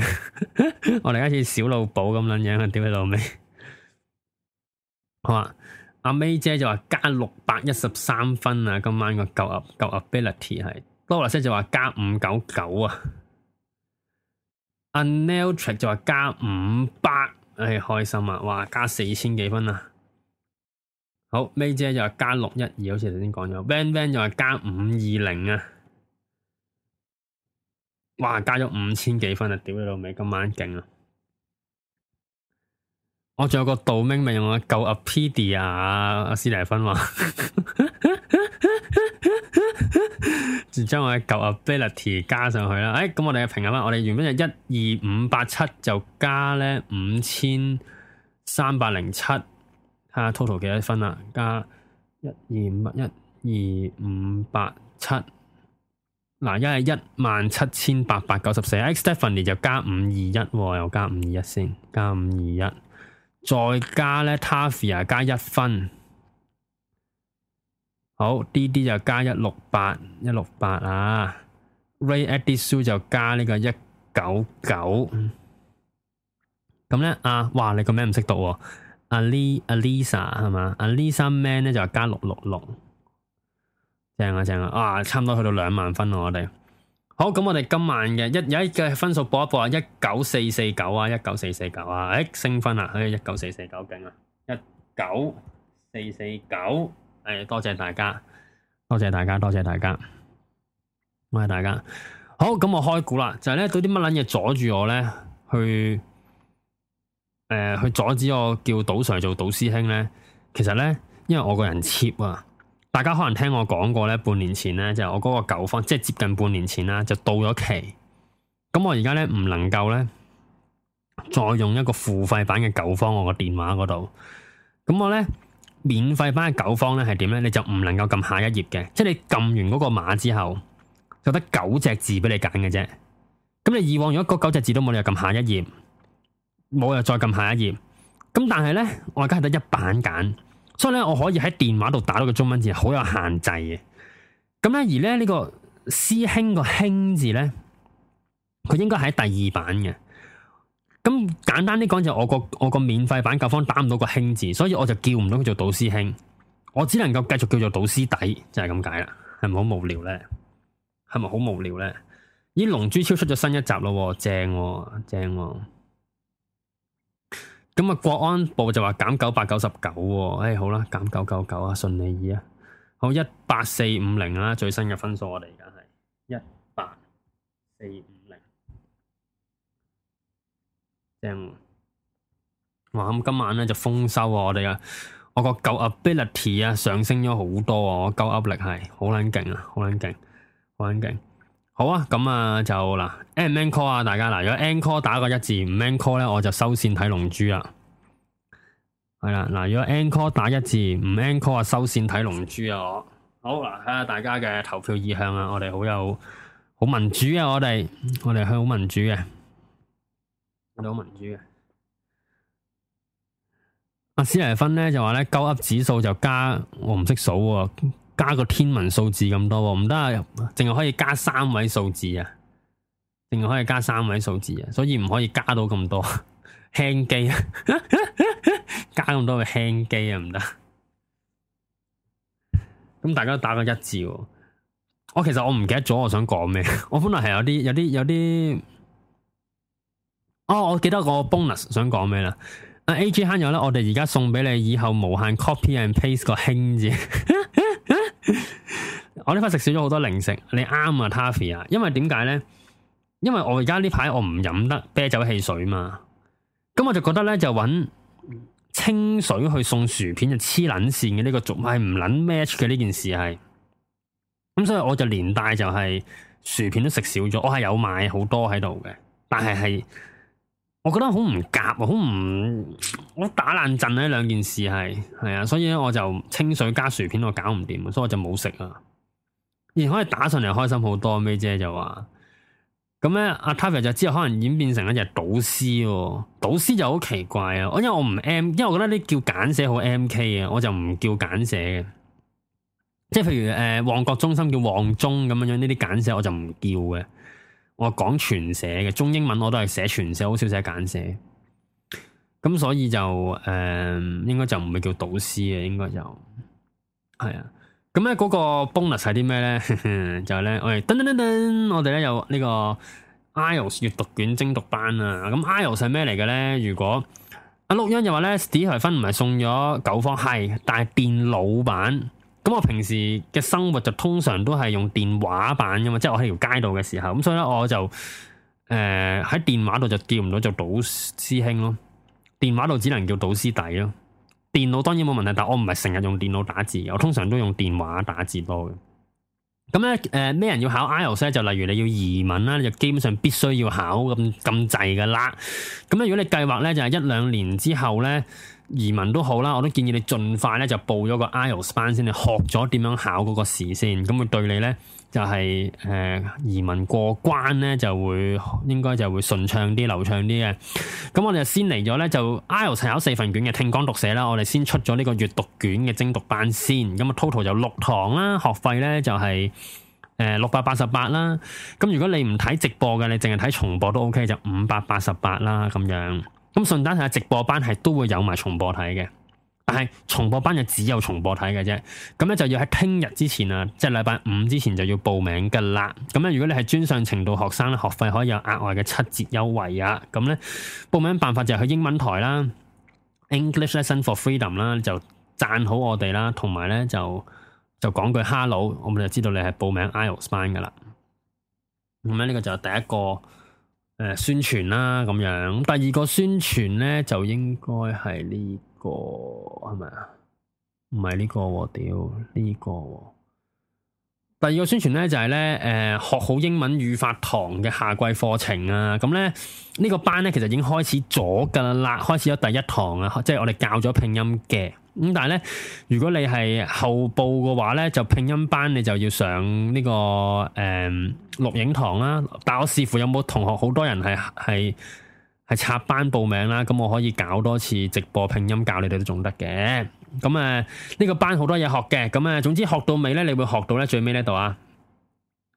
我哋而家似小露寶咁卵樣啊，屌你老味。好啊，阿 May 姐就話加六百一十三分啊，今晚個夠啊夠 ability 係。多啦西就話加五九九啊。Aneltr 就話加五百。唉、哎，開心啊！哇，加四千幾分啊！好，May 姐就係加六一二，好似頭先講咗。van van 就係加五二零啊！哇，加咗五千幾分啊！屌你老味，今晚勁啊！我仲有個道名名用啊，救阿 P D 啊，阿斯麗芬話。 就將 我嘅舊 ability 加上去啦。誒、哎，咁我哋嘅評分啦，我哋原本就一二五八七就加咧五千三百零七，睇下 total 幾多分啦。加一二五一、二五八七，嗱，一係一萬七千八百九十四。X Stephanie 就加五二一，又加五二一先，加五二一，再加咧 Taffy 呀加一分。好滴滴就加一六八一六八啊，Ray Addisoo 就加呢個一九九，咁、嗯、咧、嗯、啊，哇！你個名唔識讀喎 Ali Alisa 係嘛 Alisa Man 咧就加六六六，正啊正啊，啊，差唔多去到兩萬分啦我哋，好，咁、嗯、我哋今晚嘅一有一個分數報一報啊，一九四四九啊，一九四四九啊，誒，升分啊，喺一九四四九頂啊，一九四四九。四四九四九。係多謝大家，多謝大家，多謝大家，唔該大、大家。好，咁我開估啦，就係咧，到啲乜捻嘢，阻住我咧，去誒、呃，去阻止我叫賭 Sir 做賭師兄咧。其實咧，因為我個人 cheap 啊，大家可能聽我講過咧，半年前咧就是、我嗰個九方，即、就、係、是、接近半年前啦，就到咗期。咁我而家咧唔能夠咧，再用一個付費版嘅九方，我個電話嗰度，咁我咧。免費版嘅九方咧係點咧？你就唔能夠撳下一頁嘅，即係你撳完嗰個碼之後，就得九隻字俾你揀嘅啫。咁你以往如果九隻字都冇，你就撳下一頁，冇又再撳下一頁。咁但係咧，我而家係得一版揀，所以咧我可以喺電話度打到個中文字，好有限制嘅。咁咧而咧呢、呢個師兄個兄字咧，佢應該喺第二版嘅。咁簡單啲講，就我個我個免費版九方打唔到個兄字，所以我就叫唔到佢做導師兄，我只能夠繼續叫做導師弟」就是，就係咁解啦，係咪好無聊咧？係咪好無聊咧？咦，龍珠超出咗新一集咯，正、啊、正。咁啊，國安部就話減九百九十九，誒、欸、好啦，減九九九啊，順你意啊，好一八四五零啦，最新嘅分數、啊、我哋而家係一八四五。誒，哇！今晚咧就豐收啊，我哋啊，我個救 ability 啊上升咗好多啊，我救壓力係好冷靜啊，好冷靜，好冷靜。好啊，咁啊就嗱，N anchor 啊，大家嗱，如果 anchor 打個一字，唔 anchor 咧，我就收線睇龍珠啊。係啦，嗱，如果 anchor 打一字，唔 anchor 啊，收線睇龍珠啊，我好嗱睇下大家嘅投票意向啊，我哋好有好民主啊，我哋我哋係好民主嘅。到民主嘅阿史尼芬咧就話咧，鳩 up 指數就加，我唔識數喎，加個天文數字咁多、哦，唔得啊，淨係可以加三位數字啊，淨係可以加三位數字啊，所以唔可以加到咁多輕機 機、啊、 加咁多嘅輕機啊唔得，咁、啊、大家都打個一字喎、哦，我、哦、其實我唔記得咗我想講咩，我本來係有啲有啲有啲。有哦，我記得個 bonus 想講咩啦？A. G. 慳友咧，我哋而家送俾你以後無限 copy and paste 個興字。我呢塊食少咗好多零食，你啱啊，Taffy 啊，因為點解咧？因為我而家呢排我唔飲得啤酒汽水嘛，咁我就覺得咧就揾清水去送薯片就黐撚綫嘅呢個俗，係唔撚 match 嘅呢件事係。咁所以我就連帶就係薯片都食少咗，我係有買好多喺度嘅，但係係。我覺得好唔夾，好唔我打爛陣呢兩件事係係啊，所以咧我就清水加薯片，我搞唔掂，所以我就冇食啊。然可以打上嚟，開心好多咩啫？就話咁咧，阿、啊、Tavia 就之後可能演變成一隻導師、哦，導師就好奇怪啊！因為我唔 M，因為我覺得啲叫簡寫好 M K 啊，我就唔叫簡寫嘅。即係譬如誒、呃，旺角中心叫旺中咁樣樣，呢啲簡寫我就唔叫嘅。我講全寫嘅，中英文我都係寫全寫，好少寫簡寫。咁所以就誒、呃，應該就唔會叫導師啊，應該就係啊。咁咧嗰個 bonus 係啲咩咧？ 就係咧，我哋噔噔噔噔，我哋咧有呢個 IELTS 閱讀卷精讀班啊。咁 IELTS 係咩嚟嘅咧？如果阿陸恩又話咧，史提芬唔係送咗九科，係但係電腦版。咁我平時嘅生活就通常都係用電話版嘅嘛，即係我喺條街度嘅時候，咁所以咧我就誒喺電話度就叫唔到做導師兄咯，電話度只能做導師弟咯。電腦當然冇問題，但我唔係成日用電腦打字，我通常都用電話打字多嘅。咁咧誒咩人要考 IELTS 咧？就例如你要移民啦，就基本上必須要考咁咁滯嘅啦。咁咧如果你計劃咧就係一兩年之後咧，移民都好啦，我都建議你盡快咧就報咗個 IELTS 班先，你學咗點樣考嗰個試先，咁會對你咧就係誒移民過關咧就會應該就會順暢啲、流暢啲嘅。咁我哋就先嚟咗咧就 IELTS 考四份卷嘅聽講讀寫啦，我哋先出咗呢個閱讀卷嘅精讀班先，咁啊 total 就六堂啦，學費咧就係誒六百八十八啦。咁如果你唔睇直播嘅，你淨係睇重播都 OK，就五百八十八啦咁樣。咁順帶係直播班係都會有埋重播睇嘅，但係重播班就只有重播睇嘅啫。咁咧就要喺聽日之前啊，即係禮拜五之前就要報名㗎喇。咁咧如果你係專上程度學生咧，學費可以有額外嘅七折優惠啊。咁咧報名辦法就係去英文台啦，English Lesson for Freedom 啦，就讚好我哋啦，同埋咧就就講句 Hello，我哋就知道你係報名 IELTS 班㗎喇。咁咧呢個就係第一個。誒、呃，宣傳啦咁樣，第二個宣傳咧就應該係呢個係咪啊？唔係呢個喎，屌呢、呢個喎。第二個宣傳咧就係、是、咧，誒、呃、學好英文語法堂嘅夏季課程啊，咁咧呢、這個班咧其實已經開始咗噶啦，開始咗第一堂啊，即係我哋教咗拼音嘅。咁、嗯、但係咧，如果你係後報嘅話咧，就拼音班你就要上呢、這個誒錄、呃、影堂啦。但我視乎有冇同學好多人係係係插班報名啦，咁我可以搞多次直播拼音教你哋都仲得嘅。咁啊，呢個班好多嘢學嘅，咁啊，總之學到尾咧，你會學到咧最尾呢度啊，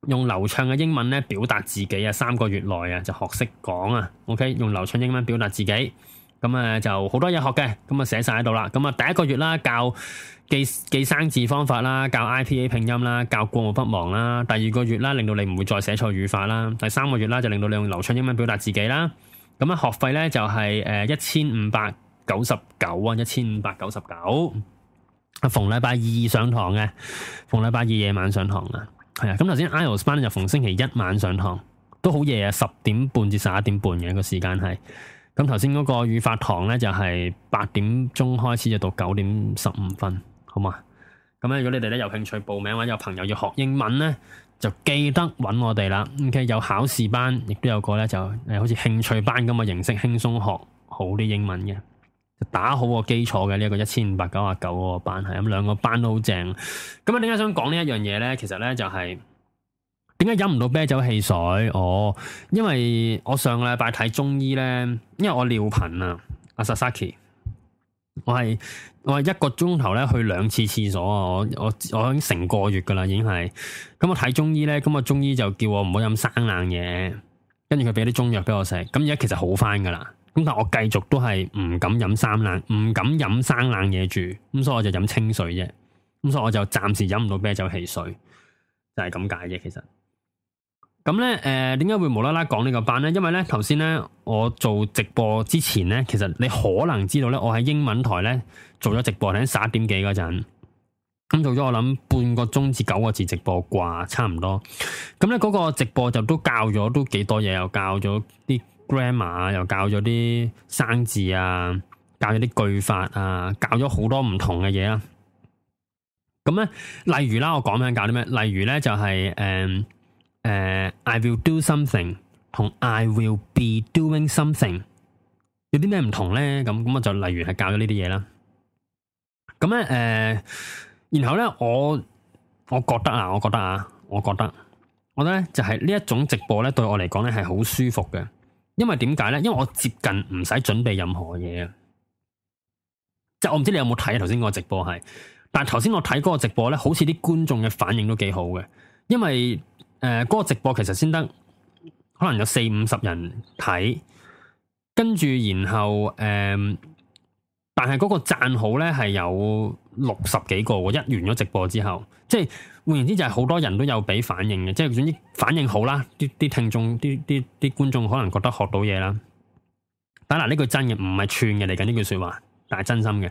用流暢嘅英文咧表達自己啊，三個月內啊就學識講啊，OK，用流暢英文表達自己，咁啊就好多嘢學嘅，咁啊寫晒喺度啦，咁啊第一個月啦教記記生字方法啦，教 IPA 拼音啦，教過目不忘啦，第二個月啦令到你唔會再寫錯語法啦，第三個月啦就令到你用流暢英文表達自己啦，咁啊學費咧就係誒一千五百。九十九啊，一千五百九十九啊。逢禮拜二上堂嘅，逢禮拜二夜晚上堂啦，係啊。咁、嗯、頭先 IELTS 班就逢星期一晚上堂，都好夜啊，十點半至十一點半嘅個時間係。咁頭先嗰個語法堂呢，就係、是、八點鐘開始，就到九點十五分，好嘛？咁、嗯、咧，如果你哋咧有興趣報名或者有朋友要學英文呢，就記得搵我哋啦。OK，有考試班，亦都有個咧就、呃、好似興趣班咁嘅形式，輕鬆學好啲英文嘅。打好基礎，這個基礎嘅呢一個一千五百九十九嗰個班係，咁兩個班都好正。咁啊，點解想講呢一樣嘢咧？其實咧就係點解飲唔到啤酒汽水？哦，因為我上個禮拜睇中醫咧，因為我尿頻啊，阿 Sasaki，我係我一個鐘頭咧去兩次廁所啊，我我我已經成個月噶啦，已經係。咁我睇中醫咧，咁啊中醫就叫我唔好飲生冷嘢，跟住佢俾啲中藥俾我食。咁而家其實好翻噶啦。咁但我繼續都係唔敢飲生冷，唔敢飲生冷嘢住，咁所以我就飲清水啫。咁所以我就暫時飲唔到啤酒汽水，就係咁解啫。其實，咁咧，誒、呃，點解會無啦啦講呢個班咧？因為咧，頭先咧，我做直播之前咧，其實你可能知道咧，我喺英文台咧做咗直播，喺十一點幾嗰陣，咁做咗我諗半個鐘至九個字直播啩，差唔多。咁咧嗰個直播就都教咗，都幾多嘢又教咗啲。grammar 又教咗啲生字啊，教咗啲句法啊，教咗好多唔同嘅嘢啊。咁咧，例如啦，我講咩教啲咩？例如咧，就係誒誒，I will do something 同 I will be doing something 有啲咩唔同咧？咁咁啊，就例如係教咗呢啲嘢啦。咁咧，誒、嗯，然後咧，我我覺得啊，我覺得啊，我覺得、啊、我覺得，我覺得我呢就係呢一種直播咧，對我嚟講咧，係好舒服嘅。因為點解咧？因為我接近唔使準備任何嘢啊！即係我唔知你有冇睇頭先嗰個直播係，但係頭先我睇嗰個直播咧，好似啲觀眾嘅反應都幾好嘅。因為誒嗰個直播其實先得可能有四五十人睇，跟住然後誒，但係嗰個讚好咧係有六十幾個喎，一完咗直播之後，即係。換言之，就係好多人都有俾反應嘅，即係總之反應好啦。啲啲聽眾、啲啲啲觀眾可能覺得學到嘢啦。但嗱，呢句真嘅，唔係串嘅嚟緊呢句說話，但係真心嘅，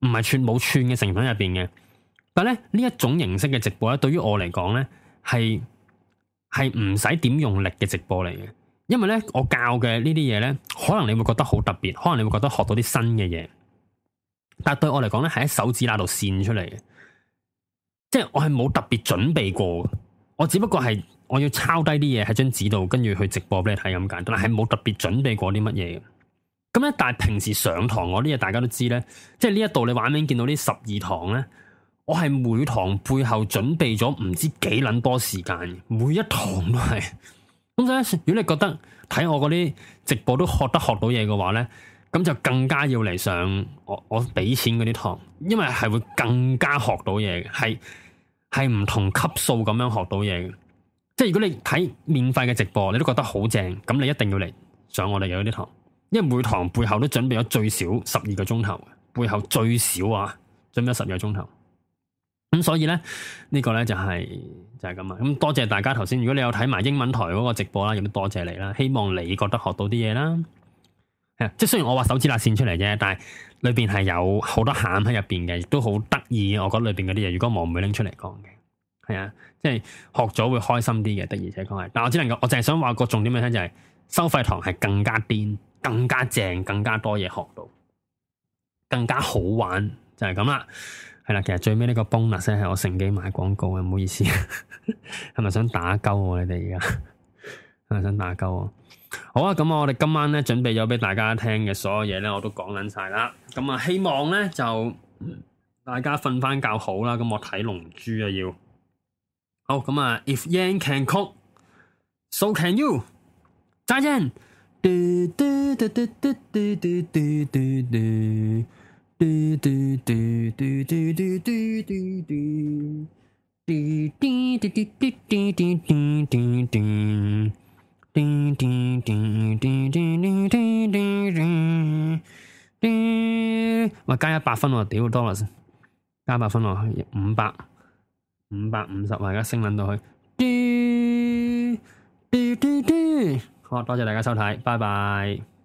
唔係串冇串嘅成分入邊嘅。但係咧呢一種形式嘅直播咧，對於我嚟講咧係係唔使點用力嘅直播嚟嘅，因為咧我教嘅呢啲嘢咧，可能你會覺得好特別，可能你會覺得學到啲新嘅嘢。但係對我嚟講咧，係喺手指罅度扇出嚟嘅。即係我係冇特別準備過，我只不過係我要抄低啲嘢喺張紙度，跟住去直播俾你睇咁簡單，係冇特別準備過啲乜嘢嘅。咁咧，但係平時上堂我啲嘢大家都知咧，即係呢一度你畫面見到呢十二堂咧，我係每堂背後準備咗唔知幾捻多時間，每一堂都係。咁所以，如果你覺得睇我嗰啲直播都學得學到嘢嘅話咧。咁就更加要嚟上我我俾錢嗰啲堂，因為係會更加學到嘢嘅，係係唔同級數咁樣學到嘢嘅。即係如果你睇免費嘅直播，你都覺得好正，咁你一定要嚟上我哋嘅嗰啲堂，因為每堂背後都準備咗最少十二個鐘頭，背後最少啊，準備咗十二個鐘頭。咁所以咧，呢、呢個咧就係、係、就係咁啊。咁多謝大家頭先，如果你有睇埋英文台嗰個直播啦，咁多謝你啦。希望你覺得學到啲嘢啦。即係雖然我話手指辣線出嚟啫，但係裏邊係有好多餡喺入邊嘅，亦都好得意。我覺得裏邊嗰啲嘢，如果冇唔會拎出嚟講嘅，係啊，即係學咗會開心啲嘅，的而且確係。但我只能夠，我淨係想話個重點俾你聽就係、是，收費堂係更加癲、更加正、更加多嘢學到、更加好玩，就係咁啦。係啦，其實最尾呢個 bonus 係我乘機買廣告嘅，唔好意思，係 咪想打鳩我、啊、你哋而家？係咪想打鳩我、啊？好啊，咁我哋今晚咧準備咗俾大家聽嘅所有嘢咧，我都講緊晒啦。咁啊，希望咧就大家瞓翻覺好啦。咁我睇龍珠啊，要好咁啊。If Yang can cook, so can you, 再見。 我加一百分喎，屌多喇！加百分喎，五百五百五十，而家升穩到去 好。多謝大家收睇，拜拜。